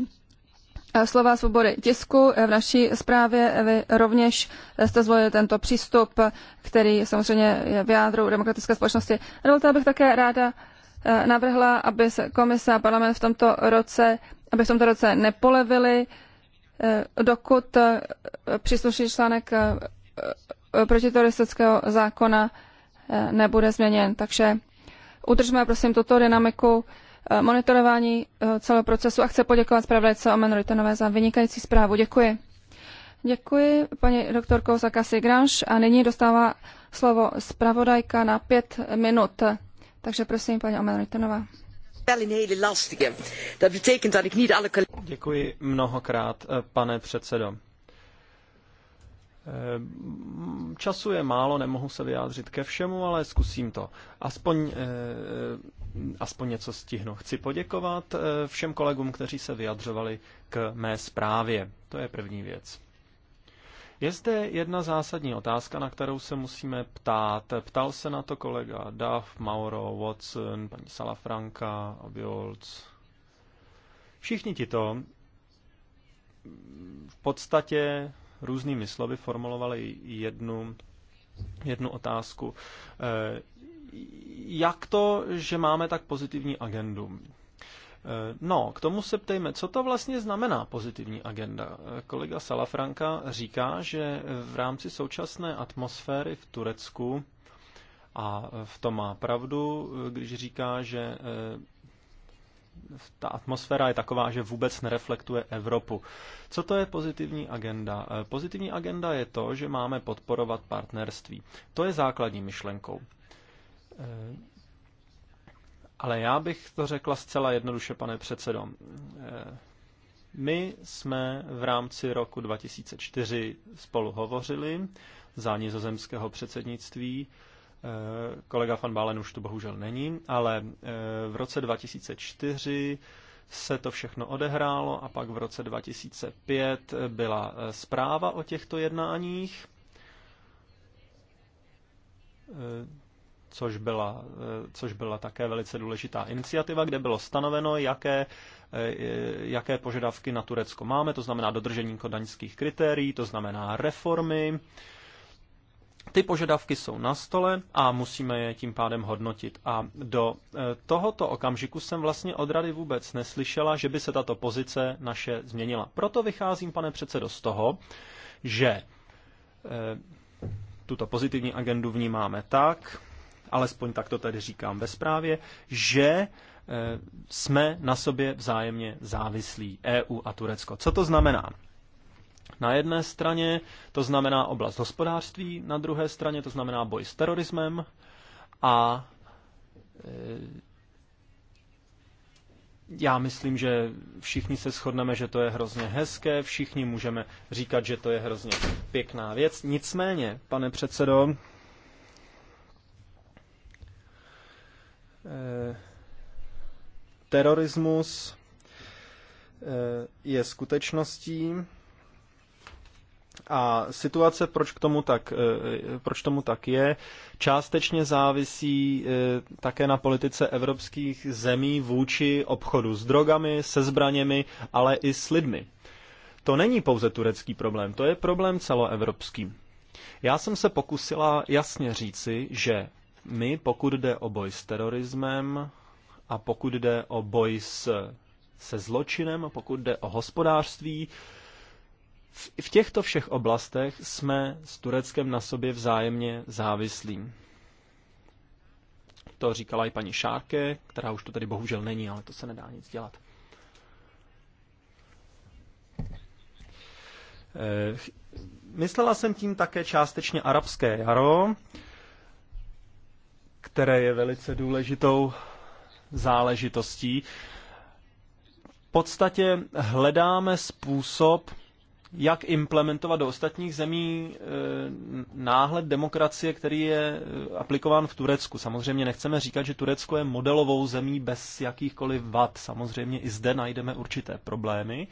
slova svobody tisku. V naší zprávě vy rovněž jste zvolili tento přístup, který samozřejmě je v jádru demokratické společnosti. Dovolte, abych také ráda navrhla, aby se komise a parlament v tomto roce aby v tomto roce nepolevili, eh, dokud eh, příslušný článek eh, protiteroristického zákona nebude změněn. Takže udržme prosím tuto dynamiku monitorování celého procesu a chci poděkovat zpravodajce Omen Reutenové za vynikající zprávu. Děkuji. Děkuji paní doktorko Zakasi Granš a nyní dostává slovo zpravodajka na pět minut. Takže prosím, paní Omen
Děkuji mnohokrát, eh, pane předsedo. Eh, času je málo, nemohu se vyjádřit ke všemu, ale zkusím to. Aspoň, eh, aspoň něco stihnu. Chci poděkovat všem kolegům, kteří se vyjadřovali k mé zprávě. To je první věc. Je zde jedna zásadní otázka, na kterou se musíme ptát. Ptal se na to kolega Duff, Mauro, Watson, paní Salafranka, Abiolc. Všichni ti to v podstatě různými slovy formulovali jednu, jednu otázku. Eh, jak to, že máme tak pozitivní agendu? Eh, no, k tomu se ptejme, co to vlastně znamená pozitivní agenda. Eh, kolega Salafranka říká, že v rámci současné atmosféry v Turecku, a v tom má pravdu, eh, když říká, že ta atmosféra je taková, že vůbec nereflektuje Evropu. Co to je pozitivní agenda? Pozitivní agenda je to, že máme podporovat partnerství. To je základní myšlenkou. Ale já bych to řekla zcela jednoduše, pane předsedo. Eh, my jsme v rámci roku 2004 spolu hovořili za nizozemského předsednictví. Eh, kolega van Balen už tu bohužel není, ale eh, v roce 2004 se to všechno odehrálo a pak v roce 2005 byla zpráva o těchto jednáních což byla, eh, což byla také velice důležitá iniciativa, kde bylo stanoveno, jaké, eh, jaké požadavky na Turecko máme, to znamená dodržení kodaňských kritérií, to znamená reformy. Ty požadavky jsou na stole a musíme je tím pádem hodnotit. A do eh, tohoto okamžiku jsem vlastně od rady vůbec neslyšela, že by se tato pozice naše změnila. Proto vycházím, pane předsedo, z toho, že tuto pozitivní agendu vnímáme tak, alespoň tak to tady říkám ve zprávě, že eh, jsme na sobě vzájemně závislí, EU a Turecko. Co to znamená? Na jedné straně to znamená oblast hospodářství, na druhé straně to znamená boj s terorismem a eh, já myslím, že všichni se shodneme, že to je hrozně hezké, všichni můžeme říkat, že to je hrozně pěkná věc. Nicméně, pane předsedo, Eh, terorismus eh, je skutečností a situace, proč, k tomu tak, eh, proč tomu tak je, částečně závisí také na politice evropských zemí vůči obchodu s drogami, se zbraněmi, ale i s lidmi. To není pouze turecký problém, to je problém celoevropský. Já jsem se pokusila jasně říci, že my, pokud jde o boj s terorismem a pokud jde o boj s, se zločinem, pokud jde o hospodářství, v, v těchto všech oblastech jsme s Tureckem na sobě vzájemně závislí. To říkala i paní Šárke, která už to tady bohužel není, ale to se nedá nic dělat. Eh, myslela jsem tím také částečně arabské jaro, které je velice důležitou záležitostí. V podstatě hledáme způsob, jak implementovat do ostatních zemí eh, náhled demokracie, který je eh, aplikován v Turecku. Samozřejmě nechceme říkat, že Turecko je modelovou zemí bez jakýchkoliv vad. Samozřejmě i zde najdeme určité problémy.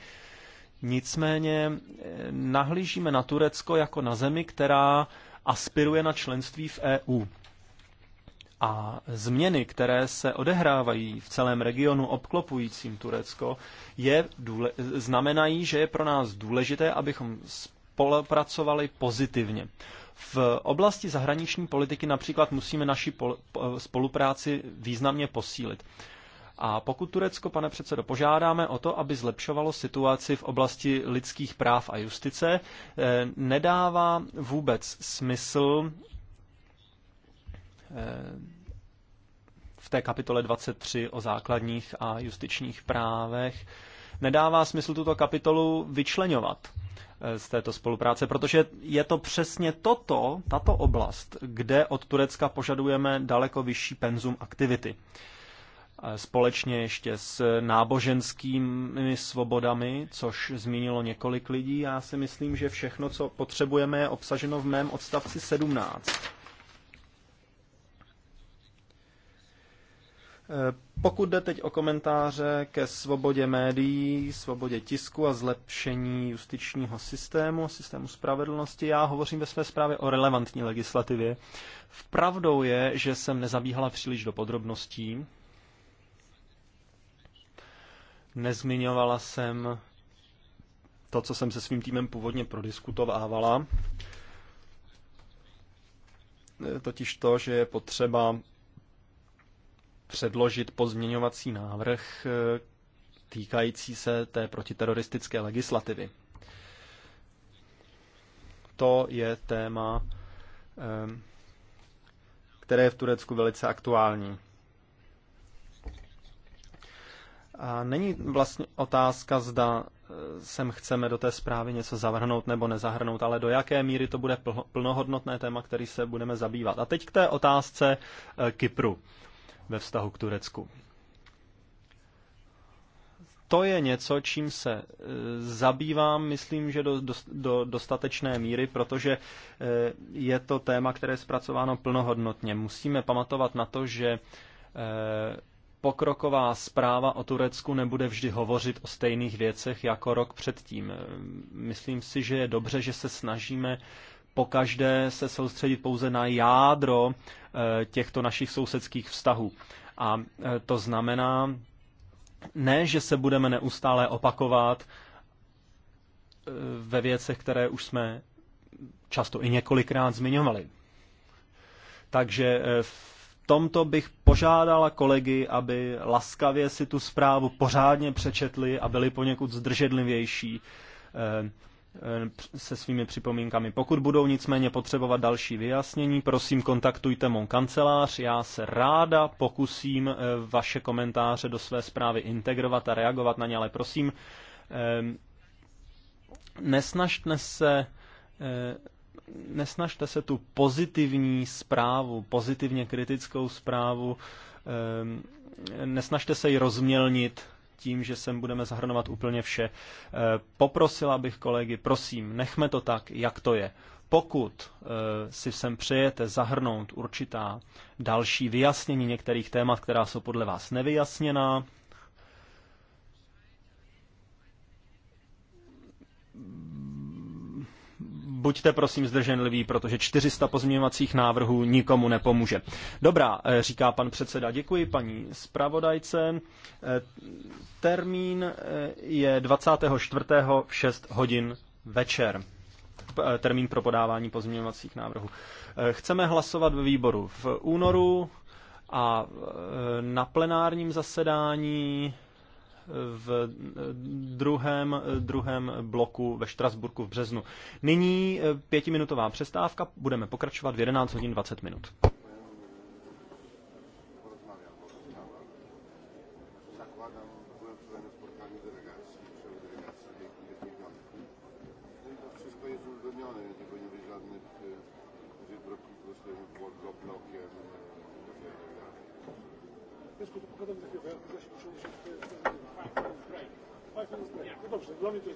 Nicméně eh, nahlížíme na Turecko jako na zemi, která aspiruje na členství v EU. A změny, které se odehrávají v celém regionu obklopujícím Turecko, je, důle, znamenají, že je pro nás důležité, abychom spolupracovali pozitivně. V oblasti zahraniční politiky například musíme naši pol, spolupráci významně posílit. A pokud Turecko, pane předsedo, požádáme o to, aby zlepšovalo situaci v oblasti lidských práv a justice, eh, nedává vůbec smysl v té kapitole 23 o základních a justičních právech, nedává smysl tuto kapitolu vyčlenovat eh, z této spolupráce, protože je to přesně toto, tato oblast, kde od Turecka požadujeme daleko vyšší penzum aktivity. Společně ještě s náboženskými svobodami, což zmínilo několik lidí, já si myslím, že všechno, co potřebujeme, je obsaženo v mém odstavci 17 Pokud jde teď o komentáře ke svobodě médií, svobodě tisku a zlepšení justičního systému, systému spravedlnosti, já hovořím ve své zprávě o relevantní legislativě. Vpravdou je, že jsem nezabíhala příliš do podrobností. Nezmiňovala jsem to, co jsem se svým týmem původně prodiskutovávala, totiž to, že je potřeba předložit pozměňovací návrh eh, týkající se té protiteroristické legislativy. To je téma, eh, které je v Turecku velice aktuální. A není vlastně otázka, zda eh, sem chceme do té zprávy něco zavrhnout nebo nezahrnout, ale do jaké míry to bude plnohodnotné téma, který se budeme zabývat. A teď k té otázce Kypru ve vztahu k Turecku. To je něco, čím se e, zabývám, myslím, že do, do, do dostatečné míry, protože e, je to téma, které je zpracováno plnohodnotně. Musíme pamatovat na to, že e, pokroková zpráva o Turecku nebude vždy hovořit o stejných věcech jako rok předtím. Myslím si, že je dobře, že se snažíme pokaždé se soustředit pouze na jádro eh, těchto našich sousedských vztahů. A eh, to znamená, ne, že se budeme neustále opakovat eh, ve věcech, které už jsme často i několikrát zmiňovali. Takže v tomto bych požádala kolegy, aby laskavě si tu zprávu pořádně přečetli a byli poněkud zdrženlivější Eh, se svými připomínkami. Pokud budou nicméně potřebovat další vyjasnění, prosím kontaktujte mou kancelář, já se ráda pokusím eh, vaše komentáře do své zprávy integrovat a reagovat na ně, ale prosím, eh, nesnažte se nesnažte se tu pozitivní zprávu, pozitivně kritickou zprávu, nesnažte se ji rozmělnit tím, že sem budeme zahrnovat úplně vše. Eh, poprosila bych kolegy, prosím, nechme to tak, jak to je. Pokud eh, si sem přejete zahrnout určitá další vyjasnění některých témat, která jsou podle vás nevyjasněná, buďte prosím zdrženliví, protože 400 pozměňovacích návrhů nikomu nepomůže. Dobrá, eh, říká pan předseda, děkuji paní zpravodajce. Eh, termín eh, je 24. v 6 hodin večer. Termín pro podávání pozměňovacích návrhů. Chceme hlasovat ve výboru v únoru a na plenárním zasedání v druhém, druhém bloku ve Štrasburku v březnu. Nyní eh, pětiminutová přestávka, budeme pokračovat v 11 hodin 20 minut. Dua minuty.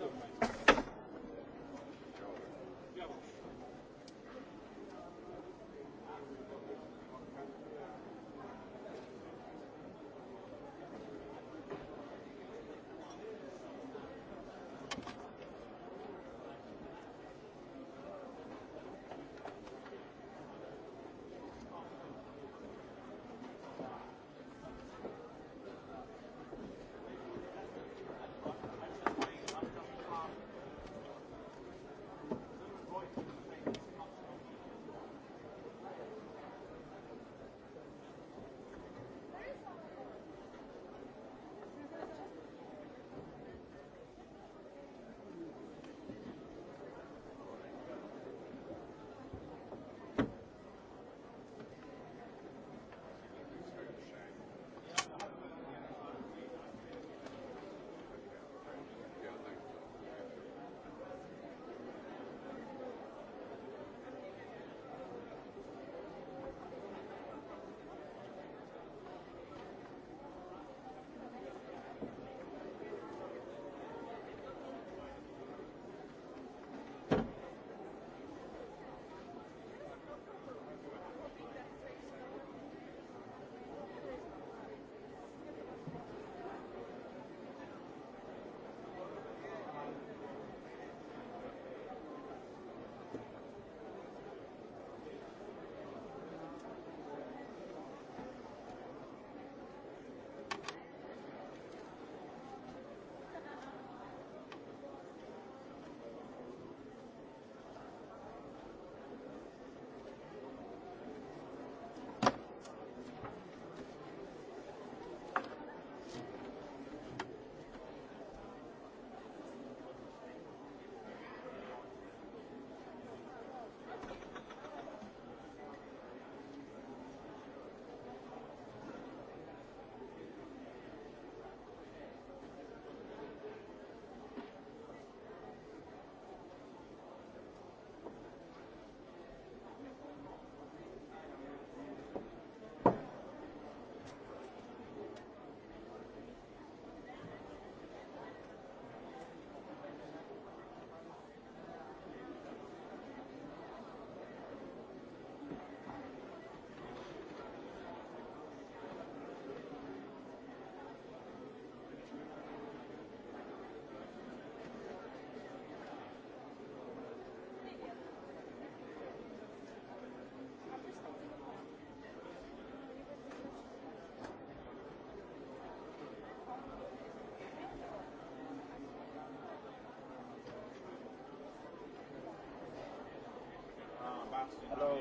Hello.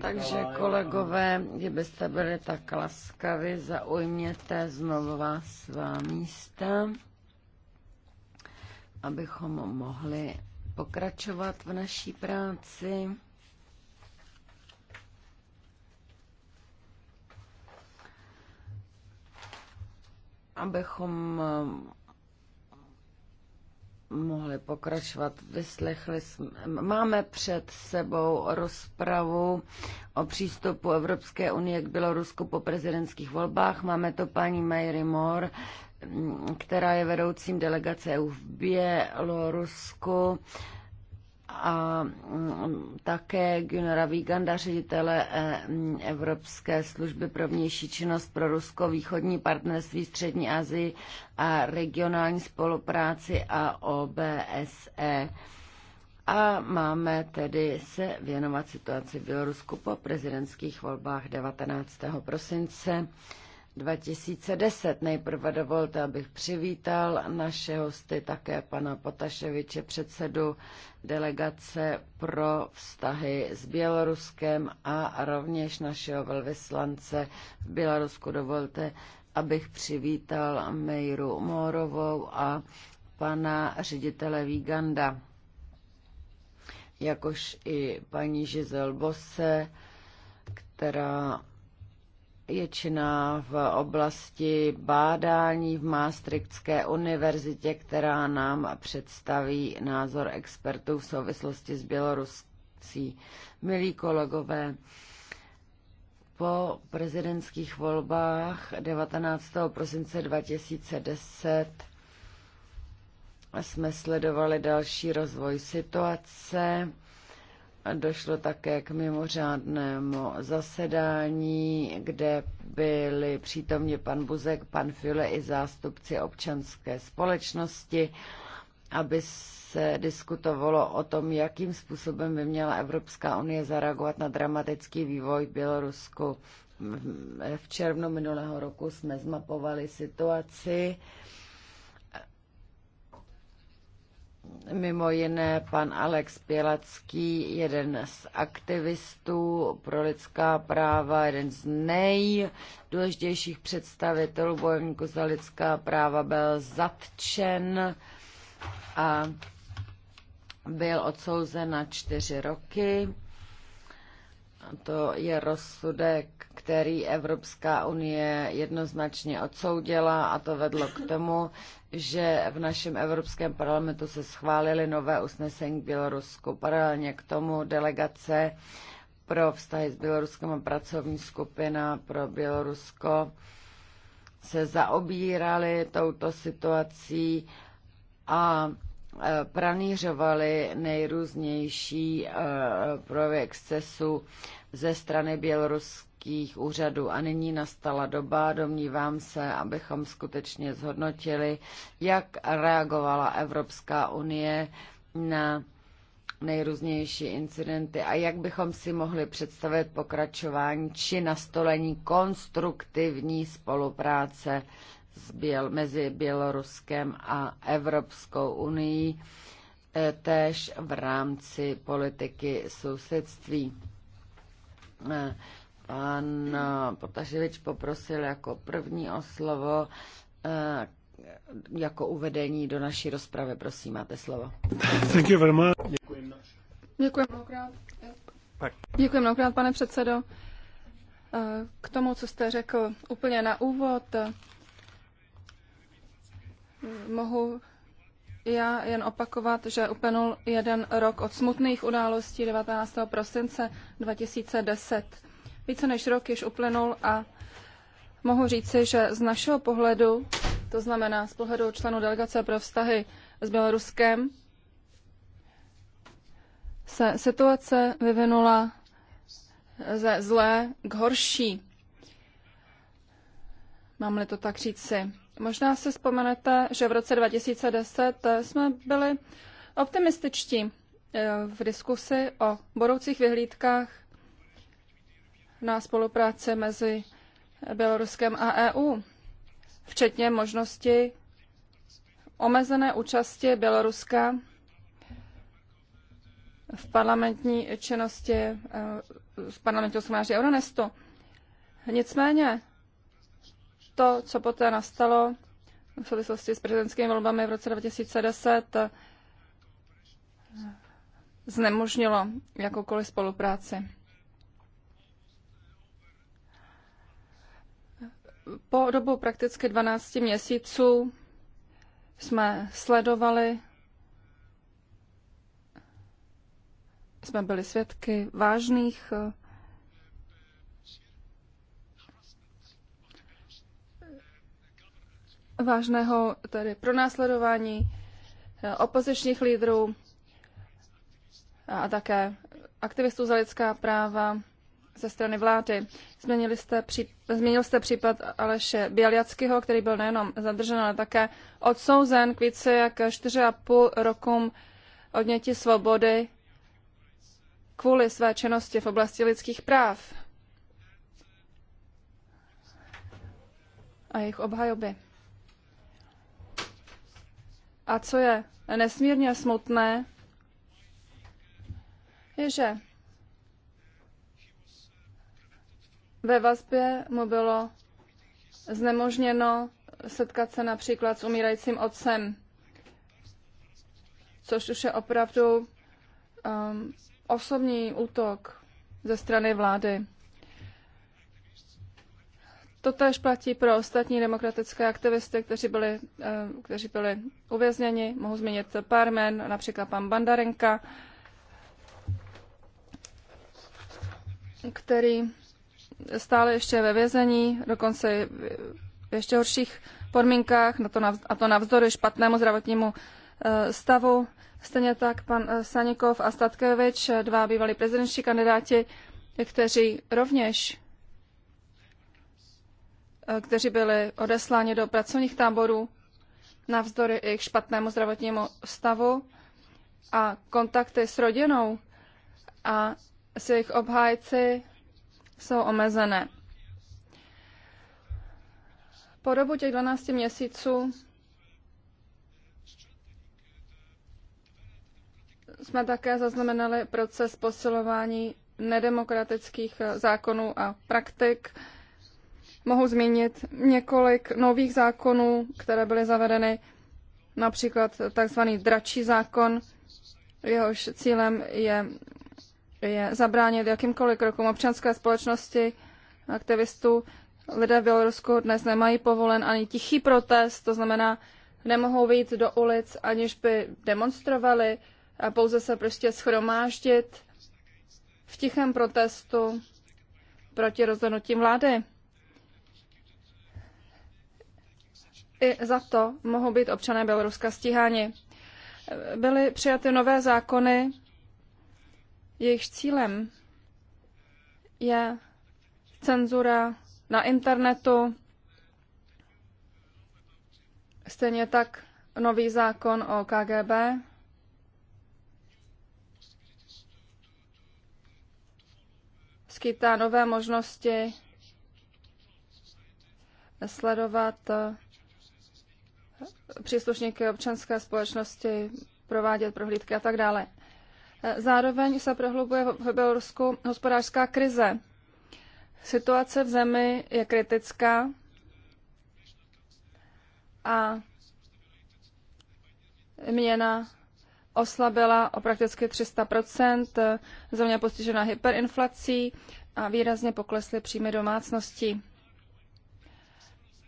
Takže kolegové, kdybyste byli tak laskavi, zaujměte znovu vás svá místa, abychom mohli pokračovat v naší práci. Abychom mohli pokračovat. Vyslechli jsme, máme před sebou rozpravu o přístupu Evropské unie k Bělorusku po prezidentských volbách. Máme to paní Mary Moore, která je vedoucím delegace EU v Bělorusku a mm, také Gunara Viganda, ředitele e, mm, Evropské služby pro vnější činnost pro rusko-východní partnerství Střední Asii a regionální spolupráci a OBSE. A máme tedy se věnovat situaci v Bělorusku po prezidentských volbách 19. prosince. 2010. Nejprve dovolte, abych přivítal naše hosty, také pana Potaševiče, předsedu delegace pro vztahy s Běloruskem a rovněž našeho velvyslance v Bělorusku. Dovolte, abych přivítal Mejru Mórovou a pana ředitele Víganda, jakož i paní Žizel Bosse, která je činná v oblasti bádání v Maastrichtské univerzitě, která nám představí názor expertů v souvislosti s Bělorusí. Milí kolegové, po prezidentských volbách 19. prosince 2010 jsme sledovali další rozvoj situace Došlo také k mimořádnému zasedání, kde byli přítomni pan Buzek, pan File i zástupci občanské společnosti, aby se diskutovalo o tom, jakým způsobem by měla Evropská unie zareagovat na dramatický vývoj v Bělorusku. V červnu minulého roku jsme zmapovali situaci mimo jiné pan Alex Pělacký, jeden z aktivistů pro lidská práva, jeden z nejdůležitějších představitelů bojovníků za lidská práva, byl zatčen a byl odsouzen na čtyři roky. To je rozsudek, který Evropská unie jednoznačně odsoudila a to vedlo k tomu, že v našem Evropském parlamentu se schválili nové usnesení k Bělorusku. Paralelně k tomu delegace pro vztahy s Běloruskem a pracovní skupina pro Bělorusko se zaobírali touto situací a e, pranířovali nejrůznější e, projevy excesu ze strany Běloruska evropských úřadů. A nyní nastala doba, domnívám se, abychom skutečně zhodnotili, jak reagovala Evropská unie na nejrůznější incidenty a jak bychom si mohli představit pokračování či nastolení konstruktivní spolupráce Běl, mezi Běloruskem a Evropskou unii, e, též v rámci politiky sousedství. E, Pan eh, Potaševič poprosil jako první o slovo, eh, jako uvedení do naší rozpravy. Prosím, máte slovo.
Thank you very much. Děkuji. mnohokrát. Děkuji mnohokrát, pane předsedo. Eh, k tomu, co jste řekl úplně na úvod, mohu já jen opakovat, že uplynul jeden rok od smutných událostí 19. prosince 2010 více než rok již uplynul a mohu říci, že z našeho pohledu, to znamená z pohledu členů delegace pro vztahy s Běloruskem, se situace vyvinula ze zlé k horší. Mám-li to tak říci. Možná si vzpomenete, že v roce 2010 jsme byli optimističtí eh, v diskusi o budoucích vyhlídkách na spolupráci mezi Běloruskem a EU, včetně možnosti omezené účasti Běloruska v parlamentní činnosti eh, v parlamentního schromáždí Euronestu. Nicméně to, co poté nastalo v souvislosti s prezidentskými volbami v roce 2010, eh, znemožnilo jakoukoliv spolupráci. po dobu prakticky 12 měsíců jsme sledovali, jsme byli svědky vážných vážného tedy pronásledování opozičních lídrů a také aktivistů za lidská práva, ze strany vlády. Změnili jste při, změnil jste případ Aleše Bělackého, který byl nejenom zadržen, ale také odsouzen k více jak 4,5 rokům odněti svobody kvůli své činnosti v oblasti lidských práv a jejich obhajoby. A co je nesmírně smutné, je, že Ve vazbě mu bylo znemožněno setkat se například s umírajícím otcem, což už je opravdu um, osobní útok ze strany vlády. To Totež platí pro ostatní demokratické aktivisty, kteří byli, eh, kteří byli uvězněni. Mohu zmínit pár men, například pan Bandarenka, který stále ještě ve vězení, dokonce v ještě horších podmínkách, na to a to navzdory špatnému zdravotnímu e, stavu. Stejně tak pan e, Sanikov a Statkevič, e, dva bývalí prezidentští kandidáti, kteří rovněž kteří byli odesláni do pracovních táborů navzdory jejich špatnému zdravotnímu stavu a kontakty s rodinou a s jejich obhájci jsou omezené. Po dobu těch 12 měsíců jsme také zaznamenali proces posilování nedemokratických zákonů a praktik. Mohu zmínit několik nových zákonů, které byly zavedeny, například tzv. dračí zákon, jehož cílem je je zabránit jakýmkoliv krokům občanské společnosti, aktivistů. Lidé v Bělorusku dnes nemají povolen ani tichý protest, to znamená, nemohou vyjít do ulic, aniž by demonstrovali, a pouze se prostě schromáždit v tichém protestu proti rozhodnutím vlády. I za to mohou být občané Běloruska stíháni. Byly přijaty nové zákony, jejich cílem je cenzura na internetu, stejně tak nový zákon o KGB, skýtá nové možnosti sledovat eh, příslušníky občanské společnosti, provádět prohlídky a tak dále. Zároveň se prohlubuje v Bělorusku hospodářská krize. Situace v zemi je kritická a měna oslabila o prakticky 300%, země postižená hyperinflací a výrazně poklesly příjmy domácností.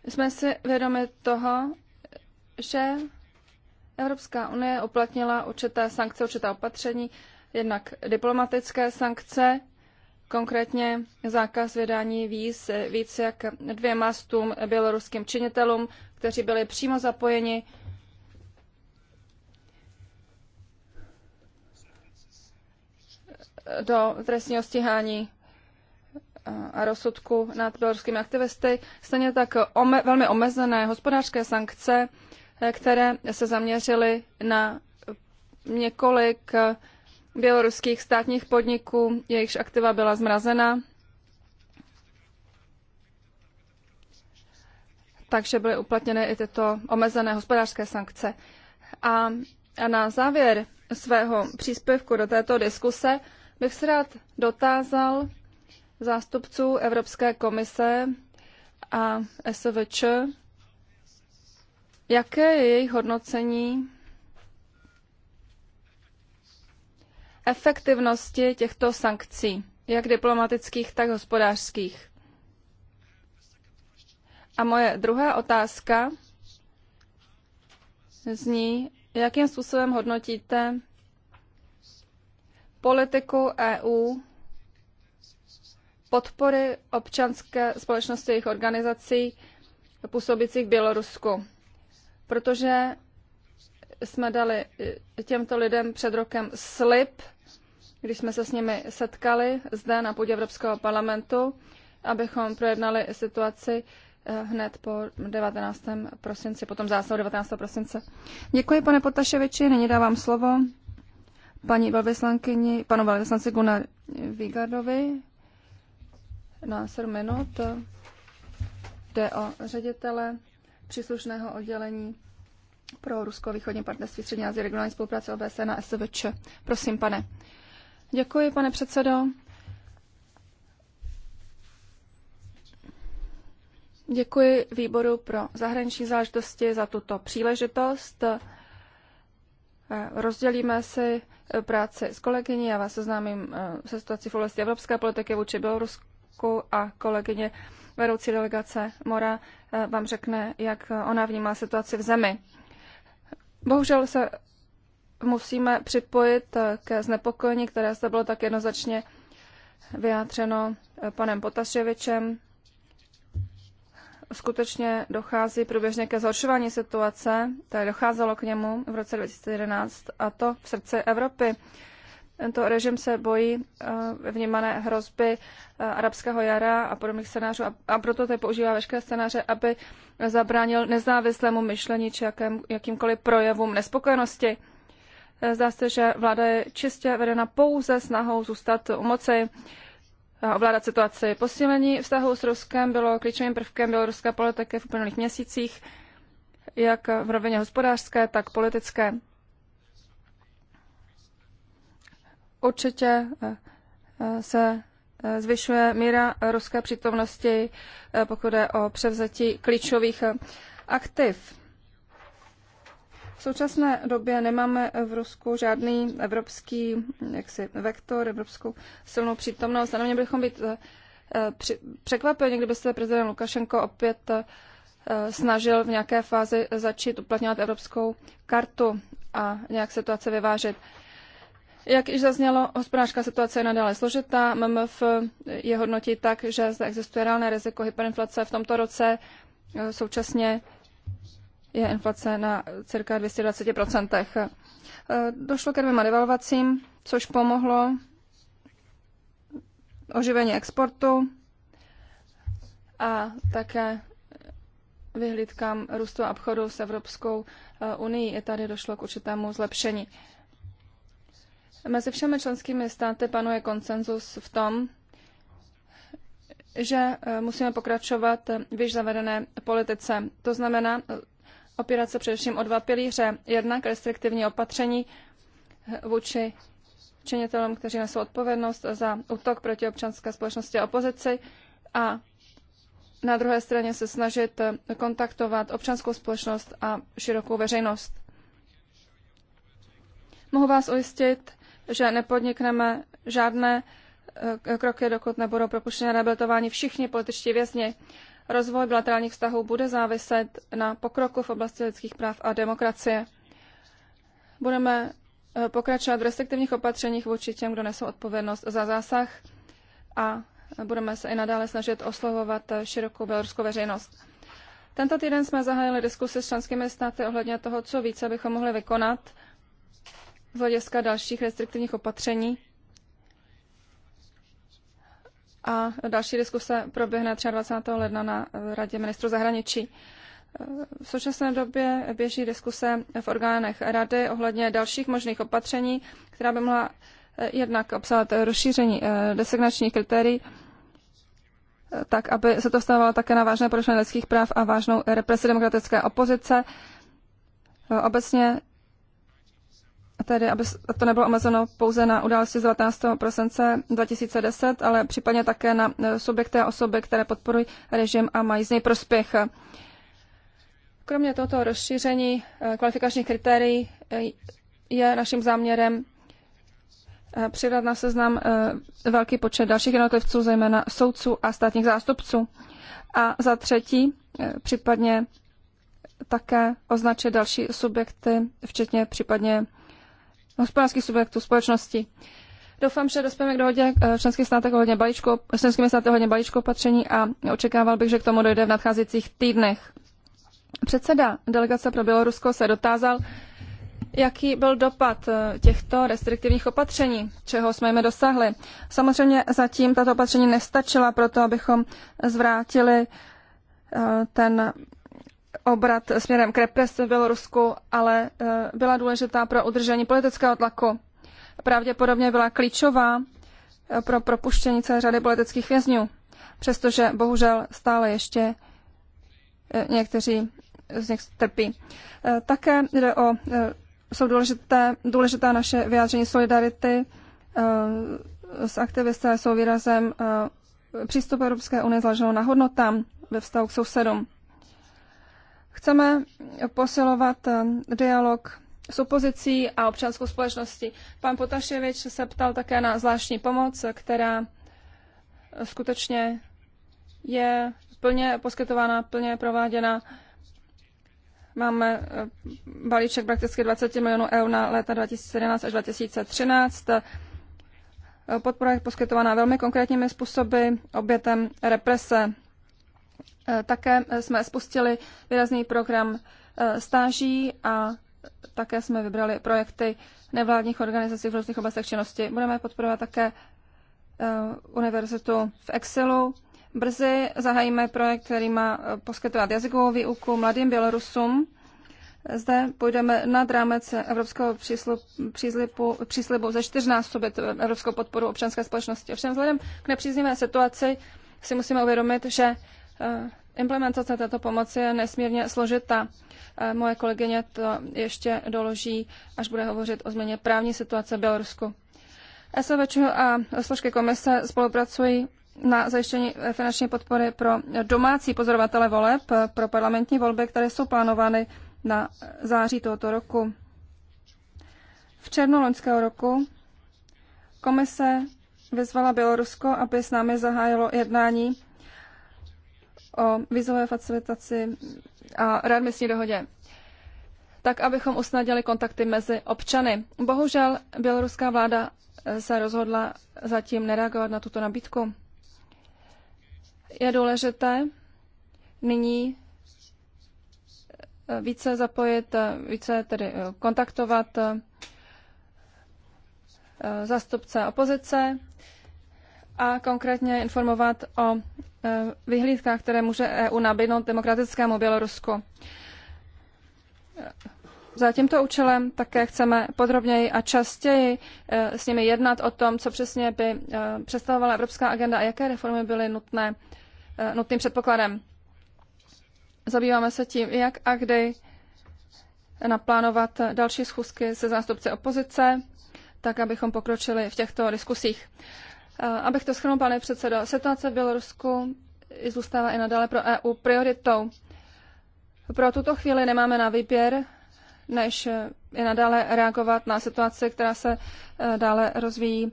Jsme si vědomi toho, že Evropská unie uplatnila určité sankce, určité opatření, jednak diplomatické sankce, konkrétně zákaz vydání víc, víc jak dvěma stům běloruským činitelům, kteří byli přímo zapojeni do trestního stíhání eh, a rozsudku nad běloruskými aktivisty. Stejně tak ome, velmi omezené hospodářské sankce Eh, které se zaměřily na několik běloruských státních podniků, jejichž aktiva byla zmrazena. Takže byly uplatněny i tyto omezené hospodářské sankce. A na závěr svého příspěvku do této diskuse bych se rád dotázal zástupců Evropské komise a SVČ, Jaké je jejich hodnocení efektivnosti těchto sankcí, jak diplomatických, tak hospodářských? A moje druhá otázka zní, jakým způsobem hodnotíte politiku EU podpory občanské společnosti jejich organizací působících v Bělorusku protože jsme dali těmto lidem před rokem slib, když jsme se s nimi setkali zde na půdě Evropského parlamentu, abychom projednali situaci eh, hned po 19. prosinci, potom zásahu 19. prosince. Děkuji, pane Potaševiči, nyní dávám slovo paní velvyslankyni, panu velvyslanci Gunnar Vigardovi na 7 minut. Jde o ředitele příslušného oddělení pro Rusko-Východní partnerství Střední Asie regionální spolupráce OBS na SVČ. Prosím, pane. Děkuji, pane předsedo. Děkuji výboru pro zahraniční záležitosti za tuto příležitost. Rozdělíme si práci s kolegyní. Já vás seznámím eh, se situací v oblasti evropské politiky vůči Bělorusku a kolegyně vedoucí delegace Mora eh, vám řekne, jak eh, ona vnímá situaci v zemi. Bohužel se musíme připojit eh, ke znepokojení, které se bylo tak jednoznačně vyjádřeno panem Potaševičem. Skutečně dochází průběžně ke zhoršování situace, tady docházelo k němu v roce 2011 a to v srdci Evropy. Tento režim se bojí eh, vnímané hrozby eh, arabského jara a podobných scénářů a, a proto tady používá veškeré scénáře, aby zabránil nezávislému myšlení či jakém, jakýmkoliv projevům nespokojenosti. Eh, zdá se, že vláda je čistě vedena pouze snahou zůstat u moci a ovládat situaci. Posílení vztahu s Ruskem bylo klíčovým prvkem běloruské politiky v uplynulých měsících, jak v rovině hospodářské, tak politické. Určitě eh, eh, se eh, zvyšuje míra ruské přítomnosti, pokud je o převzetí klíčových aktiv. V současné době nemáme v Rusku žádný evropský mm, jaksi, vektor, evropskou silnou přítomnost. A na mě bychom být při, překvapeni, kdyby se prezident Lukašenko opět snažil v nějaké fázi začít uplatňovat evropskou kartu a nějak situace vyvážit. Jak již zaznělo, hospodářská situace je nadále složitá. MMF je hodnotí tak, že zde existuje reálné riziko hyperinflace v tomto roce. Eh, současně je inflace na cirka 220%. Eh, došlo ke dvěma devalvacím, což pomohlo oživení exportu a také vyhlídkám růstu obchodu s Evropskou eh, unii. I tady došlo k určitému zlepšení. Mezi všemi členskými státy panuje konsenzus v tom, že e, musíme pokračovat v již zavedené politice. To znamená e, opírat se především o dva pilíře. Jednak restriktivní opatření e, vůči činitelům, kteří nesou odpovědnost za útok proti občanské společnosti a opozici a na druhé straně se snažit kontaktovat občanskou společnost a širokou veřejnost. Mohu vás ujistit, že nepodnikneme žádné eh, kroky, dokud nebudou propuštěni a rehabilitováni všichni političtí vězni. Rozvoj bilaterálních vztahů bude záviset na pokroku v oblasti lidských práv a demokracie. Budeme eh, pokračovat v restriktivních opatřeních vůči těm, kdo nesou odpovědnost za zásah a budeme se i nadále snažit oslovovat eh, širokou běloruskou veřejnost. Tento týden jsme zahájili diskusy s členskými státy ohledně toho, co více bychom mohli vykonat – z hlediska dalších restriktivních opatření. A další diskuse proběhne 23. ledna na Radě ministru zahraničí. V současné době běží diskuse v orgánech Rady ohledně dalších možných opatření, která by mohla eh, jednak obsahovat rozšíření eh, designačních kritérií, eh, tak aby se to stávalo také na vážné porušení lidských práv a vážnou represi demokratické opozice. Obecně tedy aby to nebylo omezeno pouze na události z 19. prosince 2010, ale případně také na e, subjekty a osoby, které podporují režim a mají z něj prospěch. Kromě tohoto rozšíření e, kvalifikačních kritérií e, je naším záměrem přidat na seznam velký počet dalších jednotlivců, zejména soudců a státních zástupců. A za třetí, případně také označit další subjekty, včetně případně hospodářských subjektů společnosti. Doufám, že dospěme k dohodě v eh, členských státech ohledně balíčku, členským členskými státy ohledně balíčku opatření a očekával bych, že k tomu dojde v nadcházejících týdnech. Předseda delegace pro Bělorusko se dotázal, jaký byl dopad eh, těchto restriktivních opatření, čeho jsme jim dosáhli. Samozřejmě zatím tato opatření nestačila pro to, abychom zvrátili eh, ten obrat směrem k represi v Bělorusku, ale eh, byla důležitá pro udržení politického tlaku. Pravděpodobně byla klíčová eh, pro propuštění celé řady politických vězňů, přestože bohužel stále ještě eh, někteří z nich trpí. Také jde o, jsou důležité, důležité naše vyjádření solidarity s aktivisty, jsou výrazem přístupu Evropské unie založeno na hodnotám ve vztahu k sousedům. Chceme posilovat eh, dialog s opozicí a občanskou společností. Pan Potaševič se ptal také na zvláštní pomoc, která eh, skutečně je plně poskytována, plně prováděna. Máme eh, balíček prakticky 20 milionů eur na léta 2017 až 2013. Podpora je poskytována velmi konkrétními způsoby obětem represe. Eh, také eh, jsme spustili výrazný program eh, stáží a také jsme vybrali projekty nevládních organizací v různých oblastech činnosti. Budeme podporovat také univerzitu v Excelu. Brzy zahájíme projekt, který má poskytovat jazykovou výuku mladým Bělorusům. Zde půjdeme nad rámec evropského příslibu, příslibu ze čtyřnásobit evropskou podporu občanské společnosti. Ovšem vzhledem k nepříznivé situaci si musíme uvědomit, že Eh, implementace této pomoci je nesmírně složitá. Eh, moje kolegyně to ještě doloží, až bude hovořit o změně právní situace v Bělorusku. SVČ a složky komise spolupracují na zajištění eh, finanční podpory pro domácí pozorovatele voleb pro parlamentní volby, které jsou plánovány na září tohoto roku. V červnu loňského roku komise vyzvala Bělorusko, aby s námi zahájilo jednání o vizové facilitaci a readmisní dohodě, tak abychom usnadnili kontakty mezi občany. Bohužel běloruská vláda eh, se rozhodla zatím nereagovat na tuto nabídku. Je důležité nyní eh, více zapojit, eh, více tedy kontaktovat zástupce opozice a konkrétně informovat o Eh, vyhlídka, které může EU nabídnout demokratickému Bělorusku. Za tímto účelem také chceme podrobněji a častěji eh, s nimi jednat o tom, co přesně by eh, představovala evropská agenda a jaké reformy byly nutné, nutným předpokladem. Zabýváme se tím, jak a kdy naplánovat další schůzky se zástupci opozice, tak abychom pokročili v těchto diskusích. Eh, abych to schrnul, pane předsedo, situace v Bělorusku zůstává i nadále pro EU prioritou. Pro tuto chvíli nemáme na výběr, než eh, i nadále reagovat na situaci, která se eh, dále rozvíjí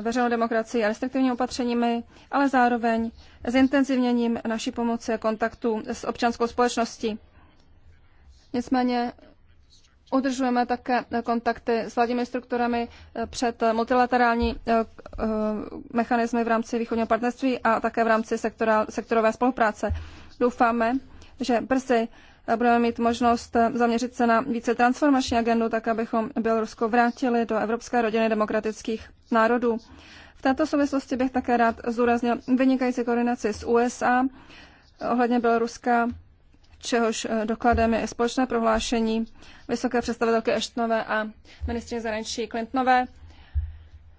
veřejnou demokracii a restriktivními opatřeními, ale zároveň zintenzivněním naší pomoci a kontaktu s občanskou společností. Nicméně Udržujeme také kontakty s vládními strukturami eh, před multilaterální eh, eh, mechanismy v rámci východního partnerství a také v rámci sektora, sektorové spolupráce. Doufáme, že brzy budeme mít možnost zaměřit se na více transformační agendu, tak abychom Bělorusko vrátili do Evropské rodiny demokratických národů. V této souvislosti bych také rád zúraznil vynikající koordinaci s USA ohledně Běloruska čehož eh, dokladem je společné prohlášení vysoké představitelky Eštnové a ministrině zahraničí Clintonové,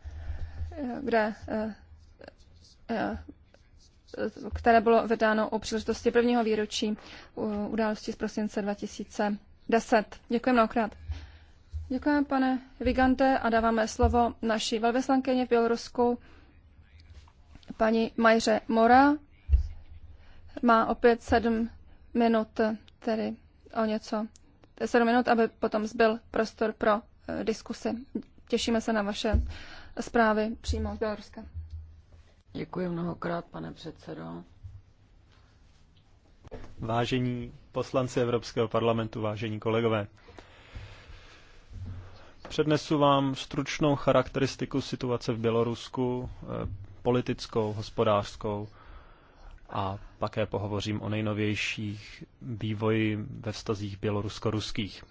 eh, kde, eh, které bylo vydáno o příležitosti prvního výročí události z prosince 2010. Děkuji mnohokrát. Děkujeme, pane Vigante, a dáváme slovo naší velvyslankyni v Bělorusku, paní Majře Mora. Má opět sedm minut, tedy o něco, sedm minut, aby potom zbyl prostor pro eh, diskusy. Těšíme se na vaše zprávy přímo z Běloruska.
Děkuji mnohokrát, pane předsedo.
Vážení poslanci Evropského parlamentu, vážení kolegové, přednesu vám stručnou charakteristiku situace v Bělorusku, eh, politickou, hospodářskou, a také pohovořím o nejnovějších vývoji ve vztazích bělorusko-ruských.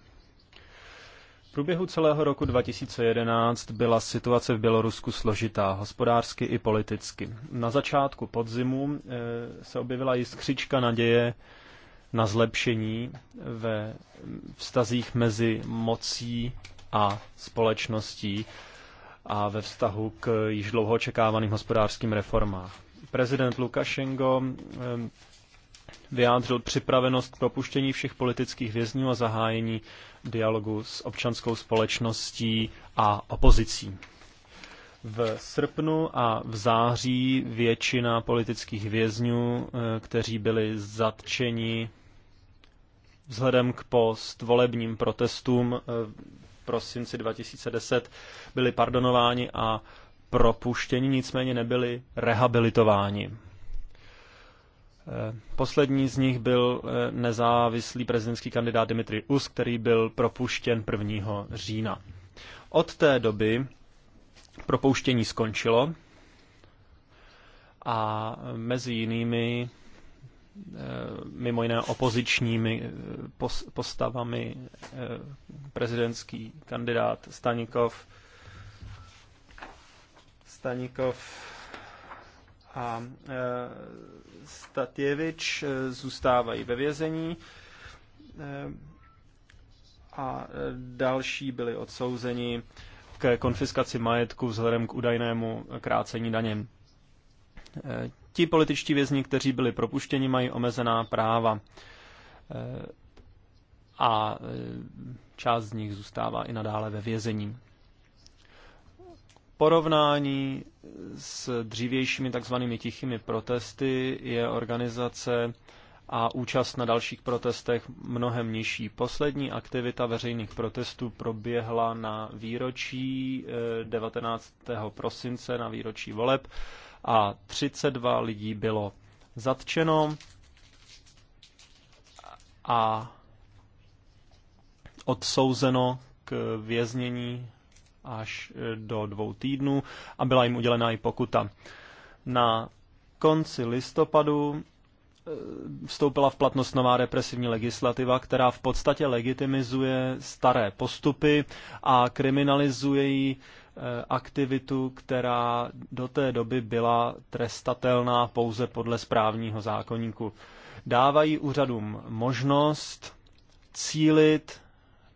V průběhu celého roku 2011 byla situace v Bělorusku složitá, hospodářsky i politicky. Na začátku podzimu eh, se objevila jiskřička naděje na zlepšení ve vztazích mezi mocí a společností a ve vztahu k již dlouho očekávaným hospodářským reformám prezident Lukašenko ehm, vyjádřil připravenost k propuštění všech politických vězňů a zahájení dialogu s občanskou společností a opozicí. V srpnu a v září většina politických vězňů, eh, kteří byli zatčeni vzhledem k postvolebním protestům eh, v prosinci 2010, byli pardonováni a propuštěni, nicméně nebyli rehabilitováni. Eh, poslední z nich byl eh, nezávislý prezidentský kandidát Dimitri Us, který byl propuštěn 1. října. Od té doby propouštění skončilo a mezi jinými eh, mimo jiné opozičními postavami prezidentský kandidát Stanikov Stanikov a e, Statěvič e, zůstávají ve vězení e, a další byli odsouzeni k konfiskaci majetku vzhledem k údajnému krácení daněm. Ti političtí vězni, kteří byli propuštěni, mají omezená práva a část z nich zůstává i nadále ve vězení porovnání s dřívějšími takzvanými tichými protesty je organizace a účast na dalších protestech mnohem nižší. Poslední aktivita veřejných protestů proběhla na výročí 19. Eh, prosince, na výročí voleb a 32 lidí bylo zatčeno a odsouzeno k věznění až eh, do dvou týdnů a byla jim udělená i pokuta. Na konci listopadu eh, vstoupila v platnost nová represivní legislativa, která v podstatě legitimizuje staré postupy a kriminalizuje ji eh, aktivitu, která do té doby byla trestatelná pouze podle správního zákoníku. Dávají úřadům možnost cílit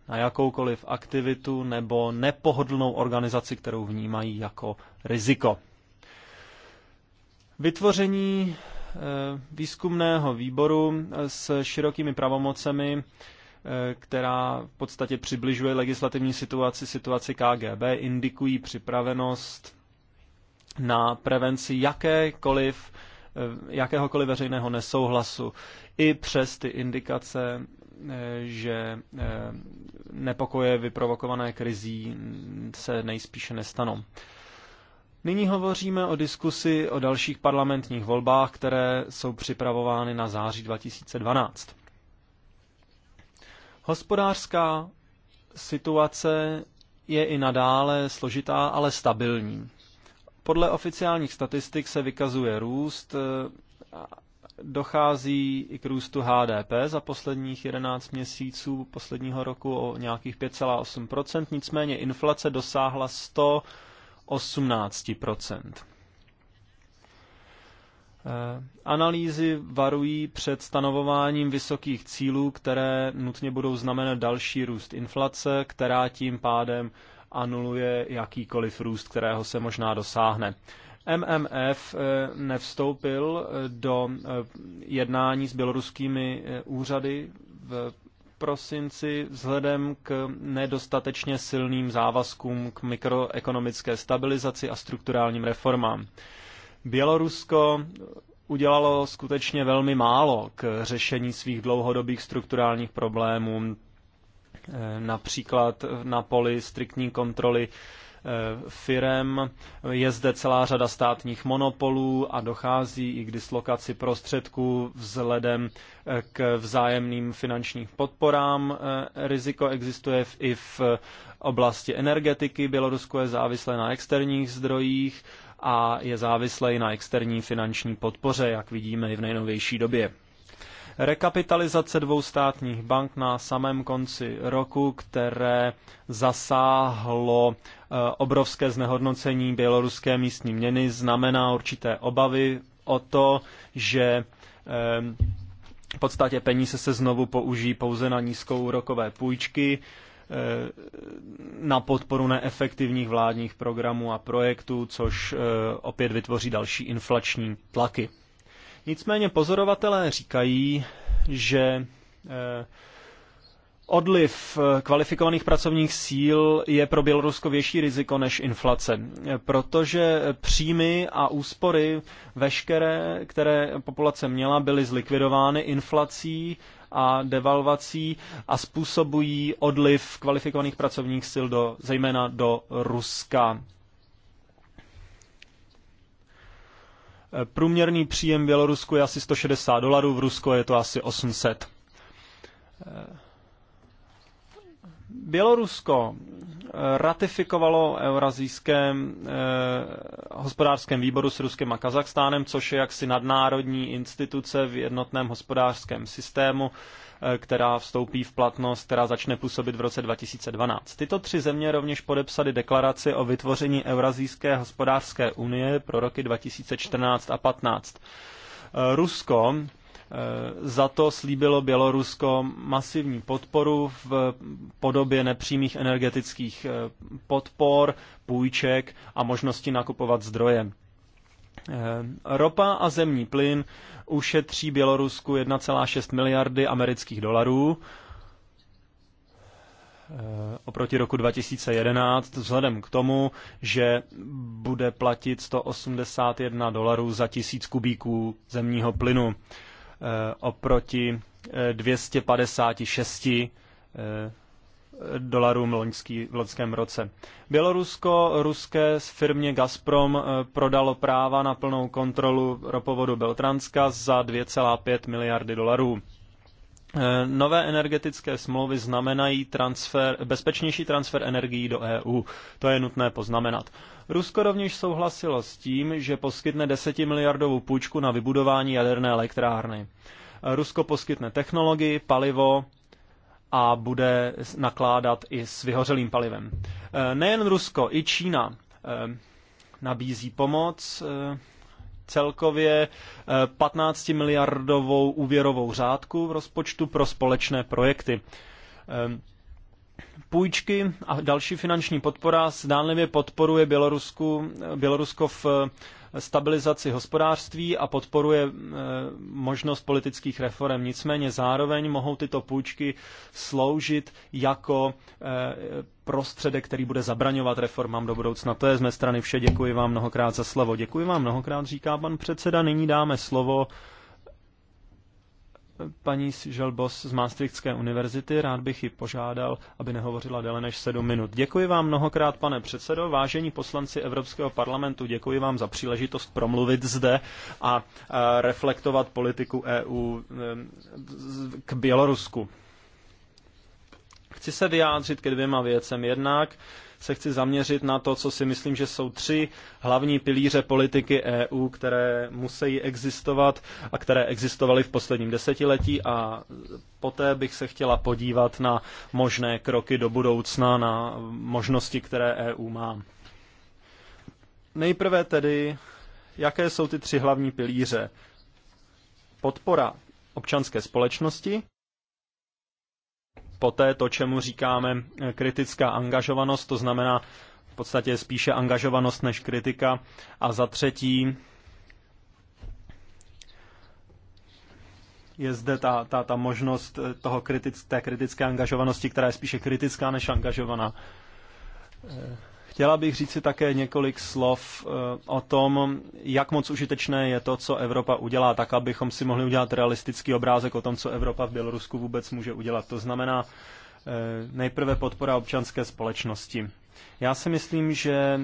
na jakoukoliv aktivitu nebo nepohodlnou organizaci, kterou vnímají jako riziko. Vytvoření eh, výzkumného výboru eh, s širokými pravomocemi, eh, která v podstatě přibližuje legislativní situaci situaci KGB, indikují připravenost na prevenci jakékoliv, jakéhokoliv veřejného nesouhlasu. I přes ty indikace že eh, nepokoje vyprovokované krizí se nejspíše nestanou. Nyní hovoříme o diskusi o dalších parlamentních volbách, které jsou připravovány na září 2012. Hospodářská situace je i nadále složitá, ale stabilní. Podle oficiálních statistik se vykazuje růst eh, dochází i k růstu HDP za posledních 11 měsíců posledního roku o nějakých 5,8%, nicméně inflace dosáhla 118%. Eh, analýzy varují před stanovováním vysokých cílů, které nutně budou znamenat další růst inflace, která tím pádem anuluje jakýkoliv růst, kterého se možná dosáhne. MMF eh, nevstoupil eh, do eh, jednání s běloruskými úřady v prosinci vzhledem k nedostatečně silným závazkům k mikroekonomické stabilizaci a strukturálním reformám. Bělorusko udělalo skutečně velmi málo k řešení svých dlouhodobých strukturálních problémů, například na poli striktní kontroly Eh, firem, je zde celá řada státních monopolů a dochází i k dislokaci prostředků vzhledem eh, k vzájemným finančním podporám. Eh, riziko existuje i v oblasti energetiky. Bělorusko je závislé na externích zdrojích a je závislé i na externí finanční podpoře, jak vidíme i v nejnovější době. Rekapitalizace dvou státních bank na samém konci roku, které zasáhlo eh, obrovské znehodnocení běloruské místní měny, znamená určité obavy o to, že eh, v podstatě peníze se znovu použijí pouze na nízkou úrokové půjčky, eh, na podporu neefektivních vládních programů a projektů, což opět vytvoří další inflační tlaky. Nicméně pozorovatelé říkají, že eh, Odliv eh, kvalifikovaných pracovních síl je pro Bělorusko větší riziko než inflace, protože příjmy a úspory veškeré, které populace měla, byly zlikvidovány inflací a devalvací a způsobují odliv kvalifikovaných pracovních sil do, zejména do Ruska. Eh, průměrný příjem v Bělorusku je asi 160 dolarů, v Rusku je to asi 800. Eh, Bělorusko eh, ratifikovalo eurazijském eh, hospodářském výboru s Ruskem a Kazachstánem, což je jaksi nadnárodní instituce v jednotném hospodářském systému. Eh, Eh, která vstoupí v platnost, která začne působit v roce 2012. Tyto tři země rovněž podepsaly deklaraci o vytvoření Eurazijské hospodářské unie pro roky 2014 a 15. Eh, Rusko eh, za to slíbilo Bělorusko masivní podporu v podobě nepřímých energetických podpor, půjček a možnosti nakupovat zdroje. Eh, ropa a zemní plyn ušetří Bělorusku 1,6 miliardy amerických dolarů eh, oproti roku 2011 vzhledem k tomu, že bude platit 181 dolarů za tisíc kubíků zemního plynu eh, oproti 256 dolarům loňský, v loňském roce. Bělorusko ruské firmě Gazprom eh, prodalo práva na plnou kontrolu ropovodu Beltranska za 2,5 miliardy dolarů. Eh, nové energetické smlouvy znamenají transfer, bezpečnější transfer energií do EU. To je nutné poznamenat. Rusko rovněž souhlasilo s tím, že poskytne 10 miliardovou půjčku na vybudování jaderné elektrárny. Eh, Rusko poskytne technologii, palivo, a bude nakládat i s vyhořelým palivem. E, nejen Rusko, i Čína e, nabízí pomoc e, celkově 15 miliardovou úvěrovou řádku v rozpočtu pro společné projekty. Půjčky a další finanční podpora zdánlivě podporuje Bělorusku, Bělorusko v stabilizaci hospodářství a podporuje eh, možnost politických reform. Nicméně zároveň mohou tyto půjčky sloužit jako eh, prostředek, který bude zabraňovat reformám do budoucna. To je z mé strany vše. Děkuji vám mnohokrát za slovo. Děkuji vám mnohokrát, říká pan předseda. Nyní dáme slovo paní Želbos z Maastrichtské univerzity. Rád bych ji požádal, aby nehovořila déle než sedm minut. Děkuji vám mnohokrát, pane předsedo. Vážení poslanci Evropského parlamentu, děkuji vám za příležitost promluvit zde a reflektovat politiku EU e, k Bělorusku. Chci se vyjádřit ke dvěma věcem. Jednak se chci zaměřit na to, co si myslím, že jsou tři hlavní pilíře politiky EU, které musí existovat a které existovaly v posledním desetiletí a poté bych se chtěla podívat na možné kroky do budoucna, na možnosti, které EU má. Nejprve tedy, jaké jsou ty tři hlavní pilíře? Podpora občanské společnosti, poté to, čemu říkáme eh, kritická angažovanost, to znamená v podstatě spíše angažovanost než kritika. A za třetí je zde ta, ta, ta možnost eh, toho kritic, té kritické angažovanosti, která je spíše kritická než angažovaná. Eh, Chtěla bych říci také několik slov eh, o tom, jak moc užitečné je to, co Evropa udělá, tak abychom si mohli udělat realistický obrázek o tom, co Evropa v Bělorusku vůbec může udělat. To znamená eh, nejprve podpora občanské společnosti. Já si myslím, že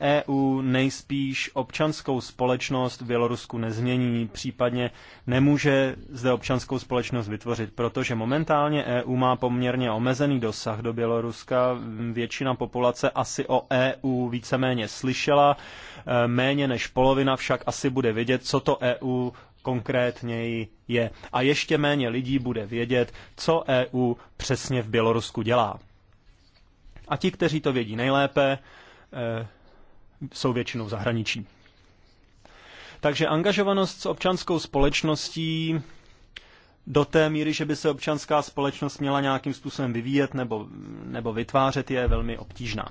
EU eh, e nejspíš občanskou společnost v Bělorusku nezmění, případně nemůže zde občanskou společnost vytvořit, protože momentálně EU má poměrně omezený dosah do Běloruska. Většina populace asi o EU víceméně slyšela, eh, méně než polovina však asi bude vědět, co to EU konkrétněji je. A ještě méně lidí bude vědět, co EU přesně v Bělorusku dělá. A ti, kteří to vědí nejlépe, eh, jsou většinou v zahraničí. Takže angažovanost s občanskou společností do té míry, že by se občanská společnost měla nějakým způsobem vyvíjet nebo, nebo vytvářet, je velmi obtížná.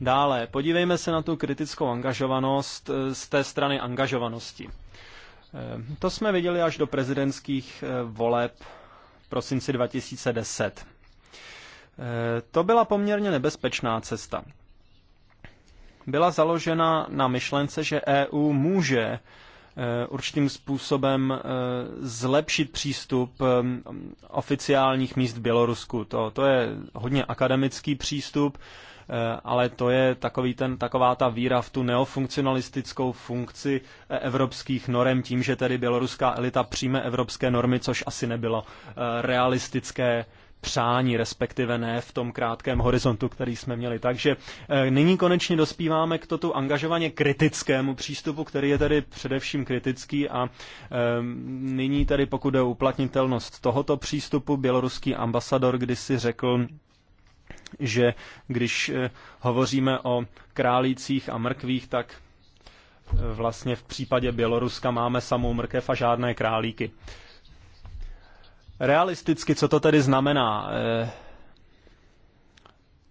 Dále, podívejme se na tu kritickou angažovanost eh, z té strany angažovanosti. Eh, to jsme viděli až do prezidentských voleb v prosinci 2010. Eh, to byla poměrně nebezpečná cesta. Byla založena na myšlence, že EU může eh, určitým způsobem eh, zlepšit přístup oficiálních míst v Bělorusku. To, to je hodně akademický přístup, ale to je takový ten, taková ta víra v tu neofunkcionalistickou funkci evropských norem tím, že tedy běloruská elita přijme evropské normy, což asi nebylo realistické přání, respektive ne v tom krátkém horizontu, který jsme měli. Takže eh, nyní konečně dospíváme k toto angažovaně kritickému přístupu, který je tedy především kritický a eh, nyní tedy pokud je uplatnitelnost tohoto přístupu, běloruský ambasador kdysi řekl, že když eh, hovoříme o králících a mrkvích, tak vlastně v případě Běloruska máme samou mrkev a žádné králíky. Realisticky, co to tedy znamená? Eh,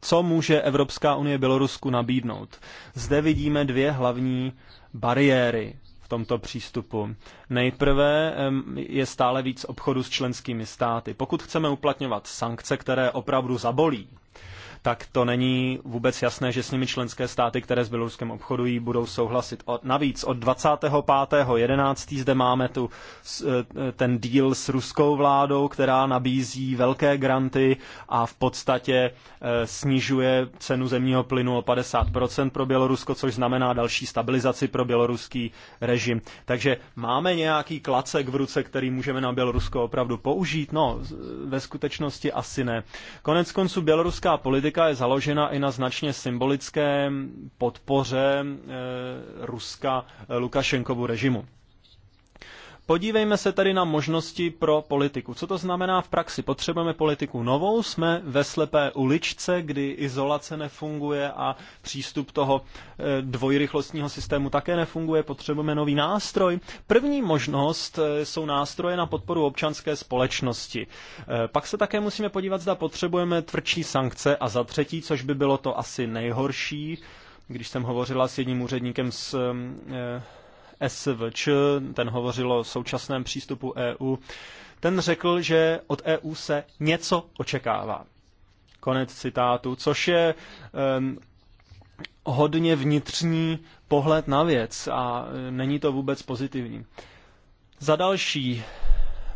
co může Evropská unie Bělorusku nabídnout? Zde vidíme dvě hlavní bariéry v tomto přístupu. Nejprve eh, je stále víc obchodu s členskými státy. Pokud chceme uplatňovat sankce, které opravdu zabolí, tak to není vůbec jasné, že s nimi členské státy, které s Běloruskem obchodují, budou souhlasit. Od, navíc od 25.11. zde máme tu, e, ten díl s ruskou vládou, která nabízí velké granty a v podstatě e, snižuje cenu zemního plynu o 50% pro Bělorusko, což znamená další stabilizaci pro běloruský režim. Takže máme nějaký klacek v ruce, který můžeme na Bělorusko opravdu použít? No, ve skutečnosti asi ne. Konec konců Bělorusko evropská politika je založena i na značně symbolické podpoře eh, Ruska eh, Lukašenkovu režimu. Podívejme se tady na možnosti pro politiku. Co to znamená v praxi? Potřebujeme politiku novou, jsme ve slepé uličce, kdy izolace nefunguje a přístup toho e, dvojrychlostního systému také nefunguje, potřebujeme nový nástroj. První možnost e, jsou nástroje na podporu občanské společnosti. E, pak se také musíme podívat, zda potřebujeme tvrdší sankce a za třetí, což by bylo to asi nejhorší, když jsem hovořila s jedním úředníkem z SVČ, ten hovořil o současném přístupu EU, ten řekl, že od EU se něco očekává. Konec citátu, což je um, hodně vnitřní pohled na věc a e, není to vůbec pozitivní. Za další,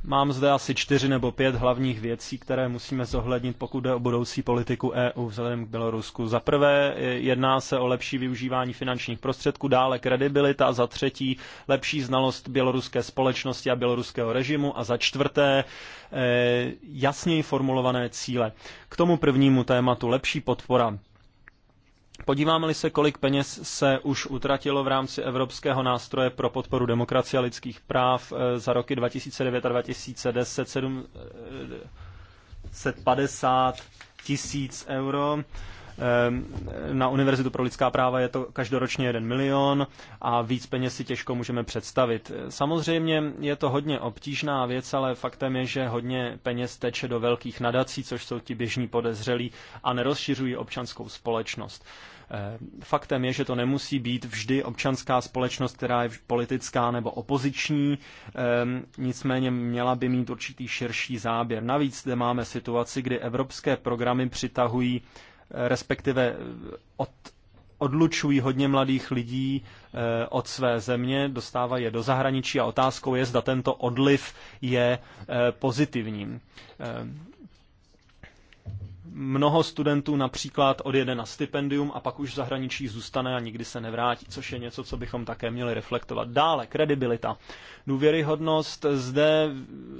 Mám zde asi čtyři nebo pět hlavních věcí, které musíme zohlednit, pokud jde o budoucí politiku EU vzhledem k Bělorusku. Za prvé jedná se o lepší využívání finančních prostředků, dále kredibilita, za třetí lepší znalost běloruské společnosti a běloruského režimu a za čtvrté eh, jasněji formulované cíle. K tomu prvnímu tématu lepší podpora Podíváme-li se, kolik peněz se už utratilo v rámci Evropského nástroje pro podporu demokracie a lidských práv eh, za roky 2009 a 2010, 750 eh, tisíc euro, Ehm, na Univerzitu pro lidská práva je to každoročně jeden milion a víc peněz si těžko můžeme představit. Samozřejmě je to hodně obtížná věc, ale faktem je, že hodně peněz teče do velkých nadací, což jsou ti běžní podezřelí a nerozšiřují občanskou společnost. Ehm, faktem je, že to nemusí být vždy občanská společnost, která je politická nebo opoziční, ehm, nicméně měla by mít určitý širší záběr. Navíc zde máme situaci, kdy evropské programy přitahují respektive od, odlučují hodně mladých lidí eh, od své země, dostávají je do zahraničí a otázkou je, zda tento odliv je eh, pozitivním. Eh, Mnoho studentů například odjede na stipendium a pak už v zahraničí zůstane a nikdy se nevrátí, což je něco, co bychom také měli reflektovat. Dále, kredibilita. Důvěryhodnost. Zde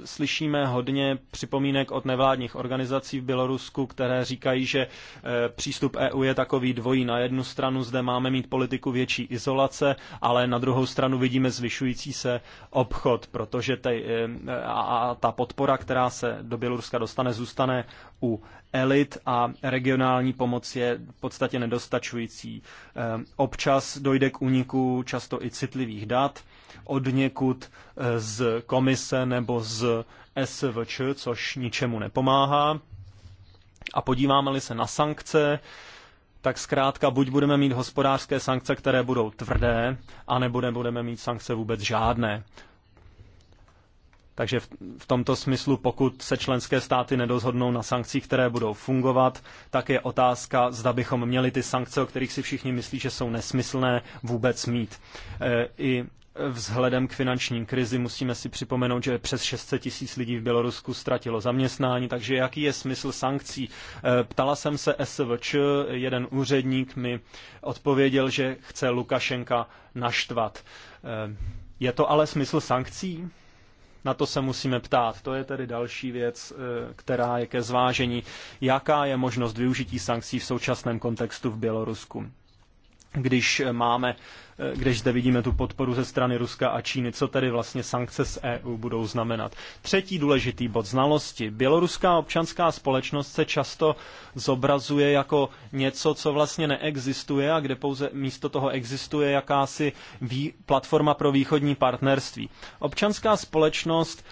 slyšíme hodně připomínek od nevládních organizací v Bělorusku, které říkají, že eh, přístup EU je takový dvojí. Na jednu stranu zde máme mít politiku větší izolace, ale na druhou stranu vidíme zvyšující se obchod, protože eh, a, a ta podpora, která se do Běloruska dostane, zůstane u elit a regionální pomoc je v podstatě nedostačující. Eh, občas dojde k uniku často i citlivých dat od někud eh, z komise nebo z SVČ, což ničemu nepomáhá. A podíváme-li se na sankce, tak zkrátka buď budeme mít hospodářské sankce, které budou tvrdé, anebo nebudeme mít sankce vůbec žádné. Takže v, v tomto smyslu, pokud se členské státy nedozhodnou na sankcích, které budou fungovat, tak je otázka, zda bychom měli ty sankce, o kterých si všichni myslí, že jsou nesmyslné, vůbec mít. E, I vzhledem k finanční krizi musíme si připomenout, že přes 600 tisíc lidí v Bělorusku ztratilo zaměstnání, takže jaký je smysl sankcí? E, ptala jsem se SVČ, jeden úředník mi odpověděl, že chce Lukašenka naštvat. E, je to ale smysl sankcí? Na to se musíme ptát. To je tedy další věc, eh, která je ke zvážení. Jaká je možnost využití sankcí v současném kontextu v Bělorusku? když máme, eh, když zde vidíme tu podporu ze strany Ruska a Číny, co tedy vlastně sankce z EU budou znamenat. Třetí důležitý bod znalosti. Běloruská občanská společnost se často zobrazuje jako něco, co vlastně neexistuje a kde pouze místo toho existuje jakási platforma pro východní partnerství. Občanská společnost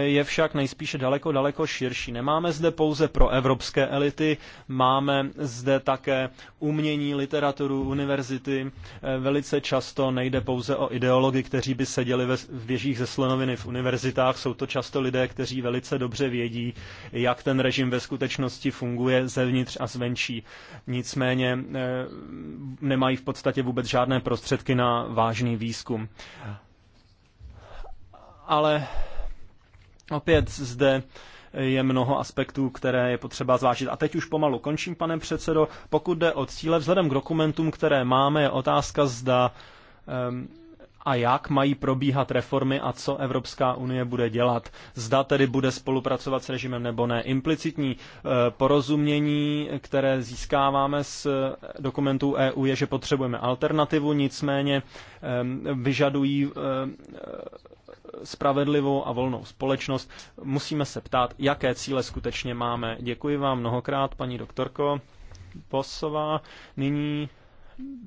je však nejspíše daleko, daleko širší. Nemáme zde pouze pro evropské elity, máme zde také umění, literaturu, univerzity. Eh, velice často nejde pouze o ideology, kteří by seděli ve, v věžích ze slonoviny v univerzitách. Jsou to často lidé, kteří velice dobře vědí, jak ten režim ve skutečnosti funguje zevnitř a zvenčí. Nicméně eh, nemají v podstatě vůbec žádné prostředky na vážný výzkum. Ale Opět zde je mnoho aspektů, které je potřeba zvážit. A teď už pomalu končím, pane předsedo. Pokud jde o cíle, vzhledem k dokumentům, které máme, je otázka, zda um, a jak mají probíhat reformy a co Evropská unie bude dělat. Zda tedy bude spolupracovat s režimem nebo ne. Implicitní eh, porozumění, které získáváme z eh, dokumentů EU, je, že potřebujeme alternativu, nicméně vyžadují eh, spravedlivou a volnou společnost, musíme se ptát, jaké cíle skutečně máme. Děkuji vám mnohokrát, paní doktorko Posová. Nyní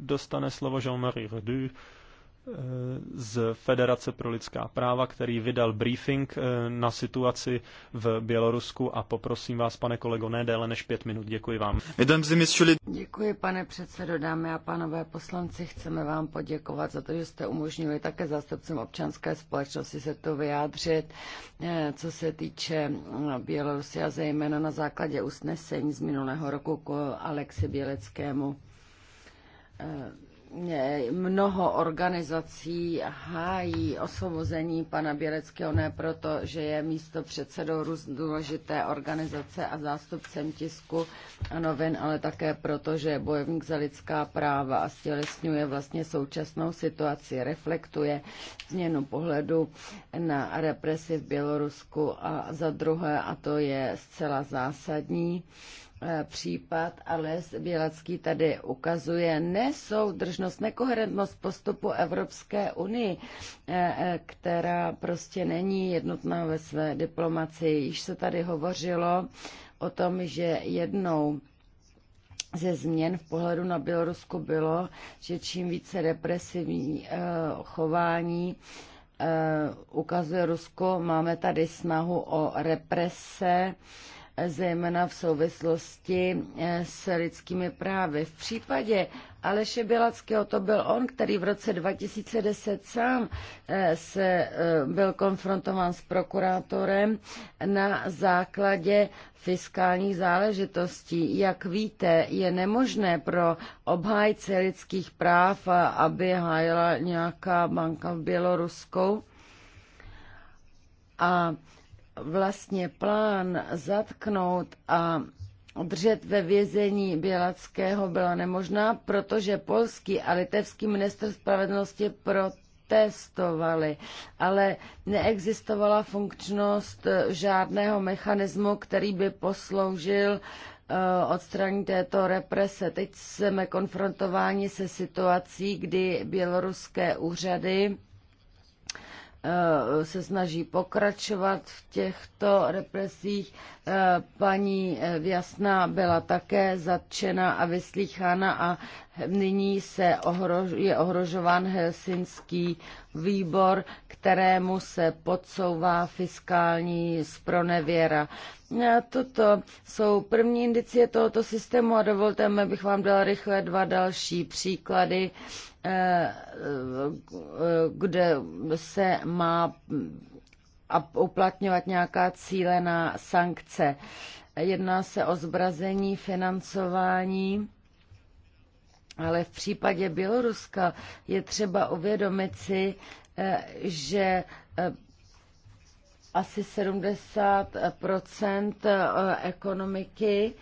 dostane slovo Jean-Marie Redu z Federace pro lidská práva, který vydal briefing eh, na situaci v Bělorusku a poprosím vás, pane kolego, ne déle než pět minut. Děkuji vám. Děkuji, pane
předsedo, dámy a pánové poslanci. Chceme vám poděkovat za to, že jste umožnili také zástupcům občanské společnosti se to vyjádřit, eh, co se týče eh, Bělorusy a zejména na základě usnesení z minulého roku k Alexi Běleckému mnoho organizací hájí osvobození pana Běleckého ne proto, že je místo předsedou důležité organizace a zástupcem tisku a novin, ale také proto, že je bojovník za lidská práva a stělesňuje vlastně současnou situaci, reflektuje změnu pohledu na represi v Bělorusku a za druhé, a to je zcela zásadní, E, případ ale Bělacký tady ukazuje nesoudržnost, nekoherentnost postupu Evropské unii, e, e, která prostě není jednotná ve své diplomaci. Již se tady hovořilo o tom, že jednou ze změn v pohledu na Bělorusko bylo, že čím více represivní chování ukazuje Rusko, máme tady snahu o represe zejména v souvislosti eh, s lidskými právy. V případě Aleše Bělackého to byl on, který v roce 2010 sám eh, se eh, byl konfrontován s prokurátorem na základě fiskálních záležitostí. Jak víte, je nemožné pro obhájce lidských práv, aby hájila nějaká banka v Běloruskou. A vlastně plán zatknout a držet ve vězení Bělackého byla nemožná, protože polský a litevský minister spravedlnosti protestovali, ale neexistovala funkčnost žádného mechanismu, který by posloužil eh, odstranění této represe. Teď jsme konfrontováni se situací, kdy běloruské úřady Eh, se snaží pokračovat v těchto represích. Eh, paní eh, Vjasna byla také zatčena a vyslýchána a nyní se ohrož, je ohrožován Helsinský výbor, kterému se podsouvá fiskální spronevěra. Toto jsou první indicie tohoto systému a dovolte mi, abych vám dala rychle dva další příklady, eh, eh, kde se má uplatňovat nějaká cílená sankce. Jedná se o zbrazení financování ale v případě Běloruska je třeba uvědomit si, eh, že asi 70 eh, ekonomiky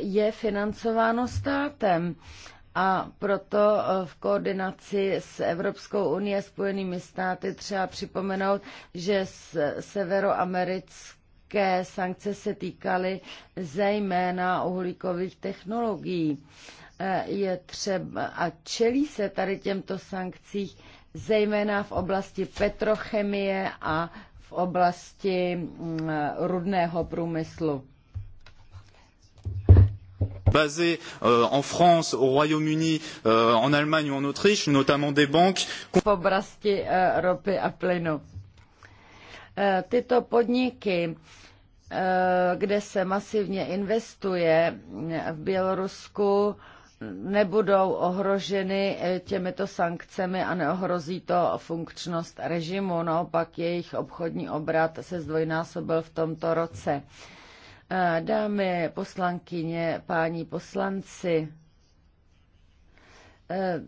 je financováno státem a proto eh, v koordinaci s Evropskou unie a Spojenými státy třeba připomenout, že severoamerické sankce se týkaly zejména uhlíkových technologií. Eh, je třeba, a čelí se tady těmto sankcích zejména v oblasti petrochemie a v oblasti mm, rudného průmyslu.
Basé euh, en France, au Royaume-Uni, euh, en Allemagne ou en Autriche, notamment des banques.
V oblasti euh, ropy a plynu. Tyto podniky kde se masivně investuje mm, v Bělorusku, nebudou ohroženy eh, těmito sankcemi a neohrozí to funkčnost režimu. Naopak jejich obchodní obrat se zdvojnásobil v tomto roce. Eh, dámy poslankyně, páni poslanci, eh,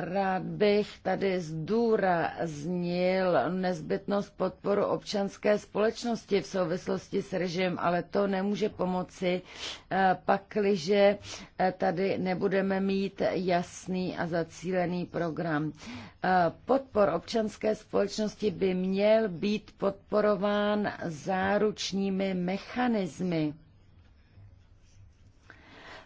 rád bych tady zdůraznil nezbytnost podporu občanské společnosti v souvislosti s režim, ale to nemůže pomoci, eh, pakliže eh, tady nebudeme mít jasný a zacílený program. Eh, podpor občanské společnosti by měl být podporován záručními mechanizmy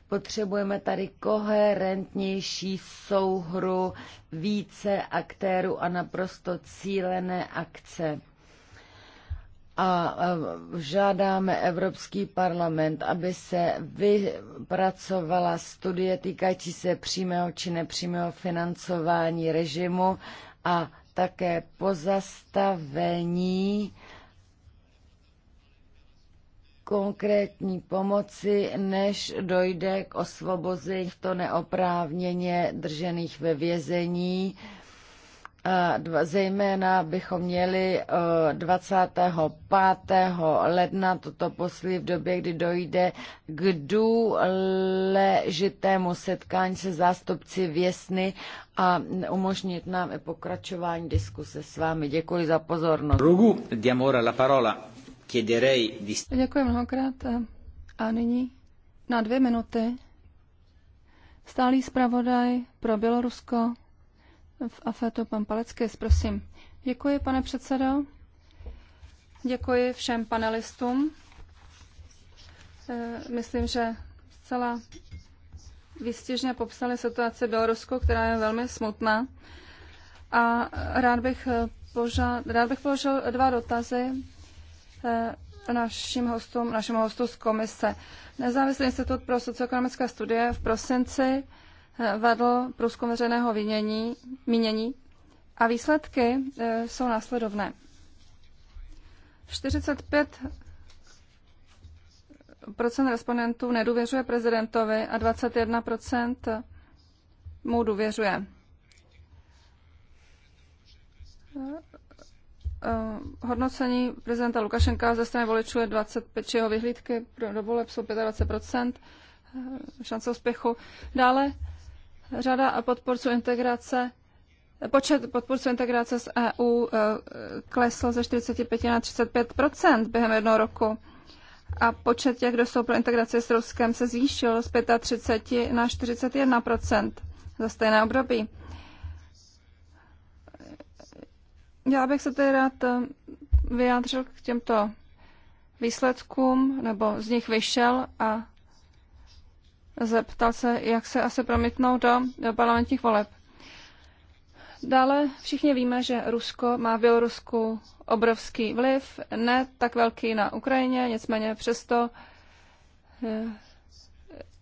Potřebujeme tady koherentnější souhru, více aktérů a naprosto cílené akce a žádáme Evropský parlament, aby se vypracovala studie týkající se přímého či nepřímého financování režimu a také pozastavení konkrétní pomoci, než dojde k osvobození to neoprávněně držených ve vězení. Dva, zejména bychom měli 25. E, ledna toto poslí v době, kdy dojde k důležitému setkání se zástupci věsny a umožnit nám i pokračování diskuse s vámi. Děkuji za pozornost. Rugu, diamo ora la parola
Děkuji mnohokrát. A nyní na dvě minuty stálý zpravodaj pro Bělorusko v AFETu pan Palecký, prosím. Děkuji, pane předsedo. Děkuji všem panelistům. Eh, myslím, že zcela výstěžně popsali situaci Bělorusko, která je velmi smutná. A rád bych, eh, poža- rád bych položil dva dotazy Eh, našim hostům, našemu hostu z komise. Nezávislý institut pro socioekonomické studie v prosinci eh, vedl průzkum veřejného mínění a výsledky eh, jsou následovné. 45 respondentů nedůvěřuje prezidentovi a 21 mu důvěřuje. Eh, hodnocení prezidenta Lukašenka ze strany voličů je 25, jeho vyhlídky pro dovoleb jsou 25 eh, šance úspěchu. Dále řada a podporců integrace eh, Počet podpůrců integrace z EU klesl ze 45 na 35 během jednoho roku a počet těch, kdo jsou pro integraci s Ruskem, se zvýšil z 35 na 41 za stejné období. Já bych se tedy rád eh, vyjádřil k těmto výsledkům, nebo z nich vyšel a zeptal se, jak se asi promítnou do, do parlamentních voleb. Dále všichni víme, že Rusko má v Bělorusku obrovský vliv, ne tak velký na Ukrajině, nicméně přesto eh,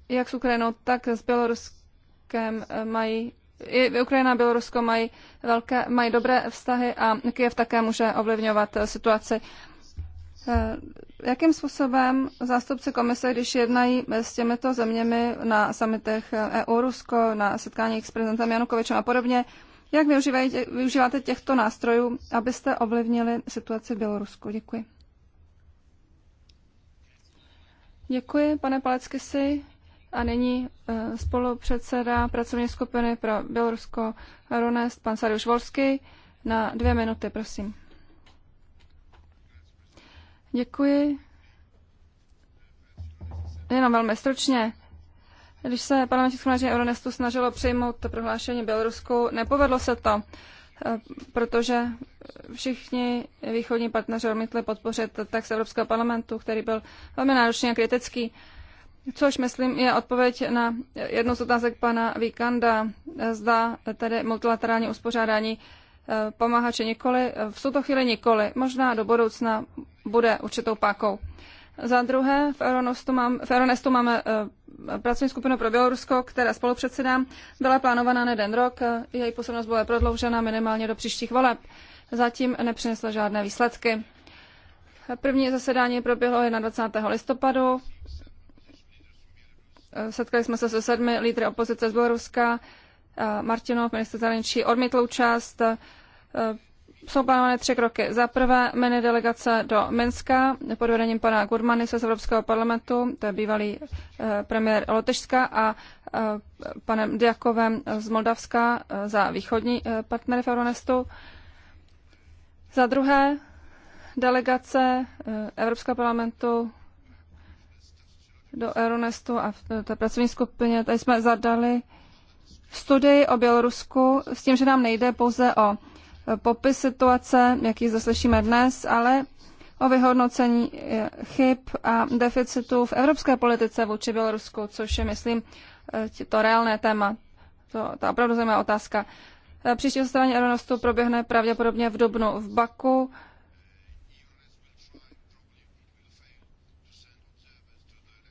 jak s Ukrajinou, tak s Běloruskem eh, mají i Ukrajina a Bělorusko mají, velké, mají dobré vztahy a Kyjev také může ovlivňovat situaci. Eh, jakým způsobem zástupci komise, když jednají s těmito zeměmi na samitech EU-Rusko, na setkáních s prezidentem Janukovičem a podobně, jak využívají, využíváte těchto nástrojů, abyste ovlivnili situaci v Bělorusku? Děkuji. Děkuji, pane Palecky si. A nyní eh, spolupředseda pracovní skupiny pro Bělorusko Runest, pan Sariuš Volsky, na dvě minuty, prosím. Děkuji. Jenom velmi stručně. Když se parlamentní schromáždění Euronestu snažilo přijmout prohlášení Bělorusku, nepovedlo se to, eh, protože všichni východní partneři odmítli podpořit z Evropského parlamentu, který byl velmi náročný a kritický. Což, myslím, je odpověď na jednu z otázek pana Víkanda. Zda tedy multilaterální uspořádání eh, pomáhá či nikoli. V tuto chvíli nikoli. Možná do budoucna bude určitou pákou. Za druhé, v Euronestu, mám, v Euronestu máme eh, pracovní skupinu pro Bělorusko, která spolupředsedám. Byla plánovaná na jeden rok, eh, její působnost byla prodloužena minimálně do příštích voleb. Zatím nepřinesla žádné výsledky. První zasedání proběhlo 21. listopadu Eh, setkali jsme se se sedmi lídry opozice z Běloruska. Eh, Martinov, minister zahraničí, odmítl účast. Eh, jsou plánované tři kroky. Za prvé, mini delegace do Minska pod vedením pana Gurmany z Evropského parlamentu, to je bývalý premiér Lotyšska a panem Diakovem z Moldavska za východní partnery v Euronestu. Za druhé, delegace Evropského parlamentu do Euronestu a v té pracovní skupině. Tady jsme zadali studii o Bělorusku s tím, že nám nejde pouze o popis situace, jaký zaslyšíme dnes, ale o vyhodnocení eh, chyb a deficitů v evropské politice vůči Bělorusku, což je, myslím, eh, to reálné téma. To, to je opravdu zajímavá otázka. Eh, příští zasedání Euronestu proběhne pravděpodobně v Dubnu v Baku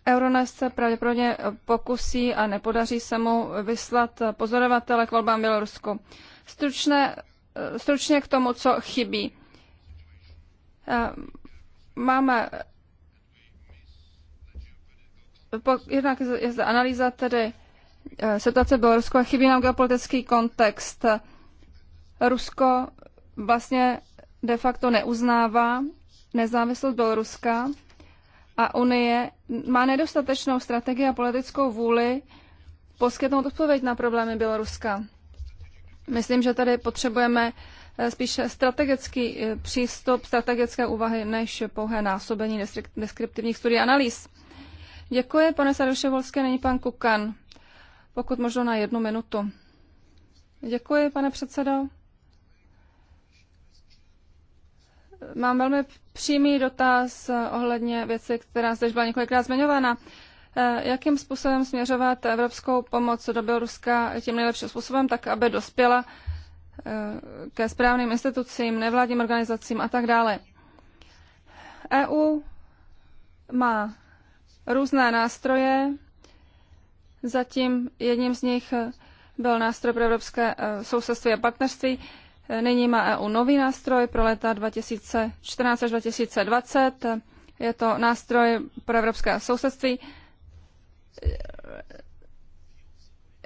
Euronest se pravděpodobně pokusí a nepodaří se mu vyslat pozorovatele k volbám Bělorusku. Stručné, eh, stručně k tomu, co chybí. Eh, máme jednak je zde analýza tedy eh, situace Bělorusku a chybí nám geopolitický kontext. Rusko vlastně de facto neuznává nezávislost Běloruska a Unie má nedostatečnou strategii a politickou vůli poskytnout odpověď na problémy Běloruska. Myslím, že tady potřebujeme eh, spíše strategický eh, přístup, strategické úvahy, než pouhé násobení deskriptivních studií analýz. Děkuji, pane Saruševolské, není pan Kukan. Pokud možno na jednu minutu. Děkuji, pane předsedo. Mám velmi přímý dotaz ohledně věci, která zde byla několikrát zmiňována. Eh, jakým způsobem směřovat evropskou pomoc do Běloruska tím nejlepším způsobem, tak aby dospěla eh, ke správným institucím, nevládním organizacím a tak dále. EU má různé nástroje. Zatím jedním z nich byl nástroj pro evropské eh, sousedství a partnerství. Nyní má EU nový nástroj pro leta 2014 až 2020. Je to nástroj pro evropské sousedství.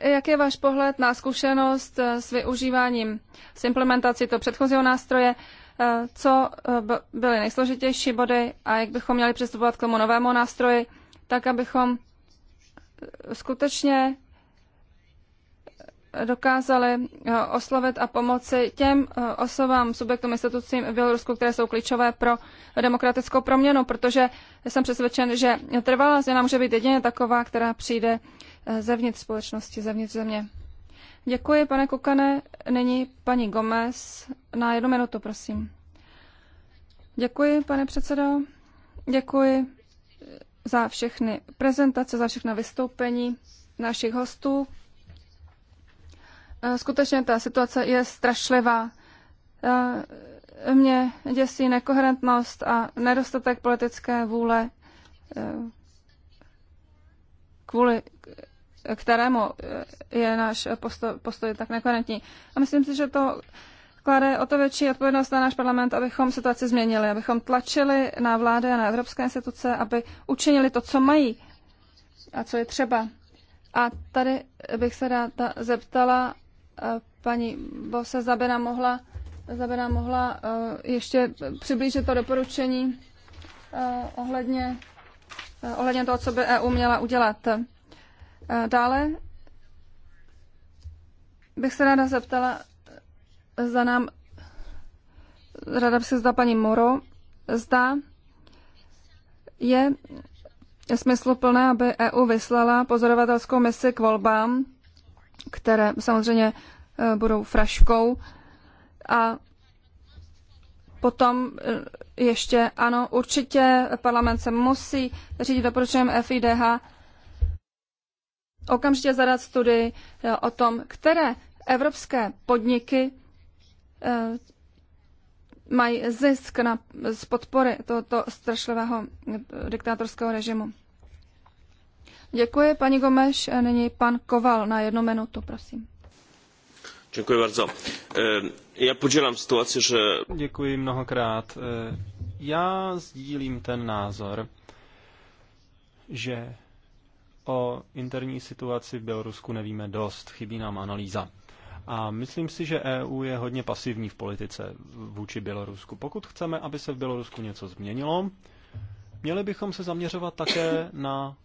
Jak je váš pohled na zkušenost s využíváním, s implementací toho předchozího nástroje? Co byly nejsložitější body a jak bychom měli přistupovat k tomu novému nástroji, tak abychom skutečně dokázali eh, oslovit a pomoci těm eh, osobám, subjektům, institucím v Bělorusku, které jsou klíčové pro demokratickou proměnu, protože jsem přesvědčen, že trvalá změna může být jedině taková, která přijde eh, zevnitř společnosti, zevnitř země. Děkuji, pane Kukane. Nyní paní Gomez. Na jednu minutu, prosím. Děkuji, pane předsedo. Děkuji za všechny prezentace, za všechna vystoupení našich hostů. Eh, skutečně ta situace je strašlivá. Eh, mě děsí nekoherentnost a nedostatek politické vůle, eh, kvůli kterému je náš postoj, postoj tak nekoherentní. A myslím si, že to klade o to větší odpovědnost na náš parlament, abychom situaci změnili, abychom tlačili na vlády a na evropské instituce, aby učinili to, co mají a co je třeba. A tady bych se ráda zeptala Eh, paní Bosa Zabena mohla, Zabena mohla eh, ještě přiblížit to doporučení eh, ohledně, ohledně toho, co by EU měla udělat. Dále bych se ráda zeptala za nám, ráda bych se zda paní Moro, zda je smysluplné, aby EU vyslala pozorovatelskou misi k volbám které samozřejmě eh, budou fraškou. A potom eh, ještě, ano, určitě parlament se musí řídit doporučením FIDH okamžitě zadat studii eh, o tom, které evropské podniky mají zisk na, z podpory tohoto strašlivého diktátorského režimu. Děkuji, paní Gomeš. Nyní pan Koval na jednu minutu, prosím.
Děkuji bardzo. Eh, já podělám situaci, že... Děkuji mnohokrát. Eh, já sdílím ten názor, že o interní situaci v Bělorusku nevíme dost, chybí nám analýza. A myslím si, že EU je hodně pasivní v politice vůči Bělorusku. Pokud chceme, aby se v Bělorusku něco změnilo, měli bychom se zaměřovat také na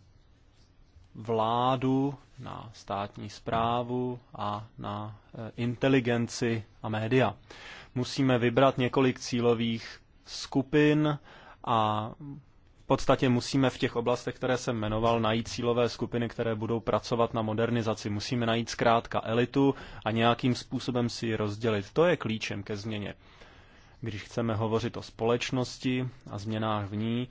vládu, na státní zprávu a na eh, inteligenci a média. Musíme vybrat několik cílových skupin a v podstatě musíme v těch oblastech, které jsem jmenoval, najít cílové skupiny, které budou pracovat na modernizaci. Musíme najít zkrátka elitu a nějakým způsobem si ji rozdělit. To je klíčem ke změně. Když chceme hovořit o společnosti a změnách v ní,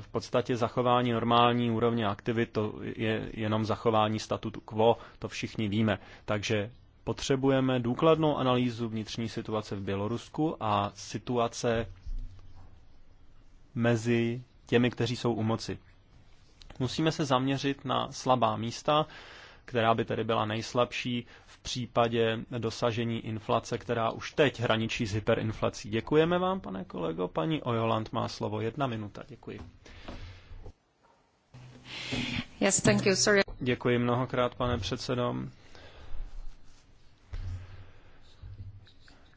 v podstatě zachování normální úrovně aktivit, to je jenom zachování statutu quo, to všichni víme. Takže potřebujeme důkladnou analýzu vnitřní situace v Bělorusku a situace mezi těmi, kteří jsou u moci. Musíme se zaměřit na slabá místa, která by tedy byla nejslabší případě dosažení inflace, která už teď hraničí s hyperinflací. Děkujeme vám, pane kolego. Paní Ojoland má slovo. Jedna minuta. Děkuji. Yes, thank you. Sorry. Děkuji mnohokrát, pane předsedo.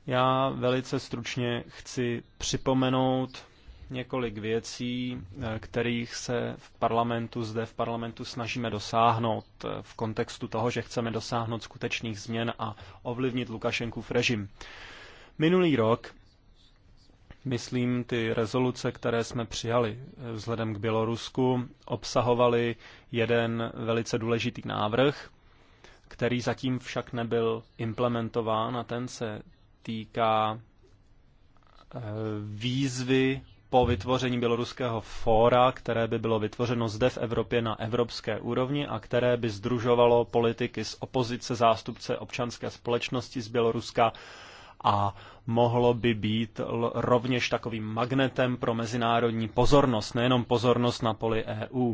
Já velice stručně chci připomenout několik věcí, eh, kterých se v parlamentu, zde v parlamentu snažíme dosáhnout eh, v kontextu toho, že chceme dosáhnout skutečných změn a ovlivnit Lukašenkův režim. Minulý rok, myslím, ty rezoluce, které jsme přijali eh, vzhledem k Bělorusku, obsahovaly jeden velice důležitý návrh, který zatím však nebyl implementován a ten se týká výzvy po vytvoření běloruského fóra, které by bylo vytvořeno zde v Evropě na evropské úrovni a které by združovalo politiky z opozice, zástupce občanské společnosti z Běloruska a mohlo by být rovněž takovým magnetem pro mezinárodní pozornost, nejenom pozornost na poli EU.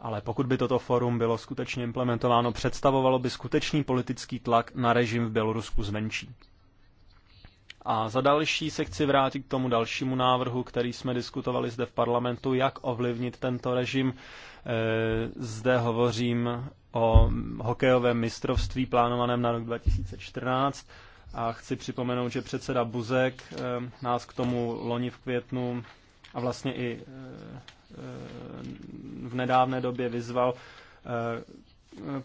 Ale pokud by toto forum bylo skutečně implementováno, představovalo by skutečný politický tlak na režim v Bělorusku zvenčí. A za další se chci vrátit k tomu dalšímu návrhu, který jsme diskutovali zde v parlamentu, jak ovlivnit tento režim. E, zde hovořím o hokejovém mistrovství plánovaném na rok 2014 a chci připomenout, že předseda Buzek e, nás k tomu loni v květnu a vlastně i e, v nedávné době vyzval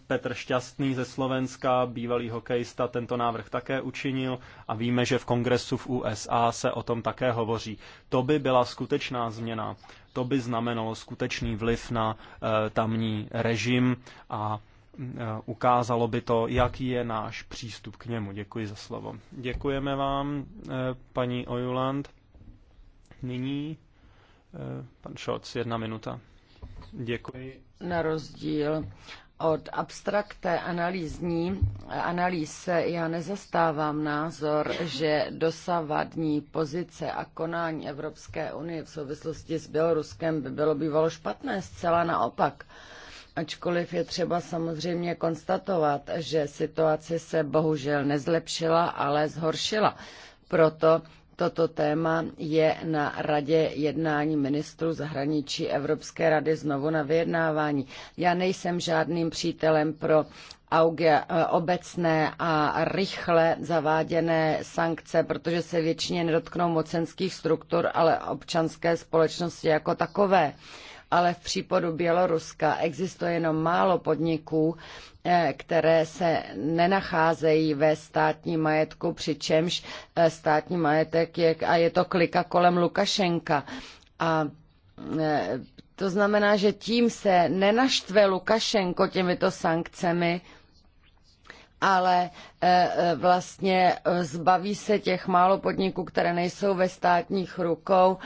Petr Šťastný ze Slovenska, bývalý hokejista, tento návrh také učinil a víme, že v kongresu v USA se o tom také hovoří. To by byla skutečná změna. To by znamenalo skutečný vliv na uh, tamní režim a uh, ukázalo by to, jaký je náš přístup k němu. Děkuji za slovo. Děkujeme vám, uh, paní Ojuland. Nyní pan Šoc, jedna minuta. Děkuji.
Na rozdíl od abstrakté analýzní analýz já nezastávám názor, že dosavadní pozice a konání Evropské unie v souvislosti s Běloruskem by bylo bývalo špatné, zcela naopak. Ačkoliv je třeba samozřejmě konstatovat, že situace se bohužel nezlepšila, ale zhoršila. Proto Toto téma je na radě jednání ministrů zahraničí Evropské rady znovu na vyjednávání. Já nejsem žádným přítelem pro auge, eh, obecné a rychle zaváděné sankce, protože se většině nedotknou mocenských struktur, ale občanské společnosti jako takové ale v případu Běloruska existuje jenom málo podniků, eh, které se nenacházejí ve státní majetku, přičemž eh, státní majetek je, a je to klika kolem Lukašenka. A eh, to znamená, že tím se nenaštve Lukašenko těmito sankcemi, ale e, e, vlastně e, zbaví se těch málo podniků, které nejsou ve státních rukou,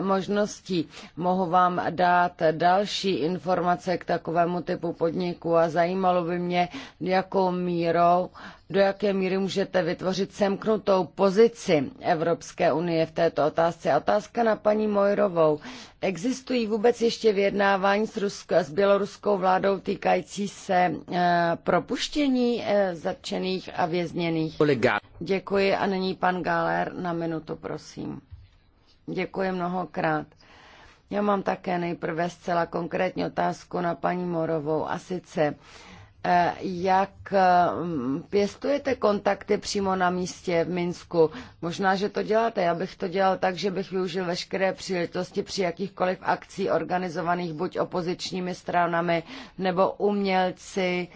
možností. Mohu vám dát další informace k takovému typu podniku a zajímalo by mě, jakou mírou do jaké míry můžete vytvořit semknutou pozici Evropské unie v této otázce. Otázka na paní Mojrovou. Existují vůbec ještě vyjednávání s, Rusko, s běloruskou vládou týkající se eh, propuštění eh, zatčených a vězněných? Děkuji a nyní pan Galer na minutu, prosím. Děkuji mnohokrát. Já mám také nejprve zcela konkrétní otázku na paní Morovou a sice jak mm, pěstujete kontakty přímo na místě v Minsku? Možná, že to děláte. Já bych to dělal tak, že bych využil veškeré příležitosti při jakýchkoliv akcí organizovaných buď opozičními stranami nebo umělci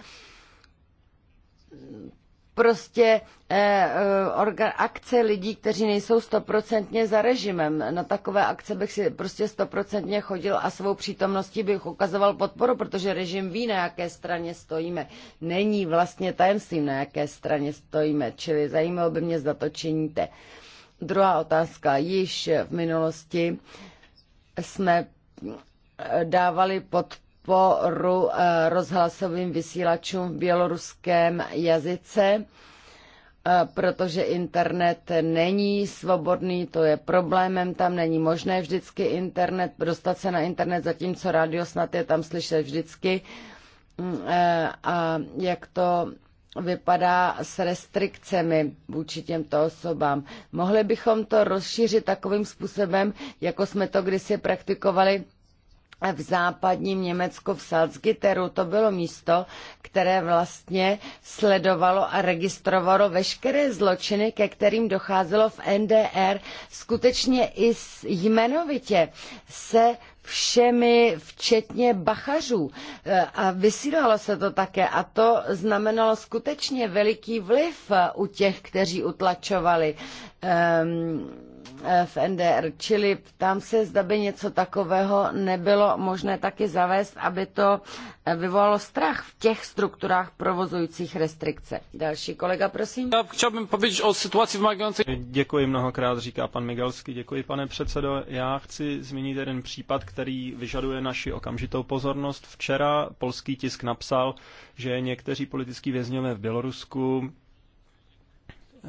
prostě eh, eh akce lidí, kteří nejsou stoprocentně za režimem. Na takové akce bych si prostě stoprocentně chodil a svou přítomností bych ukazoval podporu, protože režim ví, na jaké straně stojíme. Není vlastně tajemstvím, na jaké straně stojíme, čili zajímalo by mě, zda to činíte. Druhá otázka. Již v minulosti jsme eh, dávali podporu po eh, rozhlasovým vysílačům v běloruském jazyce, eh, protože internet není svobodný, to je problémem, tam není možné vždycky internet, dostat se na internet, zatímco rádio snad je tam slyšet vždycky. Mm, eh, a jak to vypadá s restrikcemi vůči těmto osobám. Mohli bychom to rozšířit takovým způsobem, jako jsme to kdysi praktikovali v západním Německu v Salzgitteru. To bylo místo, které vlastně sledovalo a registrovalo veškeré zločiny, ke kterým docházelo v NDR. Skutečně i jmenovitě se všemi, včetně bachařů. E, a vysílalo se to také a to znamenalo skutečně veliký vliv u těch, kteří utlačovali. Um, Eh, v NDR. Čili ptám se, zda by něco takového nebylo možné taky zavést, aby to eh, vyvolalo strach v těch strukturách provozujících restrikce. Další kolega, prosím.
Já chtěl povědět o situaci v Magionci. Děkuji mnohokrát, říká pan Migalsky. Děkuji, pane předsedo. Já chci zmínit jeden případ, který vyžaduje naši okamžitou pozornost. Včera polský tisk napsal, že někteří politický vězňové v Bělorusku eh,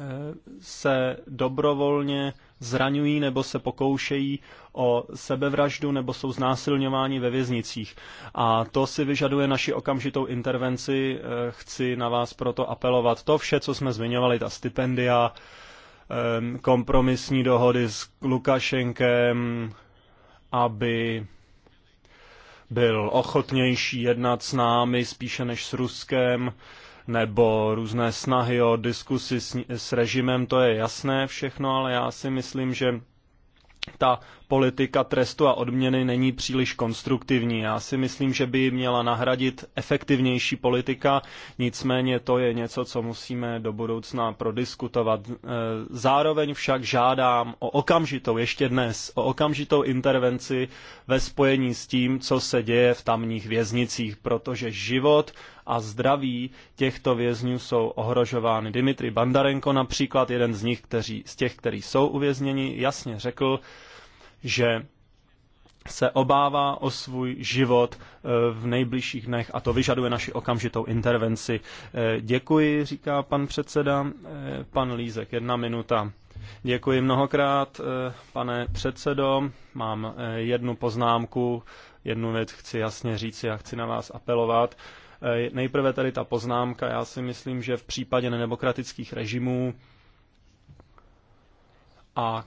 se dobrovolně zraňují nebo se pokoušejí o sebevraždu nebo jsou znásilňováni ve věznicích. A to si vyžaduje naši okamžitou intervenci. Eh, chci na vás proto apelovat. To vše, co jsme zmiňovali, ta stipendia, ehm, kompromisní dohody s Lukašenkem, aby byl ochotnější jednat s námi spíše než s Ruskem, nebo různé snahy o diskusi s, s režimem, to je jasné všechno, ale já si myslím, že ta politika trestu a odměny není příliš konstruktivní. Já si myslím, že by měla nahradit efektivnější politika, nicméně to je něco, co musíme do budoucna prodiskutovat. E, zároveň však žádám o okamžitou, ještě dnes, o okamžitou intervenci ve spojení s tím, co se děje v tamních věznicích, protože život a zdraví těchto vězňů jsou ohrožovány. Dimitri Bandarenko například, jeden z nich, kteří, z těch, kteří jsou uvězněni, jasně řekl, že se obává o svůj život eh, v nejbližších dnech a to vyžaduje naši okamžitou intervenci. Eh, děkuji, říká pan předseda. Eh, pan Lízek, jedna minuta. Děkuji mnohokrát, pane předsedo. Mám jednu poznámku, jednu věc chci jasně říci a chci na vás apelovat. Eh, nejprve tady ta poznámka, já si myslím, že v případě nedemokratických režimů a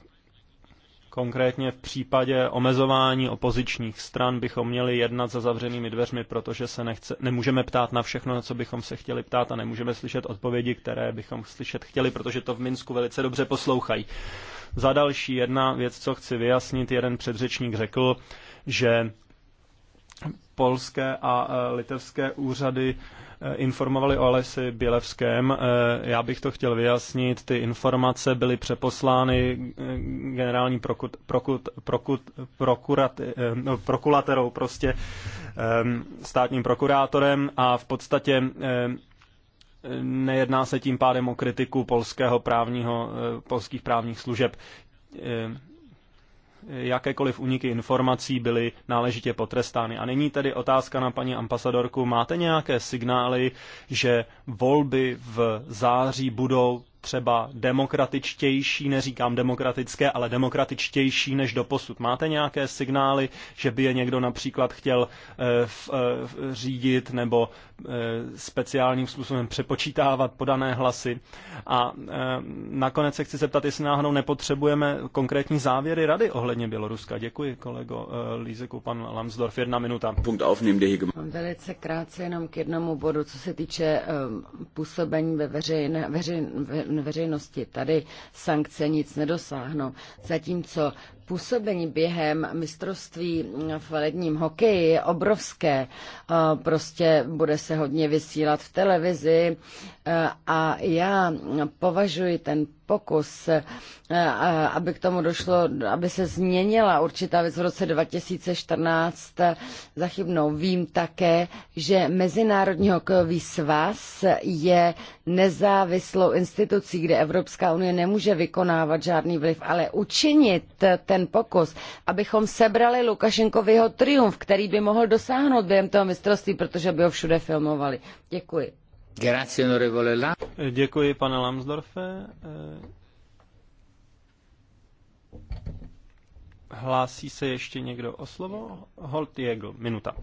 Konkrétně v případě omezování opozičních stran bychom měli jednat za zavřenými dveřmi, protože se nechce, nemůžeme ptát na všechno, na co bychom se chtěli ptát a nemůžeme slyšet odpovědi, které bychom slyšet chtěli, protože to v Minsku velice dobře poslouchají. Za další jedna věc, co chci vyjasnit, jeden předřečník řekl, že polské a e, litevské úřady e, informovali o Alesi Bělevském. E, já bych to chtěl vyjasnit. Ty informace byly přeposlány generální prokut, prokut, prokut, prokurat, no, prokulaterou, prostě státním prokurátorem a v podstatě nejedná se tím pádem o kritiku polského právního, polských právních služeb jakékoliv uniky informací byly náležitě potrestány. A nyní tedy otázka na paní ambasadorku. Máte nějaké signály, že volby v září budou třeba demokratičtější, neříkám demokratické, ale demokratičtější než doposud. Máte nějaké signály, že by je někdo například chtěl eh, v, eh, v, řídit nebo eh, speciálním způsobem přepočítávat podané hlasy? A nakonec se chci zeptat, jestli náhodou nepotřebujeme konkrétní závěry rady ohledně Běloruska. Děkuji, kolego Lízeku, pan Lamsdorf, jedna minuta. Punkt
Velice krátce jenom k jednomu bodu, co se týče působení ve veřejné, veřejné veřejnosti. Tady sankce nic nedosáhnou. Zatímco působení během mistrovství v ledním hokeji je obrovské. Prostě bude se hodně vysílat v televizi a já považuji ten pokus, aby k tomu došlo, aby se změnila určitá věc v roce 2014 za chybnou. Vím také, že Mezinárodní hokejový svaz je nezávislou institucí, kde Evropská unie nemůže vykonávat žádný vliv, ale učinit ten pokus, abychom sebrali Lukašenkovi jeho triumf, který by mohl dosáhnout během toho mistrovství, protože by ho všude filmovali. Děkuji.
Děkuji, pane Lambsdorfe. Hlásí se ještě někdo o slovo? Holt Jegl, minuta.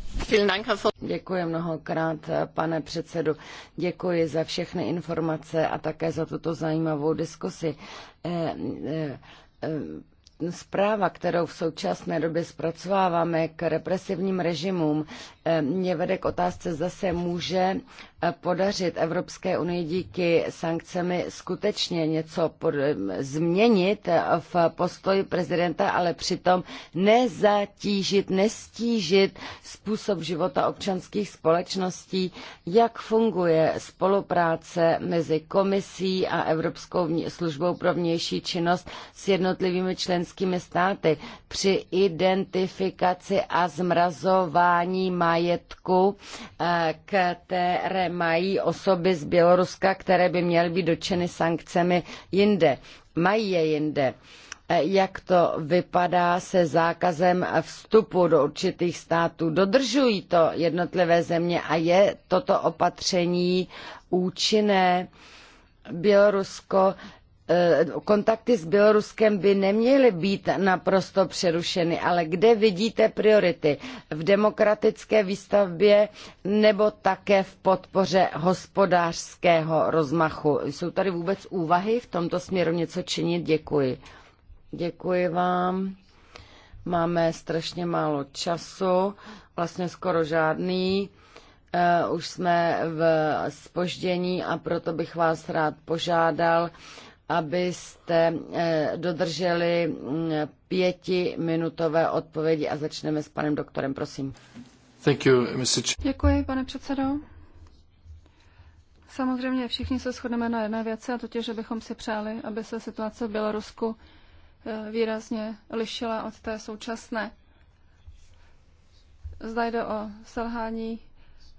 Děkuji mnohokrát, pane předsedu. Děkuji za všechny informace a také za tuto zajímavou diskusi eh, eh, eh, zpráva, kterou v současné době zpracováváme k represivním režimům, mě vede k otázce, zase může eh, podařit Evropské unii díky sankcemi skutečně něco pod, eh, změnit eh, v postoji prezidenta, ale přitom nezatížit, nestížit způsob života občanských společností, jak funguje spolupráce mezi komisí a Evropskou službou pro vnější činnost s jednotlivými členskými státy při identifikaci a zmrazování má majetku, eh, které mají osoby z Běloruska, které by měly být dočeny sankcemi jinde. Mají je jinde eh, jak to vypadá se zákazem vstupu do určitých států. Dodržují to jednotlivé země a je toto opatření účinné. Bělorusko Eh, kontakty s Běloruskem by neměly být naprosto přerušeny, ale kde vidíte priority? V demokratické výstavbě nebo také v podpoře hospodářského rozmachu? Jsou tady vůbec úvahy v tomto směru něco činit? Děkuji. Děkuji vám. Máme strašně málo času, vlastně skoro žádný. Eh, už jsme v spoždění a proto bych vás rád požádal, abyste eh, dodrželi mm, pětiminutové odpovědi a začneme s panem doktorem, prosím.
Thank you, Mr. Děkuji, pane předsedo. Samozřejmě všichni se shodneme na jedné věci, a totiž, že bychom si přáli, aby se situace v Bělorusku eh, výrazně lišila od té současné. Zda jde o selhání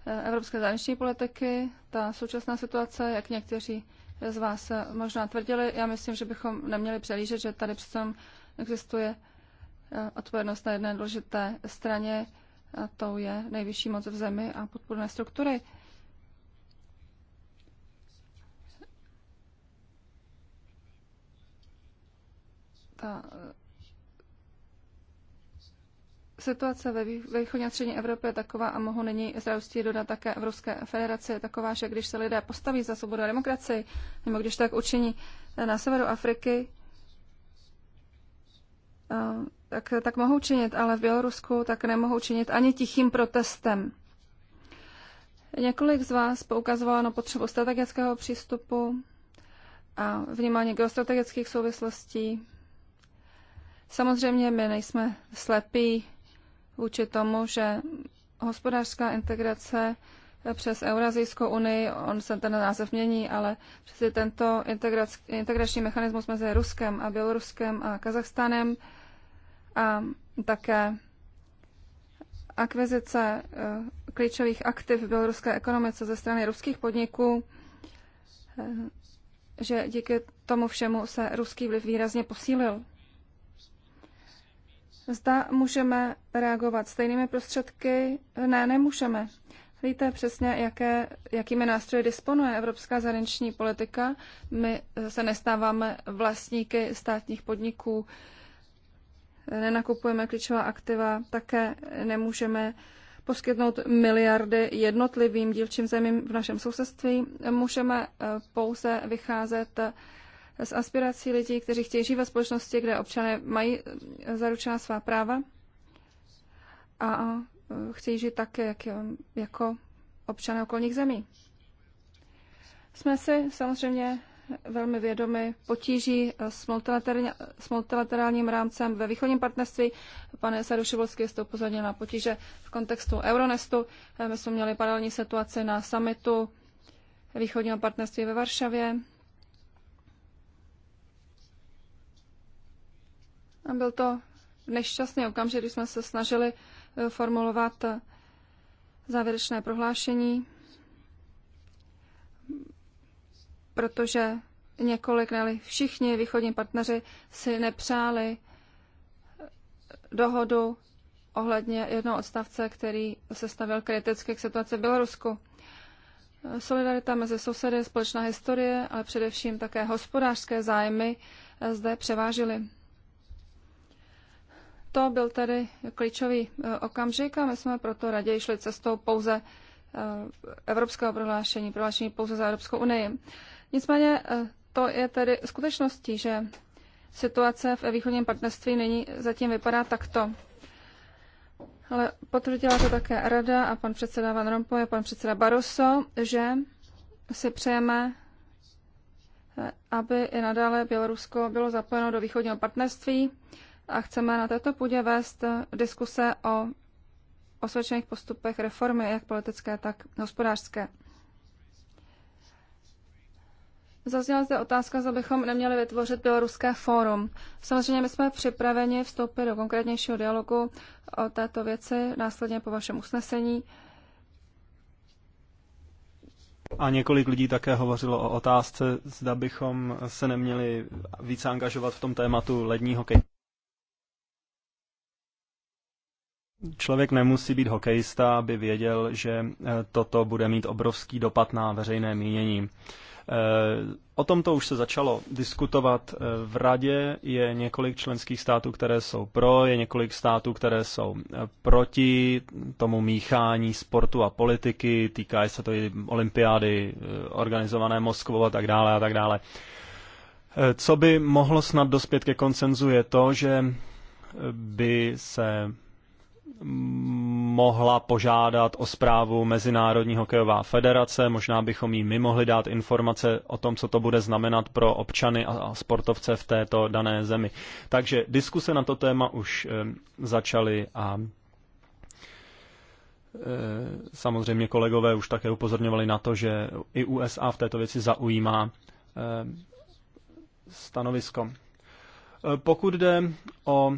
eh, evropské zahraniční politiky, ta současná situace, jak někteří z vás možná tvrdili. Já myslím, že bychom neměli přelížet, že tady přitom existuje eh, odpovědnost na jedné důležité straně, a tou je nejvyšší moc v zemi a podporné struktury. Ta Situace ve východní a střední Evropě je taková a mohu nyní z radosti dodat také Evropské federaci je taková, že když se lidé postaví za svobodu a demokracii, nebo když tak učiní eh, na severu Afriky, eh, tak, tak mohou činit, ale v Bělorusku tak nemohou činit ani tichým protestem. Několik z vás poukazovalo na potřebu strategického přístupu a vnímání geostrategických souvislostí. Samozřejmě my nejsme slepí vůči tomu, že hospodářská integrace přes Eurazijskou unii, on se ten název mění, ale přes tento integrační mechanismus mezi Ruskem a Běloruskem a Kazachstanem a také akvizice eh, klíčových aktiv v běloruské ekonomice ze strany ruských podniků, eh, že díky tomu všemu se ruský vliv výrazně posílil. Zda můžeme reagovat stejnými prostředky? Ne, nemůžeme. Víte přesně, jaké, jakými nástroji disponuje evropská zahraniční politika. My se nestáváme vlastníky státních podniků, nenakupujeme klíčová aktiva, také nemůžeme poskytnout miliardy jednotlivým dílčím zemím v našem sousedství. Můžeme eh, pouze vycházet s aspirací lidí, kteří chtějí žít ve společnosti, kde občané mají eh, zaručená svá práva a eh, chtějí žít tak, jak, eh, jako občané okolních zemí. Jsme si samozřejmě velmi vědomi potíží s, s multilaterálním rámcem ve východním partnerství. Pane Sarušivolský jste upozornil na potíže v kontextu Euronestu. My jsme měli paralelní situaci na samitu východního partnerství ve Varšavě. A byl to nešťastný okamžik, kdy jsme se snažili eh, formulovat eh, závěrečné prohlášení, protože několik, ne všichni východní partneři si nepřáli eh, dohodu ohledně jednoho odstavce, který se stavil kriticky k situaci v Bělorusku. Solidarita mezi sousedy, společná historie, ale především také hospodářské zájmy zde převážily. To byl tedy klíčový eh, okamžik a my jsme proto raději šli cestou pouze eh, evropského prohlášení, prohlášení pouze za Evropskou unii. Nicméně eh, to je tedy skutečností, že situace v východním partnerství není zatím vypadá takto. Ale potvrdila to také Rada a pan předseda Van Rompuy a pan předseda Barroso, že si přejeme, aby i nadále Bělorusko bylo zapojeno do východního partnerství a chceme na této půdě vést diskuse o osvědčených postupech reformy, jak politické, tak hospodářské. Zazněla zde otázka, zda bychom neměli vytvořit běloruské fórum. Samozřejmě my jsme připraveni vstoupit do konkrétnějšího dialogu o této věci, následně po vašem usnesení.
A několik lidí také hovořilo o otázce, zda bychom se neměli více angažovat v tom tématu ledního hokej. Člověk nemusí být hokejista, aby věděl, že eh, toto bude mít obrovský dopad na veřejné mínění. Eh, o tomto už se začalo diskutovat eh, v radě. Je několik členských států, které jsou pro, je několik států, které jsou proti tomu míchání sportu a politiky. Týká se to i olympiády organizované Moskvou a tak dále a tak dále. Co by mohlo snad dospět ke koncenzu je to, že by se mohla požádat o zprávu Mezinárodní hokejová federace. Možná bychom jí my mohli dát informace o tom, co to bude znamenat pro občany a sportovce v této dané zemi. Takže diskuse na to téma už eh, začaly a eh, samozřejmě kolegové už také upozorňovali na to, že i USA v této věci zaujímá eh, stanovisko. Pokud jde o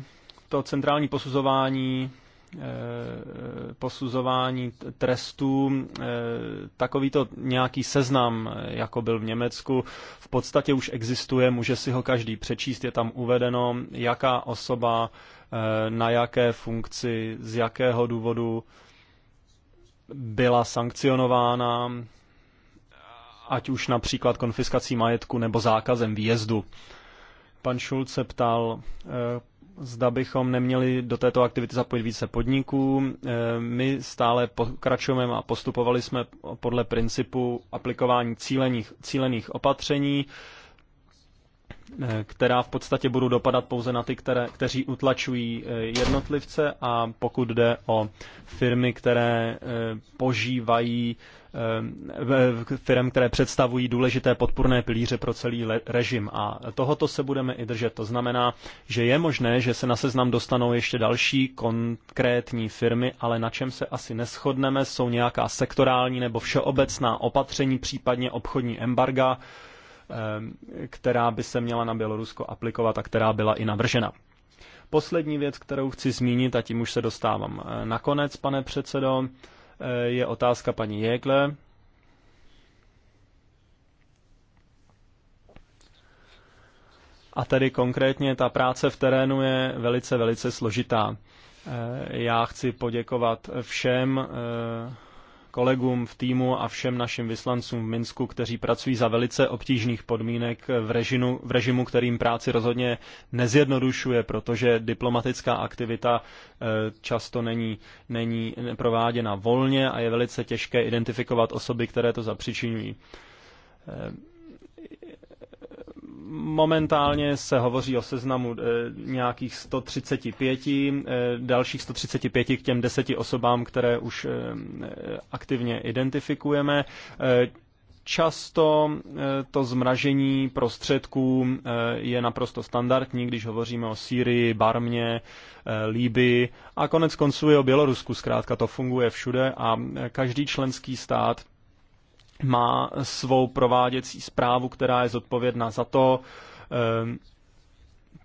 to centrální posuzování Eh, posuzování trestů, eh, takovýto nějaký seznam, eh, jako byl v Německu, v podstatě už existuje, může si ho každý přečíst, je tam uvedeno, jaká osoba, na jaké funkci, z jakého důvodu byla sankcionována, ať už například konfiskací majetku nebo zákazem výjezdu. Pan Šulc se ptal, zda bychom neměli do této aktivity zapojit více podniků. Eh, my stále pokračujeme a postupovali jsme podle principu aplikování cílených, cílených opatření, eh, která v podstatě budou dopadat pouze na ty, které, kteří utlačují eh, jednotlivce a pokud jde o firmy, které požívají Eh, firm, které představují důležité podpůrné pilíře pro celý režim. A tohoto se budeme i držet. To znamená, že je možné, že se na seznam dostanou ještě další konkrétní firmy, ale na čem se asi neschodneme, jsou nějaká sektorální nebo všeobecná opatření, případně obchodní embarga, eh, která by se měla na Bělorusko aplikovat a která byla i navržena. Poslední věc, kterou chci zmínit, a tím už se dostávám eh, nakonec, pane předsedo, Eh, je otázka paní Jekle, A tedy konkrétně ta práce v terénu je velice, velice složitá. Eh, já chci poděkovat všem eh, kolegům v týmu a všem našim vyslancům v Minsku, kteří pracují za velice obtížných podmínek v režimu, v režimu kterým práci rozhodně nezjednodušuje, protože diplomatická aktivita eh, často není, není prováděna volně a je velice těžké identifikovat osoby, které to zapřičinují. Eh, Momentálně se hovoří o seznamu eh, nějakých 135, eh, dalších 135 k těm deseti osobám, které už eh, aktivně identifikujeme. Často to zmražení prostředků je naprosto standardní, když hovoříme o Sýrii, Barmě, Líbii a konec konců i o Bělorusku. Zkrátka to funguje všude a každý členský stát má svou prováděcí zprávu, která je zodpovědná za to, ehm,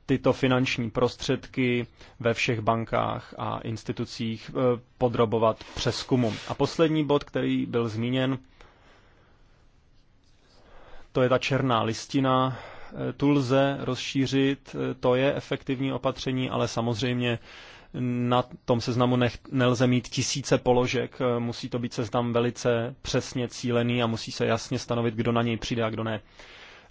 tyto finanční prostředky ve všech bankách a institucích eh, podrobovat přeskumu. A poslední bod, který byl zmíněn, to je ta černá listina. Eh, tu lze rozšířit, eh, to je efektivní opatření, ale samozřejmě na tom seznamu nech, nelze mít tisíce položek, eh, musí to být seznam velice přesně cílený a musí se jasně stanovit, kdo na něj přijde a kdo ne.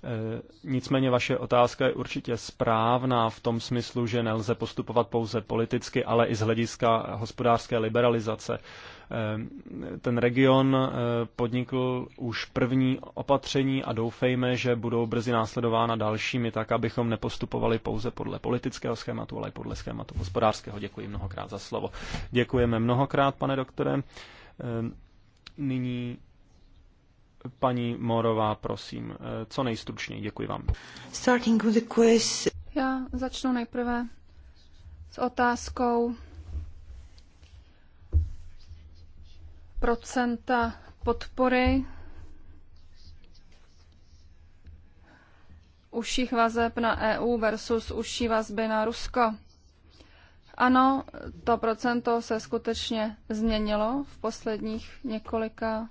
Eh, nicméně vaše otázka je určitě správná v tom smyslu, že nelze postupovat pouze politicky, ale i z hlediska hospodářské liberalizace. Eh, ten region eh, podnikl už první opatření a doufejme, že budou brzy následována dalšími, tak abychom nepostupovali pouze podle politického schématu, ale i podle schématu hospodářského. Děkuji mnohokrát za slovo. Děkujeme mnohokrát, pane doktore. Nyní Paní Morová, prosím, eh, co nejstručněji, děkuji vám. Starting with the quiz.
Já začnu nejprve s otázkou procenta podpory uších vazeb na EU versus uší vazby na Rusko. Ano, to procento se skutečně změnilo v posledních několika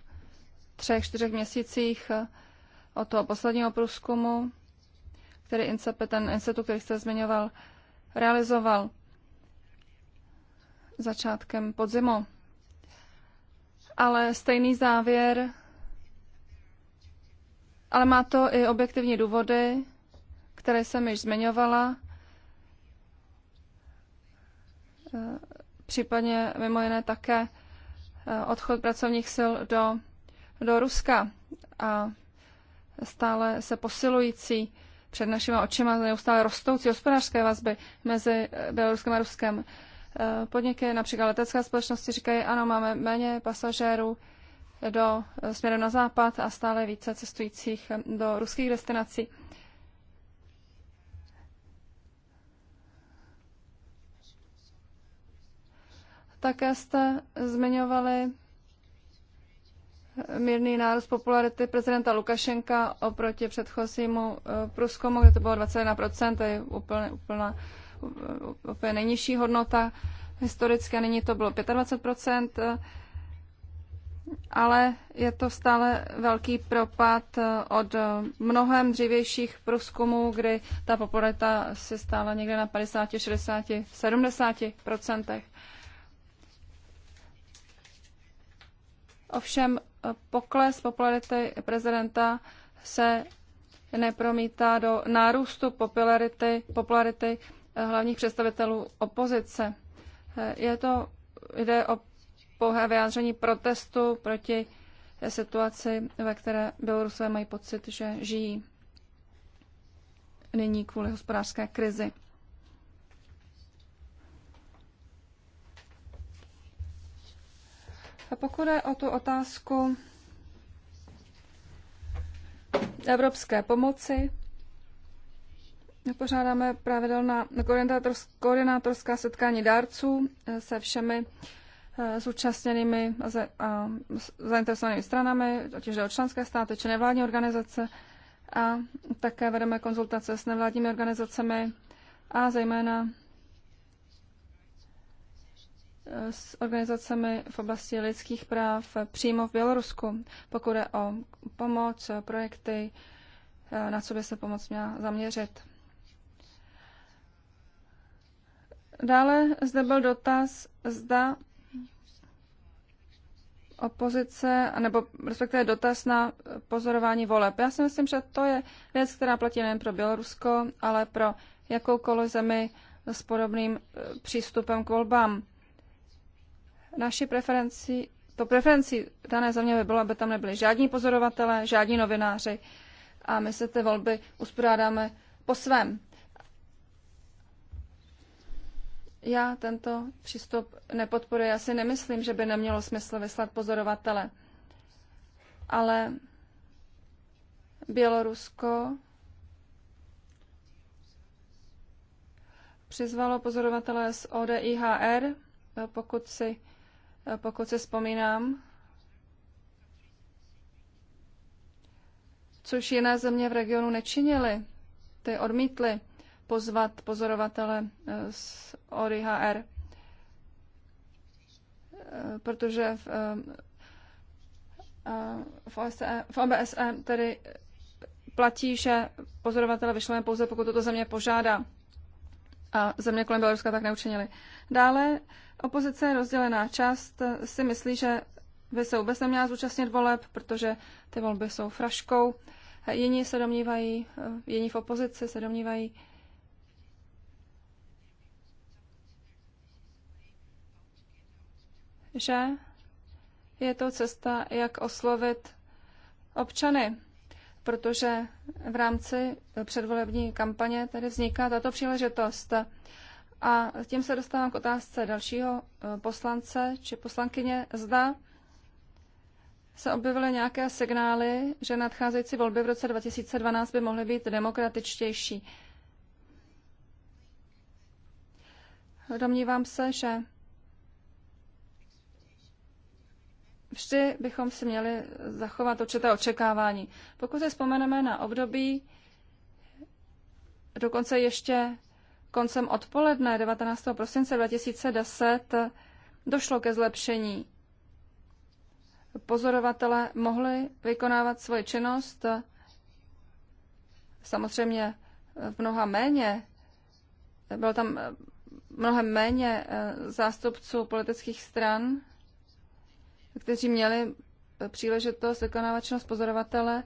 třech, čtyřech měsících eh, od toho posledního průzkumu, který INCEPE, ten institut, který jste zmiňoval, realizoval začátkem podzimu. Ale stejný závěr, ale má to i objektivní důvody, které jsem již zmiňovala, eh, případně mimo jiné také eh, odchod pracovních sil do do Ruska a stále se posilující před našimi očima neustále rostoucí hospodářské vazby mezi Běloruskem a Ruskem. Eh, podniky, například letecké společnosti, říkají, ano, máme méně pasažérů do eh, směru na západ a stále více cestujících eh, do ruských destinací. Také jste zmiňovali mírný nárůst popularity prezidenta Lukašenka oproti předchozímu eh, průzkumu, kde to bylo 21%, to je úplně, úplná, eh, úplně nejnižší hodnota historicky, nyní to bylo 25%, ale je to stále velký propad eh, od mnohem dřívějších průzkumů, kdy ta popularita se stála někde na 50, 60, 70%. Ovšem pokles popularity prezidenta se nepromítá do nárůstu popularity, popularity eh, hlavních představitelů opozice. Eh, je to, jde o pouhé vyjádření protestu proti situaci, ve které Bělorusové mají pocit, že žijí nyní kvůli hospodářské krizi. Pokud je o tu otázku evropské pomoci, pořádáme pravidelná koordinátorská setkání dárců eh, se všemi eh, zúčastněnými a zainteresovanými stranami, totiž jde o členské státy či nevládní organizace. A také vedeme konzultace s nevládními organizacemi a zejména s organizacemi v oblasti lidských práv přímo v Bělorusku, pokud je o pomoc, projekty, eh, na co by se pomoc měla zaměřit. Dále zde byl dotaz, zda opozice, nebo respektive dotaz na pozorování voleb. Já si myslím, že to je věc, která platí nejen pro Bělorusko, ale pro jakoukoliv zemi s podobným eh, přístupem k volbám. Naši preferenci, to preferenci dané země by bylo, aby tam nebyli žádní pozorovatelé, žádní novináři a my se ty volby uspořádáme po svém. Já tento přístup nepodporuji. Já si nemyslím, že by nemělo smysl vyslat pozorovatele. Ale Bělorusko přizvalo pozorovatele z ODIHR, pokud si pokud se vzpomínám, což jiné země v regionu nečinili. Ty odmítly pozvat pozorovatele eh, z ORIHR, eh, protože v, eh, v, OSE, v OBSE tedy platí, že pozorovatele vyšleme pouze, pokud toto země požádá. A země kolem Běloruska tak neučinili. Dále opozice rozdělená část eh, si myslí, že by se vůbec neměla zúčastnit voleb, protože ty volby jsou fraškou. Jiní se domnívají, eh, jiní v opozici se domnívají, že je to cesta, jak oslovit občany, protože v rámci předvolební kampaně tady vzniká tato příležitost. A tím se dostávám k otázce dalšího eh, poslance či poslankyně. Zda se objevily nějaké signály, že nadcházející volby v roce 2012 by mohly být demokratičtější. Domnívám se, že vždy bychom si měli zachovat určité očekávání. Pokud se vzpomeneme na období, dokonce ještě koncem odpoledne 19. prosince 2010 došlo ke zlepšení. Pozorovatele mohli vykonávat svoji činnost samozřejmě v mnoha méně. Bylo tam eh, mnohem méně eh, zástupců politických stran, kteří měli eh, příležitost vykonávat činnost pozorovatele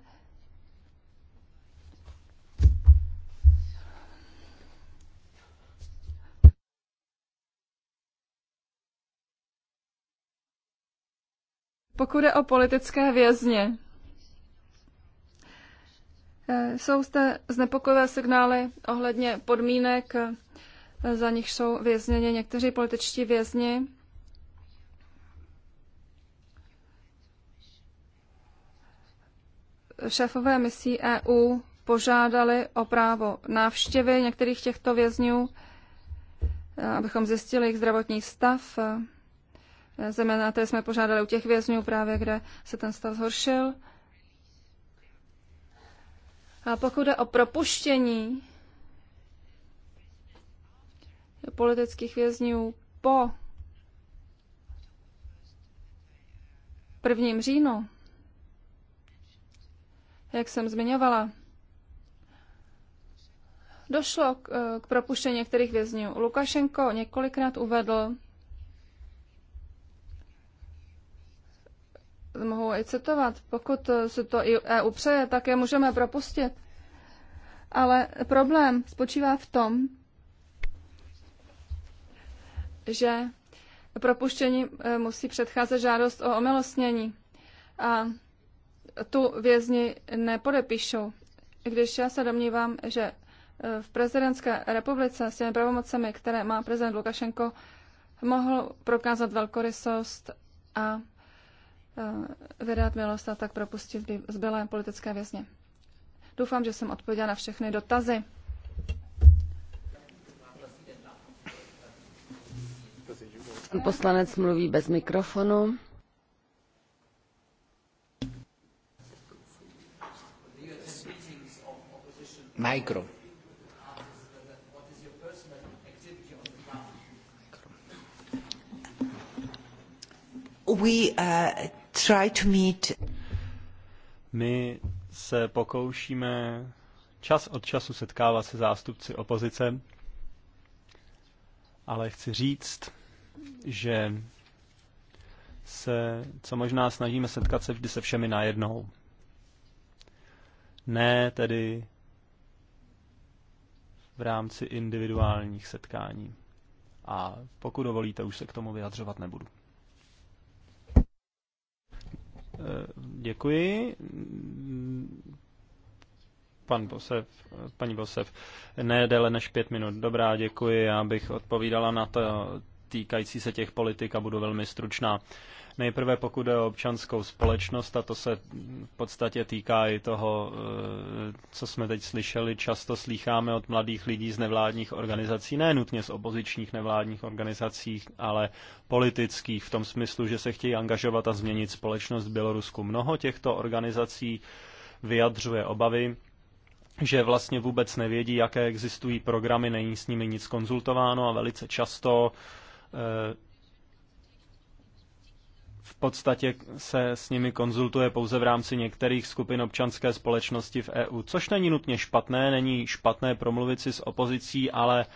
Pokud je o politické vězně, eh, jsou zde znepokojivé signály ohledně podmínek, eh, za nich jsou vězněni někteří političtí vězni. Šéfové misí EU požádali o právo návštěvy některých těchto vězňů, eh, abychom zjistili jejich zdravotní stav. Zeměna té jsme požádali u těch vězňů právě, kde se ten stav zhoršil. A pokud jde o propuštění politických vězňů po prvním říjnu, jak jsem zmiňovala, došlo k, k propuštění některých vězňů. Lukašenko několikrát uvedl, mohu i citovat, pokud se to i EU přeje, tak je můžeme propustit. Ale problém spočívá v tom, že propuštění e, musí předcházet žádost o omilostnění. A tu vězni nepodepíšou. Když já se domnívám, že e, v prezidentské republice s těmi pravomocemi, které má prezident Lukašenko, mohl prokázat velkorysost a Eh, vydat milost a tak propustit zbylé politické vězně. Doufám, že jsem odpověděla na všechny dotazy.
Pan poslanec
mluví bez mikrofonu.
Mikro. We, uh, my se pokoušíme čas od času setkávat se zástupci opozice, ale chci říct, že se, co možná snažíme setkat se vždy se všemi najednou. Ne tedy v rámci individuálních setkání. A pokud dovolíte, už se k tomu vyjadřovat nebudu. Eh, děkuji. Pan Bosev, paní Bosev, ne déle než pět minut. Dobrá, děkuji. Já bych odpovídala na to týkající se těch politik a budu velmi stručná. Nejprve pokud je o občanskou společnost, a to se v podstatě týká i toho, eh, co jsme teď slyšeli, často slýcháme od mladých lidí z nevládních organizací, ne nutně z opozičních nevládních organizací, ale politických, v tom smyslu, že se chtějí angažovat a změnit společnost v Bělorusku. Mnoho těchto organizací vyjadřuje obavy, že vlastně vůbec nevědí, jaké existují programy, není s nimi nic konzultováno a velice často eh, v podstatě se s nimi konzultuje pouze v rámci některých skupin občanské společnosti v EU, což není nutně špatné, není špatné promluvit si s opozicí, ale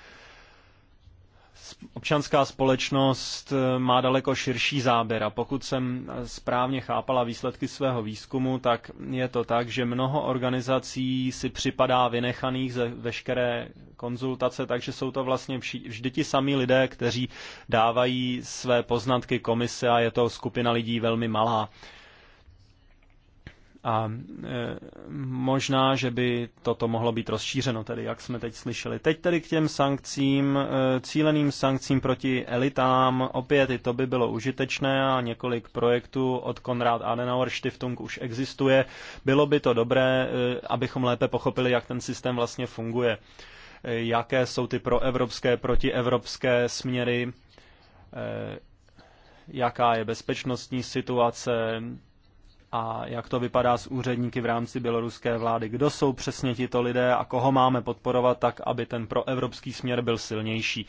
občanská společnost eh, má daleko širší záběr a pokud jsem správně chápala výsledky svého výzkumu, tak je to tak, že mnoho organizací si připadá vynechaných ze veškeré konzultace, takže jsou to vlastně vždy ti samí lidé, kteří dávají své poznatky komise a je to skupina lidí velmi malá. A e, možná, že by toto mohlo být rozšířeno, tedy jak jsme teď slyšeli. Teď tedy k těm sankcím, e, cíleným sankcím proti elitám. Opět i to by bylo užitečné a několik projektů od Konrad Adenauer Stiftung už existuje. Bylo by to dobré, e, abychom lépe pochopili, jak ten systém vlastně funguje. Jaké jsou ty proevropské, protievropské směry, jaká je bezpečnostní situace, a jak to vypadá s úředníky v rámci běloruské vlády. Kdo jsou přesně tito lidé a koho máme podporovat tak, aby ten proevropský směr byl silnější.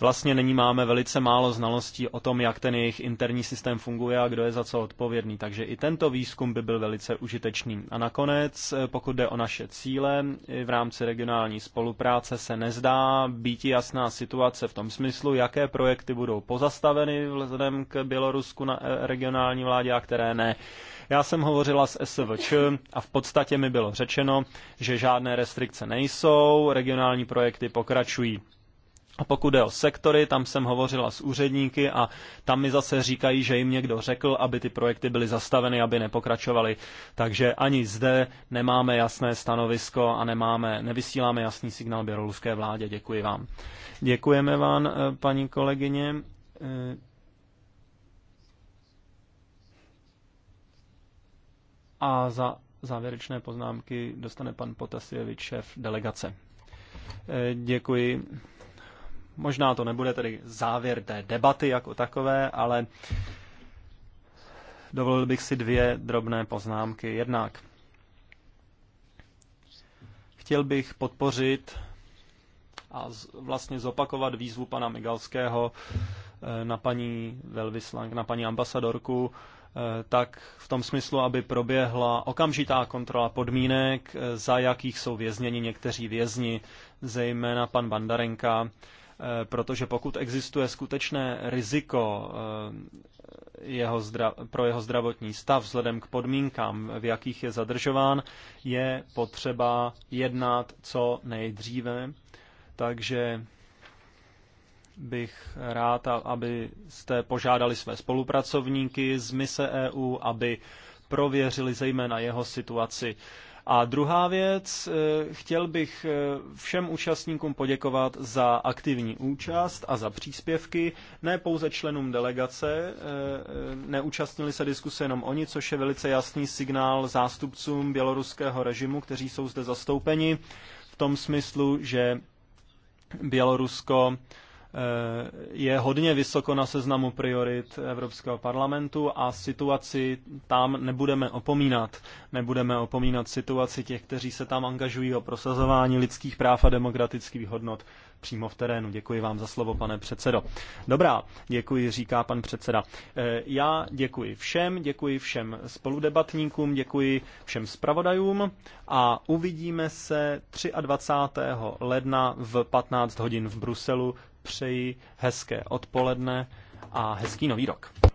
Vlastně nyní máme velice málo znalostí o tom, jak ten jejich interní systém funguje a kdo je za co odpovědný, takže i tento výzkum by byl velice užitečný. A nakonec, eh, pokud jde o naše cíle, eh, v rámci regionální spolupráce se nezdá být jasná situace v tom smyslu, jaké projekty budou pozastaveny vzhledem k Bělorusku na eh, regionální vládě a které ne. Já jsem hovořila s SVČ a v podstatě mi bylo řečeno, že žádné restrikce nejsou, regionální projekty pokračují. A pokud jde o sektory, tam jsem hovořila s úředníky a tam mi zase říkají, že jim někdo řekl, aby ty projekty byly zastaveny, aby nepokračovaly. Takže ani zde nemáme jasné stanovisko a nemáme, nevysíláme jasný signál běloruské vládě. Děkuji vám. Děkujeme vám, eh, paní kolegyně. Eh, A za závěrečné poznámky dostane pan Potasjevič, šéf delegace. Eh, děkuji. Možná to nebude tedy závěr té debaty jako takové, ale dovolil bych si dvě drobné poznámky. Jednak chtěl bych podpořit a vlastně zopakovat výzvu pana Migalského eh, na paní velvyslank, na paní ambasadorku, Eh, tak v tom smyslu, aby proběhla okamžitá kontrola podmínek, eh, za jakých jsou vězněni někteří vězni, zejména pan Bandarenka, eh, protože pokud existuje skutečné riziko jeho zdra- pro jeho zdravotní stav vzhledem k podmínkám, v jakých je zadržován, je potřeba jednat co nejdříve. Takže bych rád, abyste požádali své spolupracovníky z mise EU, aby prověřili zejména jeho situaci. A druhá věc, eh, chtěl bych eh, všem účastníkům poděkovat za aktivní účast a za příspěvky, ne pouze členům delegace, eh, neúčastnili se diskuse jenom oni, což je velice jasný signál zástupcům běloruského režimu, kteří jsou zde zastoupeni, v tom smyslu, že Bělorusko Eh, je hodně vysoko na seznamu priorit Evropského parlamentu a situaci tam nebudeme opomínat. Nebudeme opomínat situaci těch, kteří se tam angažují o prosazování lidských práv a demokratických hodnot přímo v terénu. Děkuji vám za slovo, pane předsedo. Dobrá, děkuji, říká pan předseda. Eh, já děkuji všem, děkuji všem spoludebatníkům, děkuji všem zpravodajům a uvidíme se 23. ledna v 15 hodin v Bruselu přeji hezké odpoledne a hezký nový rok.